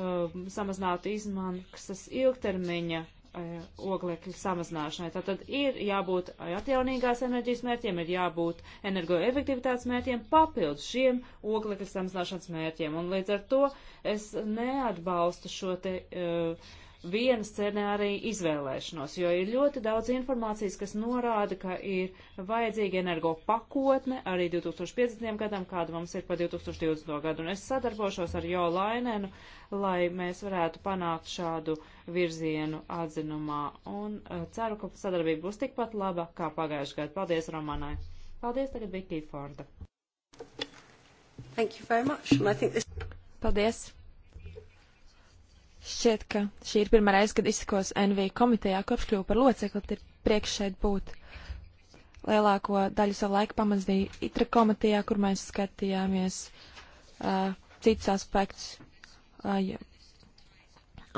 uh, samazinātu izmaksas ilgtermiņa oglekļa samazināšanai. Tātad ir jābūt atjaunīgās enerģijas mērķiem, ir jābūt energoefektivitātes mērķiem papildus šiem oglekļa samazināšanas mērķiem. Un līdz ar to es neatbalstu šo te uh, viena scenārija izvēlēšanos, jo ir ļoti daudz informācijas, kas norāda, ka ir vajadzīga energo pakotne arī 2050. gadam, kāda mums ir pa 2020. gadu. Un es sadarbošos ar Jo Lainenu, lai mēs varētu panākt šādu virzienu atzinumā. Un uh, ceru, ka sadarbība būs tikpat laba kā pagājušajā gadā. Paldies Romanai! Paldies tagad Vikija Forda! Thank you very much, and I think this... Paldies! Šķiet, ka šī ir pirmā reize, kad izsakos NV komitejā, kopš kļuvu par locekli, ir prieks šeit būt. Lielāko daļu savu laiku pamazdīju ITRA komitejā, kur mēs skatījāmies uh, citus aspektus. Uh, ja.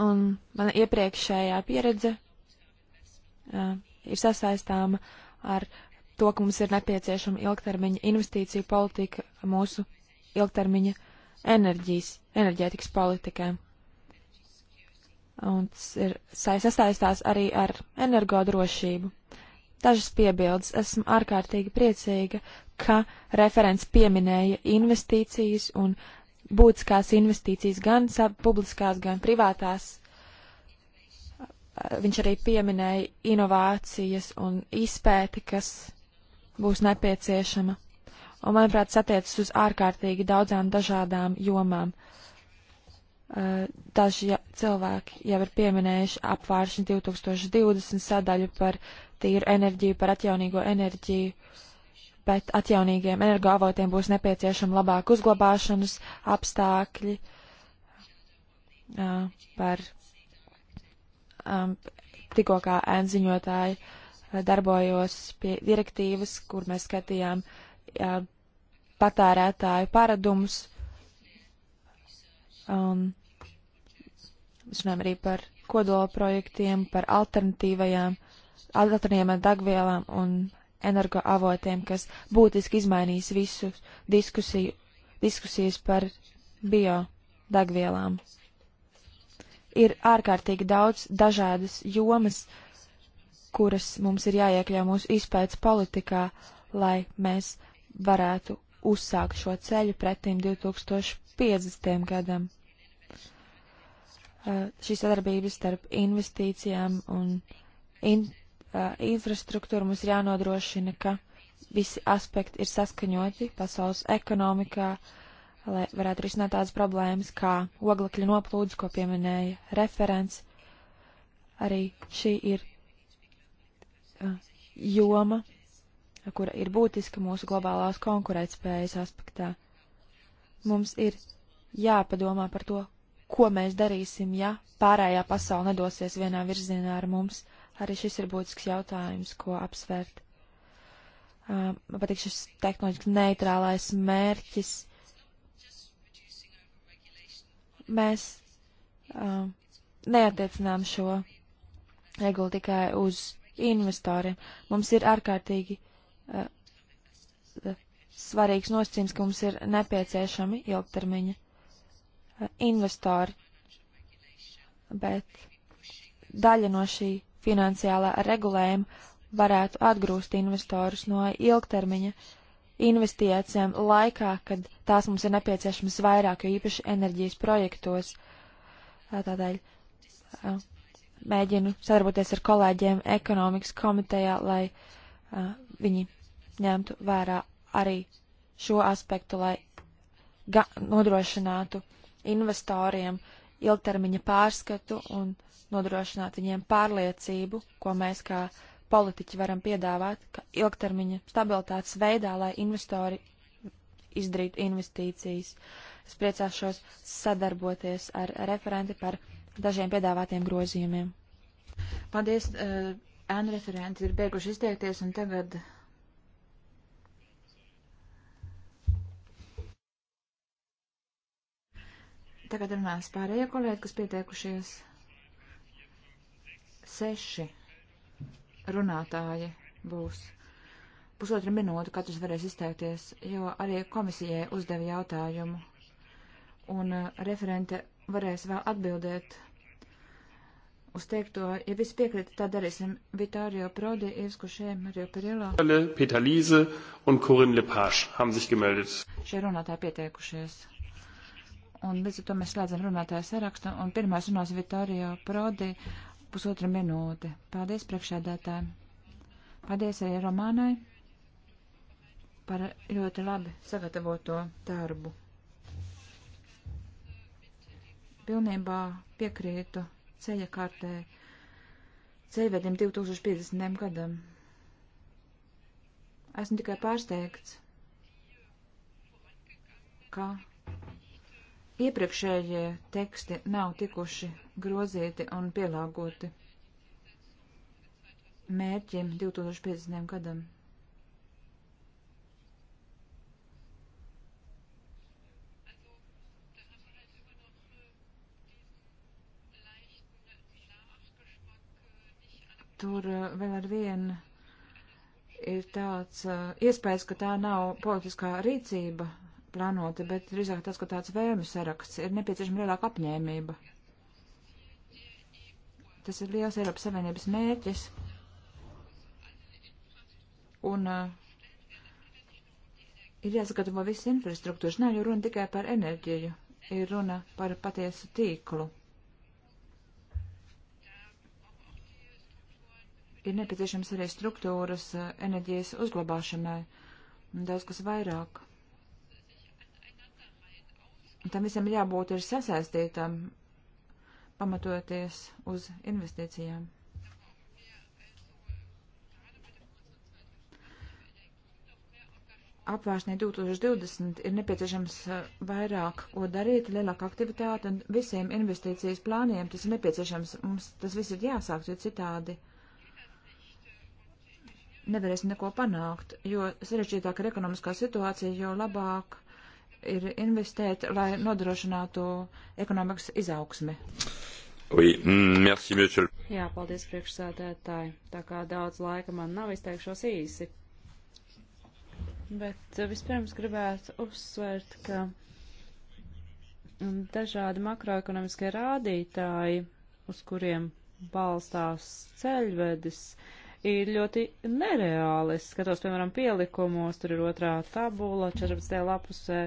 un mana iepriekšējā pieredze uh, ir sasaistāma ar to, ka mums ir nepieciešama ilgtermiņa investīcija politika mūsu ilgtermiņa enerģijas, enerģētikas politikai un tas ir saistīts arī ar energodrošību. Dažas piebildes esmu ārkārtīgi priecīga, ka referents pieminēja investīcijas un būtiskās investīcijas gan publiskās, gan privātās. Viņš arī pieminēja inovācijas un izpēti, kas būs nepieciešama. Un, manuprāt, tas attiecas uz ārkārtīgi daudzām dažādām jomām. Uh, Eh, daži cilvēki jau ir pieminējuši apvāršņu 2020 sadaļu par tīru enerģiju, par atjaunīgo enerģiju, bet atjaunīgiem energoavotiem būs nepieciešama labāk uzglabāšanas apstākļi eh, par um, tikko kā ēnziņotāji eh, darbojos pie direktīvas, kur mēs skatījām jā, patērētāju paradumus. Um, Mēs runājam arī par kodola projektiem, par alternatīvajām, alternatīvajām dagvielām un energoavotiem, kas būtiski izmainīs visu diskusiju, diskusijas par bio dagvielām. Ir ārkārtīgi daudz dažādas jomas, kuras mums ir jāiekļau mūsu izpētes politikā, lai mēs varētu uzsākt šo ceļu pretim 2050. gadam. Uh, šīs sadarbības starp investīcijām un in, uh, infrastruktūru mums ir jānodrošina, ka visi aspekti ir saskaņoti pasaules ekonomikā, lai varētu risināt tādas problēmas kā oglekļa noplūdes, ko pieminēja referents. Arī šī ir uh, joma, kura ir būtiska mūsu globālās konkurētspējas aspektā. Mums ir jāpadomā par to, ko mēs darīsim, ja pārējā pasaule nedosies vienā virzienā ar mums. Arī šis ir būtisks jautājums, ko apsvērt. Man um, patīk šis tehnoloģiski neitrālais mērķis. Mēs um, neatiecinām šo regulu tikai uz investoriem. Mums ir ārkārtīgi uh, svarīgs nosacījums, ka mums ir nepieciešami ilgtermiņa investori, bet daļa no šī finansiālā regulējuma varētu atgrūst investorus no ilgtermiņa investīcijām laikā, kad tās mums ir nepieciešamas vairāk, jo īpaši enerģijas projektos. Tādēļ mēģinu sadarboties ar kolēģiem ekonomikas komitejā, lai uh, viņi ņemtu vērā arī šo aspektu, lai nodrošinātu uh, investoriem ilgtermiņa pārskatu un nodrošināt viņiem pārliecību, ko mēs kā politiķi varam piedāvāt, ka ilgtermiņa stabilitātes veidā, lai investori izdarītu investīcijas. Es priecāšos sadarboties ar referenti par dažiem piedāvātiem grozījumiem. Paldies, eh, ēnu uh, referenti ir beiguši izteikties un tagad Tagad runās pārējie kolēģi, kas pieteikušies. Seši runātāji būs. Pusotra minūte katrs varēs izteikties, jo arī komisijai uzdeva jautājumu. Un uh, referente varēs vēl atbildēt uz teikto, ja visi piekrīt, tā darīsim. Vittorio Prodi, Iesku Šēm, Mario Perillo. Peter Līze un Corinne Lepage haben sich gemeldet. Šie runātāji pieteikušies un līdz ar to mēs slēdzam runātāju sarakstu, un pirmais runās Vittorio Prodi pusotra minūte. Paldies priekšēdētājiem. Paldies arī Romānai par ļoti labi sagatavoto darbu. Pilnībā piekrītu ceļa kartē ceļvedim 2050. gadam. Esmu tikai pārsteigts, ka iepriekšējie teksti nav tikuši grozīti un pielāgoti mērķiem 2050. gadam. Tur eh, vēl ar vienu ir tāds eh, iespējas, ka tā nav politiskā rīcība plānota, bet drīzāk tas, ka tāds vēlmi saraksts ir nepieciešama lielāka apņēmība. Tas ir liels Eiropas Savienības mērķis. Un uh, ir jāsagatavo viss infrastruktūras. Nav jau runa tikai par enerģiju, ir runa par patiesu tīklu. Ir nepieciešams arī struktūras uh, enerģijas uzglabāšanai un daudz kas vairāk tam visam jābūt ir sasaistītam, pamatoties uz investīcijām. Apvēršanai 2020 ir nepieciešams eh, vairāk, ko darīt, lielāka aktivitāte un visiem investīcijas plāniem tas ir nepieciešams. Mums tas viss ir jāsāk, jo citādi nevarēsim neko panākt, jo sarežģītāka ir ekonomiskā situācija, jo labāk uh, ir investēt, lai nodrošinātu ekonomikas izaugsmi. Oui, mm, merci, monsieur. Jā, paldies priekšsēdētāji. Tā kā daudz laika man nav, izteikšos īsi. Bet eh, vispirms gribētu uzsvērt, ka mm, dažādi makroekonomiskie rādītāji, uz kuriem balstās ceļvedis, ir ļoti nereāli. Es skatos, piemēram, pielikumos, tur ir otrā tabula, 14. lapusē,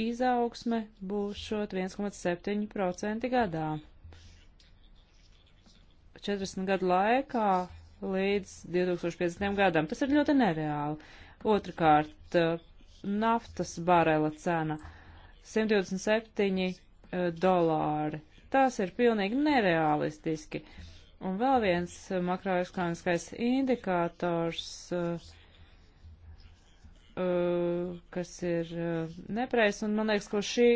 izaugsme būs šot 1,7% gadā. 40 gadu laikā līdz 2050. gadam. Tas ir ļoti nereāli. Otrakārt, eh, naftas barela cena 127 eh, dolāri. Tas ir pilnīgi nereālistiski. Un vēl viens eh, makroekonomiskais indikators uh, Uh, kas ir uh, nepareizs, un man liekas, ka šī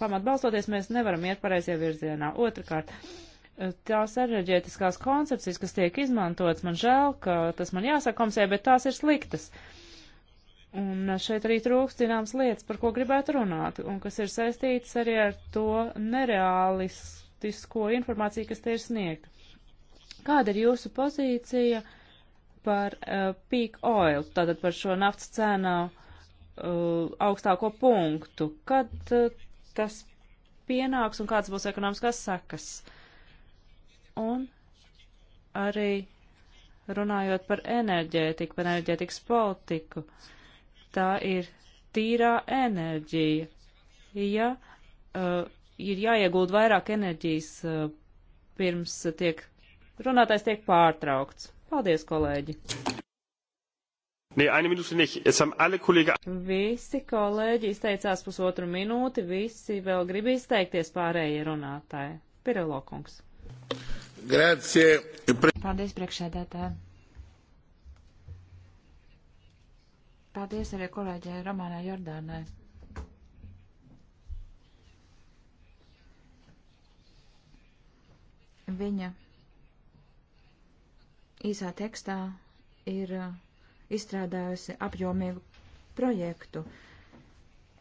pamat balstoties mēs nevaram iet pareizajā virzienā. Otrakārt, uh, tās enerģētiskās koncepcijas, kas tiek izmantotas, man žēl, ka tas man jāsaka komisē, bet tās ir sliktas. Un šeit arī trūkst zināms lietas, par ko gribētu runāt, un kas ir saistītas arī ar to nereālistisko informāciju, kas te ir sniegta. Kāda ir jūsu pozīcija? Uh, par uh, peak oil, tātad par šo naftas cēnā uh, eh, augstāko punktu. Kad uh, tas pienāks un kādas būs ekonomiskās sekas? Un arī runājot par enerģētiku, par enerģētikas politiku, tā ir tīrā enerģija. Ja uh, ir jāiegūt vairāk enerģijas uh, pirms tiek runātais tiek pārtraukts. Paldies, kolēģi! Ne, eine Minute nicht. Es haben alle Kollegen. Visi kolēģi izteicās pusotru minūti, visi vēl grib izteikties pārējie runātāji. Pirelo kungs. Grazie. Paldies, priekšsēdētāji. Paldies arī kolēģei Romānai Jordānai. Viņa īsā tekstā ir uh, izstrādājusi apjomīgu projektu.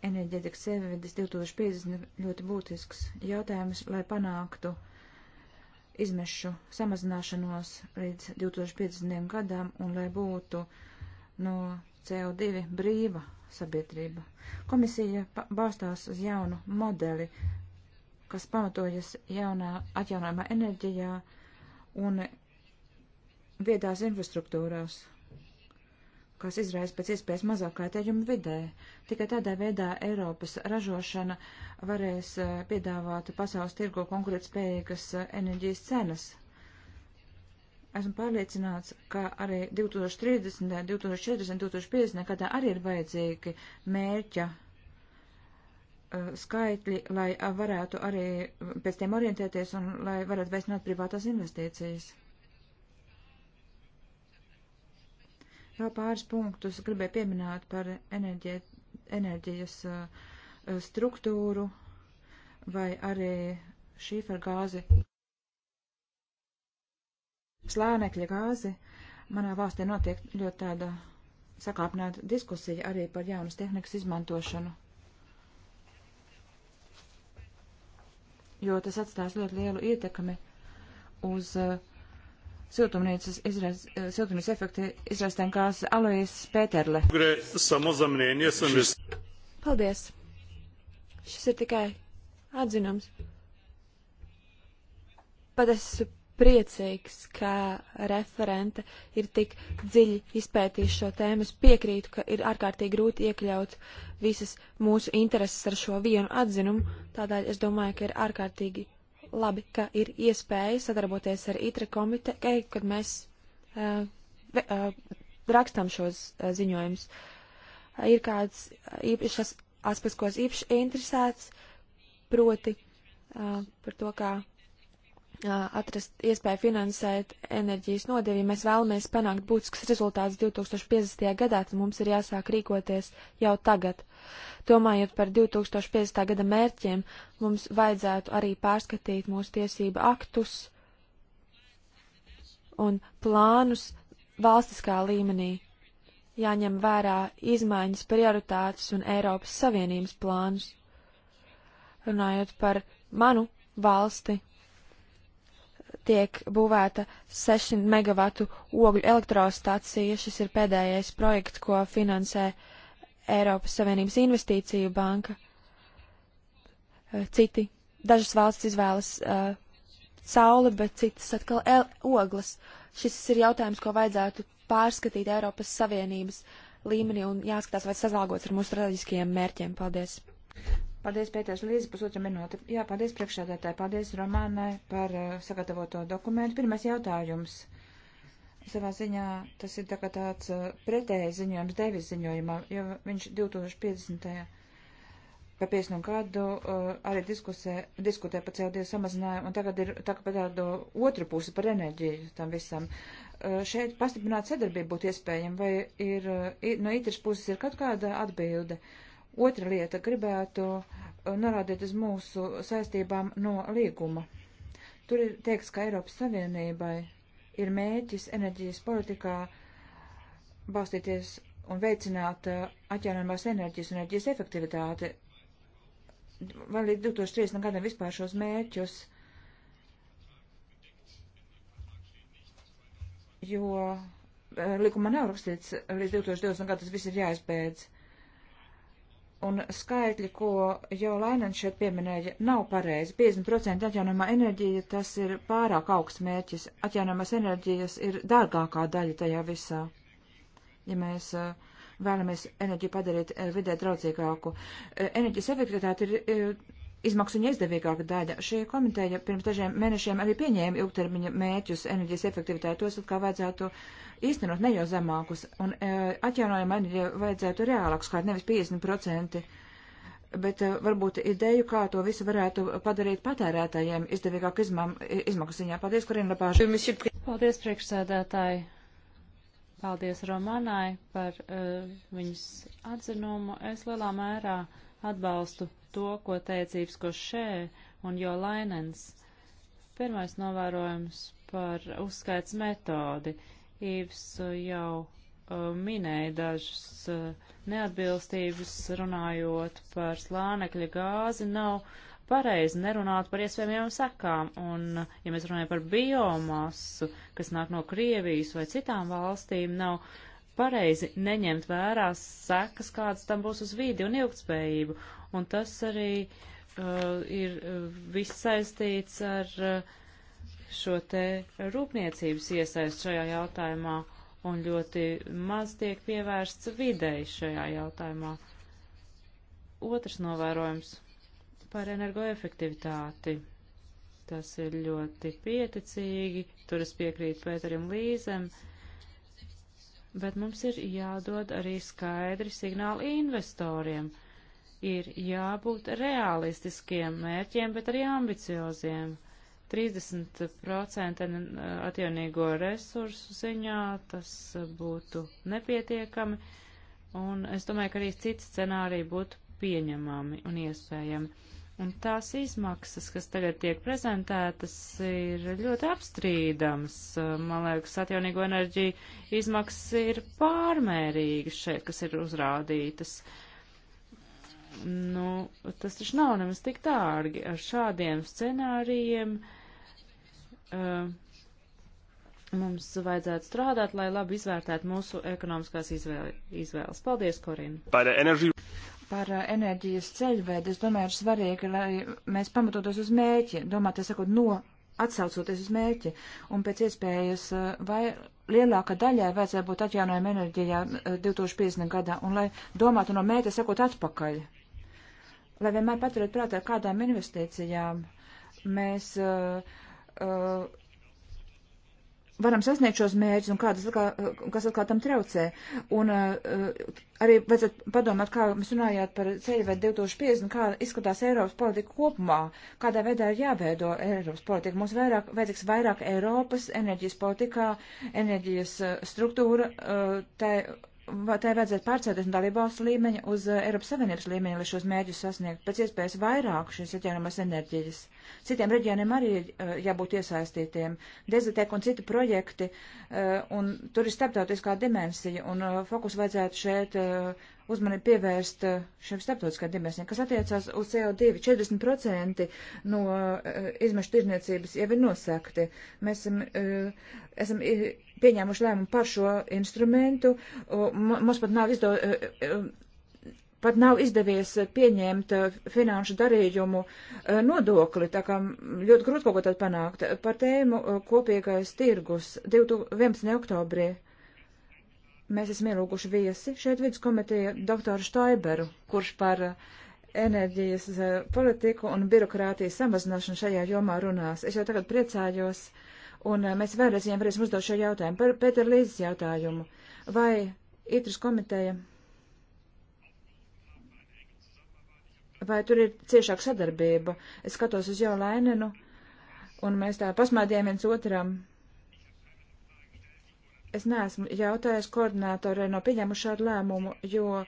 Enerģētikas sevedes 2050 ļoti būtisks jautājums, lai panāktu izmešu samazināšanos līdz 2050 gadām un lai būtu no nu, CO2 brīva sabiedrība. Komisija balstās uz jaunu modeli, kas pamatojas jaunā atjaunojumā enerģijā un viedās infrastruktūrās, kas izraisa pēc iespējas mazāk kaitējumu vidē. Tikai tādā veidā Eiropas ražošana varēs eh, piedāvāt pasaules tirgo konkurētspējīgas eh, enerģijas cenas. Esmu pārliecināts, ka arī 2030, 2040, 2050 gadā arī ir vajadzīgi mērķa eh, skaitļi, lai varētu arī pēc tiem orientēties un lai varētu veicināt privātās investīcijas. Vēl pāris punktus gribēju pieminēt par enerģie, enerģijas eh, struktūru vai arī šīfergāzi, slānekļa gāzi. Manā valstī notiek ļoti tāda sakāpināta diskusija arī par jaunas tehnikas izmantošanu. Jo tas atstās ļoti lielu ietekmi uz uh, siltumnīcas izraz, eh, siltumnīcas efekta izrastēm kāds Alojas Pēterle. Paldies. Šis ir tikai atzinums. Pat es priecīgs, ka referente ir tik dziļi izpētījusi šo tēmu. Es piekrītu, ka ir ārkārtīgi grūti iekļaut visas mūsu intereses ar šo vienu atzinumu. Tādēļ es domāju, ka ir ārkārtīgi labi, ka ir iespēja sadarboties ar ITRE komiteju, eh, kad mēs uh, eh, uh, eh, rakstām šos uh, ziņojumus. Uh, ir kāds īpašs aspekts, ko es īpaši interesēts, proti uh, par to, kā atrast iespēju finansēt enerģijas nodevi. Ja mēs vēlamies panākt būtisks rezultāts 2050. gadā, tad mums ir jāsāk rīkoties jau tagad. Domājot par 2050. gada mērķiem, mums vajadzētu arī pārskatīt mūsu tiesību aktus un plānus valstiskā līmenī. Jāņem vērā izmaiņas prioritātes un Eiropas Savienības plānus. Runājot par manu valsti, tiek būvēta 600 megavatu ogļu elektrostacija. Šis ir pēdējais projekts, ko finansē uh, Eiropas Savienības investīciju banka, eh, citi, dažas valsts izvēlas uh, eh, sauli, bet citas atkal el, oglas. Šis ir jautājums, ko vajadzētu pārskatīt Eiropas Savienības līmenī un jāskatās, vai sazāgots ar mūsu strateģiskajiem mērķiem. Paldies! Paldies, Pēters Līdzi, pusotra minūte. Jā, paldies priekšsēdētāji, paldies Romānai par uh, sagatavoto dokumentu. Pirmais jautājums Savā ziņā tas ir tā kā tāds uh, pretējais ziņojums devis ziņojumā, jo viņš 2050. pa 50 gadu uh, arī diskusē, diskutē par CO2 samazinājumu, un tagad ir tā kā par tādu otru pusi par enerģiju tam visam. Uh, šeit pastiprināt sadarbību būtu iespējama, vai ir, uh, no itras puses ir kaut kāda atbilde. Otra lieta - gribētu uh, norādīt uz mūsu saistībām no līguma. Tur ir teiks, ka Eiropas Savienībai ir mēķis enerģijas politikā balstīties un veicināt uh, atjaunojumās enerģijas un enerģijas efektivitāti. Vai līdz 2030. gadam vispār šos mēķus, jo uh, likumā nav rakstīts, uh, līdz 2020. gadam tas viss ir jāizpēc. Uh, un skaitļi, ko jau Lainans šeit pieminēja, nav pareizi. 50% atjaunamā enerģija tas ir pārāk augsts mērķis. Atjaunamās enerģijas ir dārgākā daļa tajā visā. Ja mēs eh, vēlamies enerģiju padarīt eh, vidē draudzīgāku, eh, enerģijas efektivitāte ir izmaksu un izdevīgāka daļa. Šī komiteja pirms dažiem mēnešiem arī pieņēma ilgtermiņa mēķus enerģijas efektivitātei. Tos kā vajadzētu īstenot ne jau zemākus. Un e, atjaunojama enerģija vajadzētu reālākus, kā nevis 50%. Bet e, varbūt ideju, kā to visu varētu padarīt patērētājiem izdevīgāk izmam, izmaksu ziņā. Paldies, Korina Lapāša. Paldies, priekšsēdētāji. Paldies Romanai par uh, e, viņas atzinumu. Es lielā mērā atbalstu to, ko teicības, ko šē un jo lainens. Pirmais novērojums par uzskaits metodi. Īvs jau uh, minēja dažas uh, neatbilstības runājot par slānekļa gāzi, nav pareizi nerunāt par iespējamajām sekām. Un, ja mēs runājam par biomasu, kas nāk no Krievijas vai citām valstīm, nav pareizi neņemt vērā sekas, kādas tam būs uz vidi un ilgtspējību. Un tas arī uh, ir uh, viss saistīts ar uh, šo te rūpniecības iesaist šajā jautājumā un ļoti maz tiek pievērsts videi šajā jautājumā. Otrs novērojums par energoefektivitāti. Tas ir ļoti pieticīgi, tur es piekrītu Pēterim Līzem. Uh, bet mums ir jādod arī skaidri signāli investoriem. Ir jābūt realistiskiem mērķiem, bet arī ambicioziem. 30% atjaunīgo resursu ziņā tas būtu nepietiekami, un es domāju, ka arī citi scenāriji būtu pieņemami un iespējami. Un tās izmaksas, kas tagad tiek prezentētas, ir ļoti apstrīdams. Man liekas, atjaunīgo enerģiju izmaksas ir pārmērīgas šeit, kas ir uzrādītas. Nu, tas taču nav nemaz tik dārgi. Ar šādiem scenārijiem uh, mums vajadzētu strādāt, lai labi izvērtētu mūsu ekonomiskās izvēle, izvēles. Paldies, Korina! par eh, enerģijas ceļvedi, es domāju, ir svarīgi, lai mēs pamatotos uz mēķi, domāt, es sakot, no atsaucoties uz mērķi, un pēc iespējas eh, vai lielāka daļai vajadzēja būt atjaunojama enerģijā 2050. Eh, gadā, un lai domātu no mērķa, sakot, atpakaļ, lai vienmēr paturētu prātā, kādām investīcijām mēs uh, uh, varam sasniegt šos mērķus un kādas, eh, kas atkal tam traucē. Un uh, arī vajadzētu padomāt, kā mēs runājāt par ceļu vai 2050, kā izskatās Eiropas politika kopumā, kādā veidā ir jāveido Eiropas politika. Mums vairāk, vajadzīgs vairāk Eiropas enerģijas politikā, enerģijas eh, struktūra, uh, tā vai tai vajadzētu pārcelties no dalībvalstu līmeņa uz eh, Eiropas Savienības līmeņa, lai šos mērķus sasniegtu pēc iespējas vairāk šīs atjaunamās enerģijas. Citiem reģioniem arī eh, jābūt iesaistītiem. Dezitek un citi projekti, eh, un tur ir starptautiskā dimensija, un fokus vajadzētu šeit uzmanību pievērst šiem starptautiskā dimensijām, kas attiecās uz CO2. 40% no izmešu tirniecības jau ir nosakti. Mēs esam, esam pieņēmuši lēmumu par šo instrumentu. Mums pat nav, izdo, e, e, pat nav izdevies pieņemt e, finanšu darījumu nodokli, tā kā ļoti grūti kaut ko tad panākt. Par tēmu kopīgais tirgus 11. oktobrī. Mēs esam ielūguši viesi šeit viduskomiteja doktoru Štaiberu, kurš par enerģijas politiku un birokrātijas samazināšanu šajā jomā runās. Es jau tagad priecājos uh, Un eh, mēs vēlreiz viņiem varēsim uzdot šo jautājumu par Pēter Līzes jautājumu. Vai Itras komiteja, vai tur ir ciešāka sadarbība? Es skatos uz jau Lainenu, un mēs tā pasmādījām viens otram. Es neesmu jautājis koordinātorai no pieņemuši šādu lēmumu, jo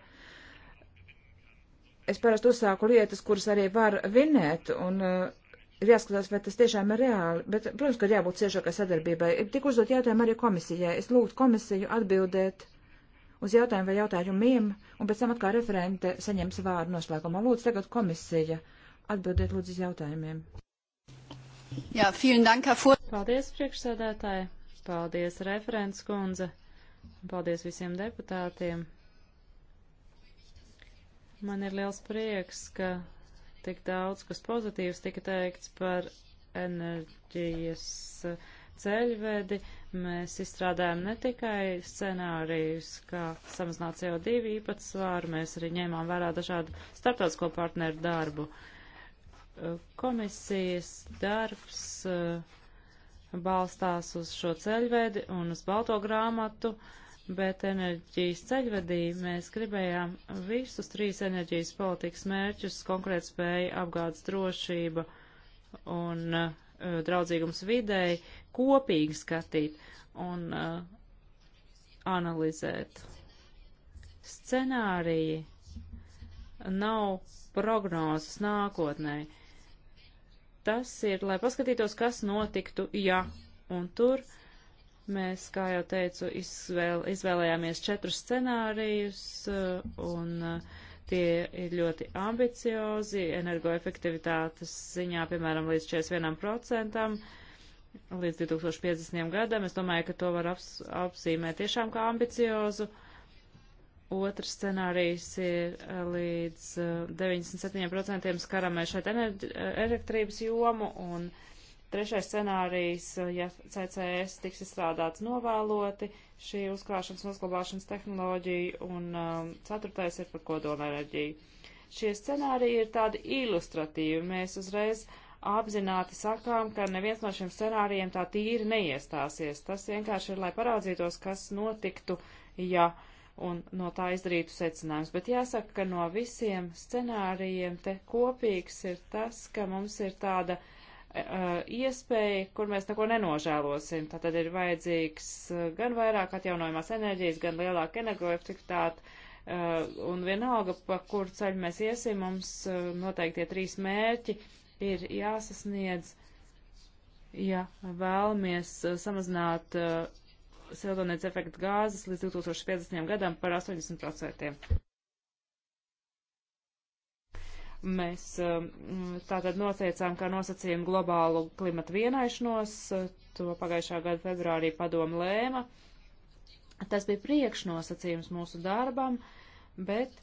es parasti uzsāku lietas, kuras arī var vinēt, un uh, ir jāskatās, vai tas tiešām ir reāli, bet, protams, ka ir jābūt ciešākai sadarbībai. Ir tik uzdot jautājumu arī komisijai. Es lūgtu komisiju atbildēt uz jautājumu vai jautājumiem, un pēc tam atkal referente saņems vārdu noslēgumā. Lūdzu, tagad komisija atbildēt lūdzu uz jautājumiem. Jā, vielen dank, Herr Paldies, priekšsēdētāji. Paldies, referents kundze. Paldies visiem deputātiem. Man ir liels prieks, ka Tik daudz, kas pozitīvs tika teikts par enerģijas ceļvedi. Mēs izstrādājam ne tikai scenārijus, kā samazināt CO2 īpatsvāru, mēs arī ņēmām vērā dažādu starptautisko partneru darbu. Komisijas darbs eh, balstās uz šo ceļvedi un uz balto grāmatu. Uh, bet enerģijas ceļvedī mēs gribējām visus trīs enerģijas politikas mērķus - konkurētspēja, apgādes drošība un uh, draudzīgums videi - kopīgi skatīt un uh, analizēt. Scenāriji nav prognozes nākotnē. Tas ir, lai paskatītos, kas notiktu, ja, un tur uh, Mēs, kā jau teicu, izvēl, izvēlējāmies četrus scenārijus, uh, un uh, tie ir ļoti ambiciozi energoefektivitātes ziņā, piemēram, līdz 41% līdz 2050. gadam. Es domāju, ka to var aps, apzīmēt tiešām kā ambiciozu. Otrs scenārijs ir uh, līdz 97% skaramē šeit enerģi, elektrības jomu, un Trešais scenārijs, uh, ja CCS tiks izstrādāts novēloti, šī uzkrāšanas uzglabāšanas tehnoloģija, un um, ceturtais ir par kodolenerģiju. Šie scenāriji ir tādi ilustratīvi. Mēs uzreiz apzināti sakām, ka neviens no šiem scenārijiem tā tīri neiestāsies. Tas vienkārši ir, lai parādzītos, kas notiktu, ja un no tā izdarītu secinājums. Bet jāsaka, ka no visiem scenārijiem te kopīgs ir tas, ka mums ir tāda uh, Eh, iespēja, kur mēs neko nenožēlosim. Tātad ir vajadzīgs eh, gan vairāk atjaunojumās enerģijas, gan lielāka energoefektivitāte. Eh, un vienalga, pa kuru ceļu mēs iesim, mums noteikti tie trīs mērķi ir jāsasniedz, ja vēlamies samazināt siltumnīca efekta gāzes līdz 2050. gadam par 80%. Mēs um, tātad noteicām, kā nosacījām globālu klimatu vienaišanos, to pagājušā gada februārī padomu lēma. Tas bija priekšnosacījums mūsu darbam, bet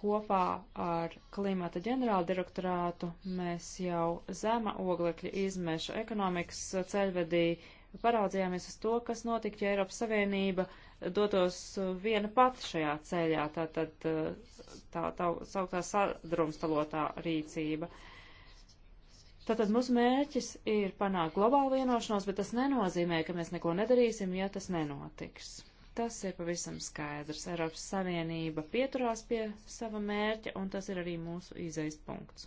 kopā ar klimata ģenerāldirektorātu mēs jau zema oglekļa izmeša ekonomikas ceļvedī paraudzījāmies uz to, kas notika, ja Eiropas Savienība uh, dotos uh, viena pati šajā ceļā, tā tad uh, tā, tā sauktā sadrumstalotā rīcība. Tātad mūsu mērķis ir panākt globālu vienošanos, bet tas nenozīmē, ka mēs neko nedarīsim, ja tas nenotiks. Tas ir pavisam skaidrs. Eiropas Savienība pieturās pie sava mērķa, un tas ir arī mūsu izejas punkts.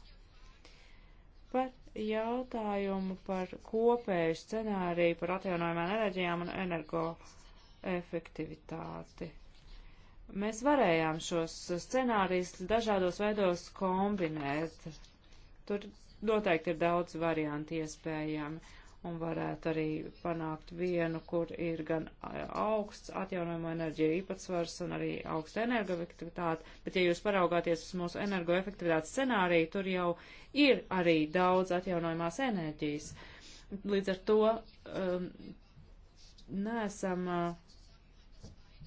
Par jautājumu par kopēju scenāriju par atjaunojumiem enerģijām un energo uh, efektivitāti. Mēs varējām šos scenārijus dažādos veidos kombinēt. Tur noteikti ir daudz variantu iespējami un varētu arī panākt vienu, kur ir gan augsts atjaunojama enerģija īpatsvars un arī augsta energoefektivitāte, bet ja jūs paraugāties uz mūsu energoefektivitātes scenāriju, tur jau ir arī daudz atjaunojamās enerģijas. Līdz ar to um, nesam uh,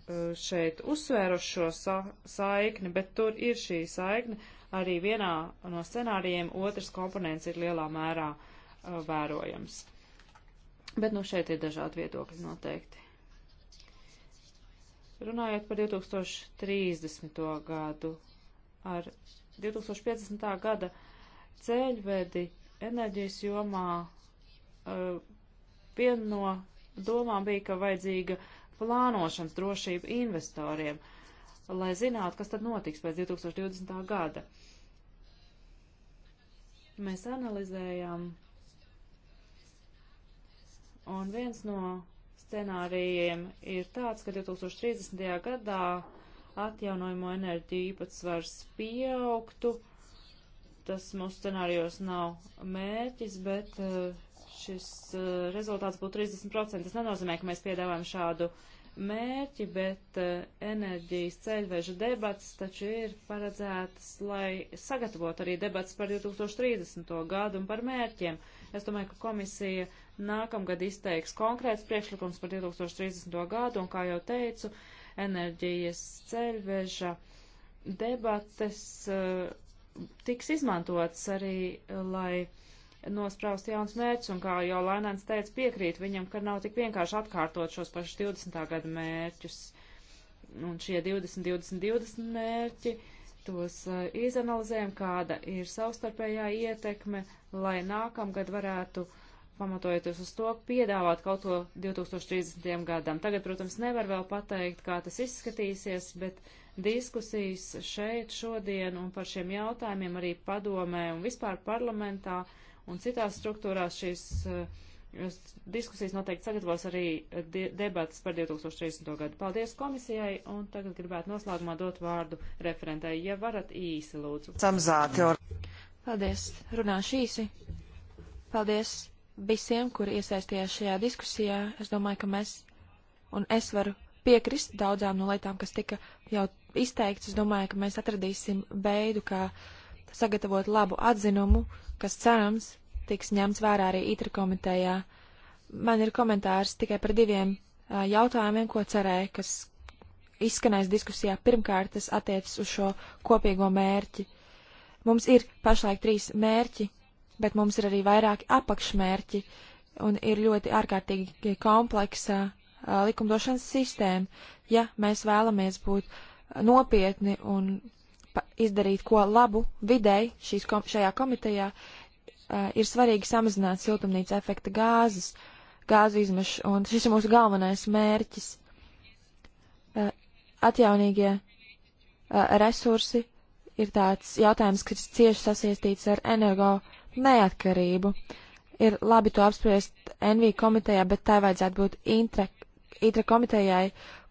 Eh, šeit uzsvēruši šo sa saikni, bet tur ir šī saikne arī vienā no scenārijiem, otrs komponents ir lielā mērā uh, vērojams. Bet nu šeit ir dažādi viedokļi noteikti. Runājot par 2030. gadu, ar 2050. gada ceļvedi enerģijas jomā uh, viena no domām bija, ka vajadzīga uh, plānošanas drošību investoriem, lai zinātu, kas tad notiks pēc 2020. gada. Mēs analizējām, un viens no scenārijiem ir tāds, ka 2030. gadā atjaunojumu enerģiju īpatsvars pieaugtu. Tas mūsu scenārijos nav mērķis, bet uh, šis eh, rezultāts būtu 30%. Tas nenozīmē, ka mēs piedāvājam šādu mērķi, bet eh, enerģijas ceļveža debats taču ir paredzētas, lai sagatavot arī debats par 2030. gadu un par mērķiem. Es domāju, ka komisija nākamgad izteiks konkrēts priekšlikums par 2030. gadu un, kā jau teicu, enerģijas ceļveža debates uh, tiks izmantots arī, lai nospraust jauns mērķus, un kā jau Lainēns teica, piekrīt viņam, ka nav tik vienkārši atkārtot šos pašus 20. gada mērķus. Un šie 20, 20, 20 mērķi, tos uh, izanalizējam, kāda ir savstarpējā ietekme, lai nākamgad varētu, pamatojoties uz to, piedāvāt kaut ko 2030. gadam. Tagad, protams, nevar vēl pateikt, kā tas izskatīsies, bet diskusijas šeit šodien un par šiem jautājumiem arī padomē un vispār parlamentā uh, Un citās struktūrās šīs eh, diskusijas noteikti sagatavos arī eh, debatas par 2030. gadu. Paldies komisijai, un tagad gribētu noslēgumā dot vārdu referentai, ja varat īsi lūdzu. Samzāti. Paldies, runāšu īsi. Paldies visiem, kuri iesaistījās šajā diskusijā. Es domāju, ka mēs un es varu piekrist daudzām no lietām, kas tika jau izteikts. Es domāju, ka mēs atradīsim veidu, kā. Ka sagatavot labu atzinumu, kas cerams tiks ņemts vērā arī ITRA komitejā. Man ir komentārs tikai par diviem uh, jautājumiem, ko cerēju, kas izskanēs diskusijā. Pirmkārt, tas attiecas uz šo kopīgo mērķi. Mums ir pašlaik trīs mērķi, bet mums ir arī vairāki apakšmērķi un ir ļoti ārkārtīgi kompleksa uh, likumdošanas sistēma, ja mēs vēlamies būt nopietni un izdarīt ko labu videi šīs, kom šajā komitejā, uh, ir svarīgi samazināt siltumnīca efekta gāzes, gāzu izmešu, un šis ir mūsu galvenais mērķis. Uh, atjaunīgie uh, resursi ir tāds jautājums, kas cieši sasiestīts ar energo neatkarību. Ir labi to apspriest NV komitejā, bet tai vajadzētu būt ITRE komitejai,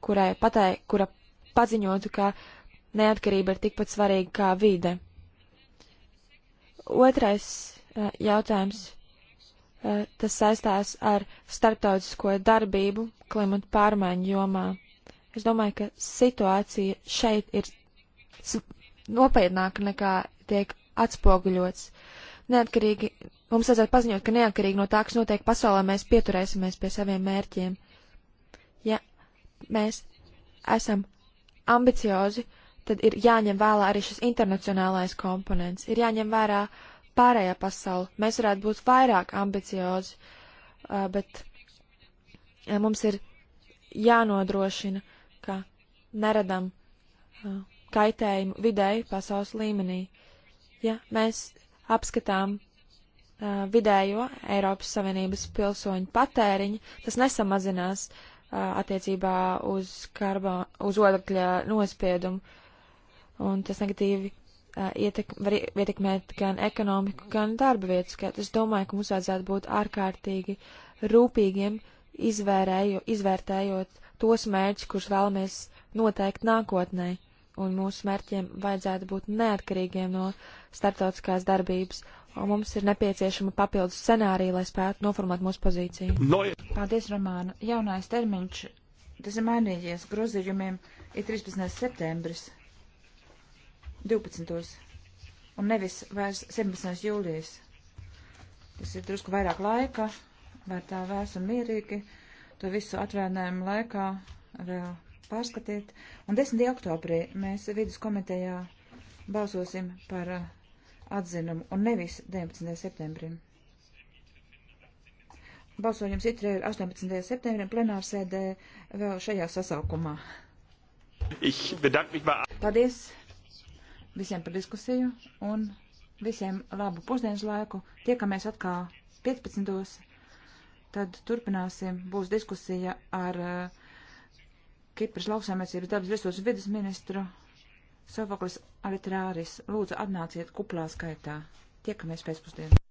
kurai patai, kura paziņotu, ka neatkarība ir tikpat svarīga kā vide. Otrais uh, jautājums. Uh, tas saistās ar starptautisko darbību klimatu pārmaiņu jomā. Es domāju, ka situācija šeit ir nopietnāka nekā tiek atspoguļots. Neatkarīgi, mums vajadzētu paziņot, ka neatkarīgi no tā, kas notiek pasaulē, mēs pieturēsimies pie saviem mērķiem. Ja mēs esam ambiciozi, uh, tad ir jāņem vērā arī šis internacionālais komponents, ir jāņem vērā pārējā pasaule. Mēs varētu būt vairāk ambiciozi, bet mums ir jānodrošina, ka neradam kaitējumu vidēji pasaules līmenī. Ja mēs apskatām vidējo Eiropas Savienības pilsoņu patēriņu, tas nesamazinās attiecībā uz, karbo, uz odakļa nospiedumu un tas negatīvi uh, ietek, var ietekmēt gan ekonomiku, gan darba vietas. Es domāju, ka mums vajadzētu būt ārkārtīgi rūpīgiem, izvērējo, izvērtējot tos mērķus, kurus vēlamies noteikt nākotnē, un mūsu mērķiem vajadzētu būt neatkarīgiem no starptautiskās darbības, un mums ir nepieciešama papildus scenārija, lai spētu noformēt mūsu pozīciju. No, Paldies, Romāna. Jaunais termiņš, tas ir mainījies grozījumiem, ir 13. septembris. 12. un nevis vairs 17. jūlijas. Tas ir drusku vairāk laika, var tā vērs un mierīgi to visu atvēlinājumu laikā vēl pārskatīt. Un 10. oktobrī mēs vidus komitejā balsosim par uh, atzinumu un nevis 19. septembrim. Balsojums itrē ir 18. septembrim plenārsēdē vēl šajā sasaukumā. Paldies! visiem par diskusiju un visiem labu pusdienas laiku. Tiekamies atkal 15. Tad turpināsim. Būs diskusija ar uh, Kipras lauksaimniecības dabas resursu vidas ministru Sofoklis Aritrāris. Lūdzu, atnāciet kuplā skaitā. Tiekamies pēcpusdienā.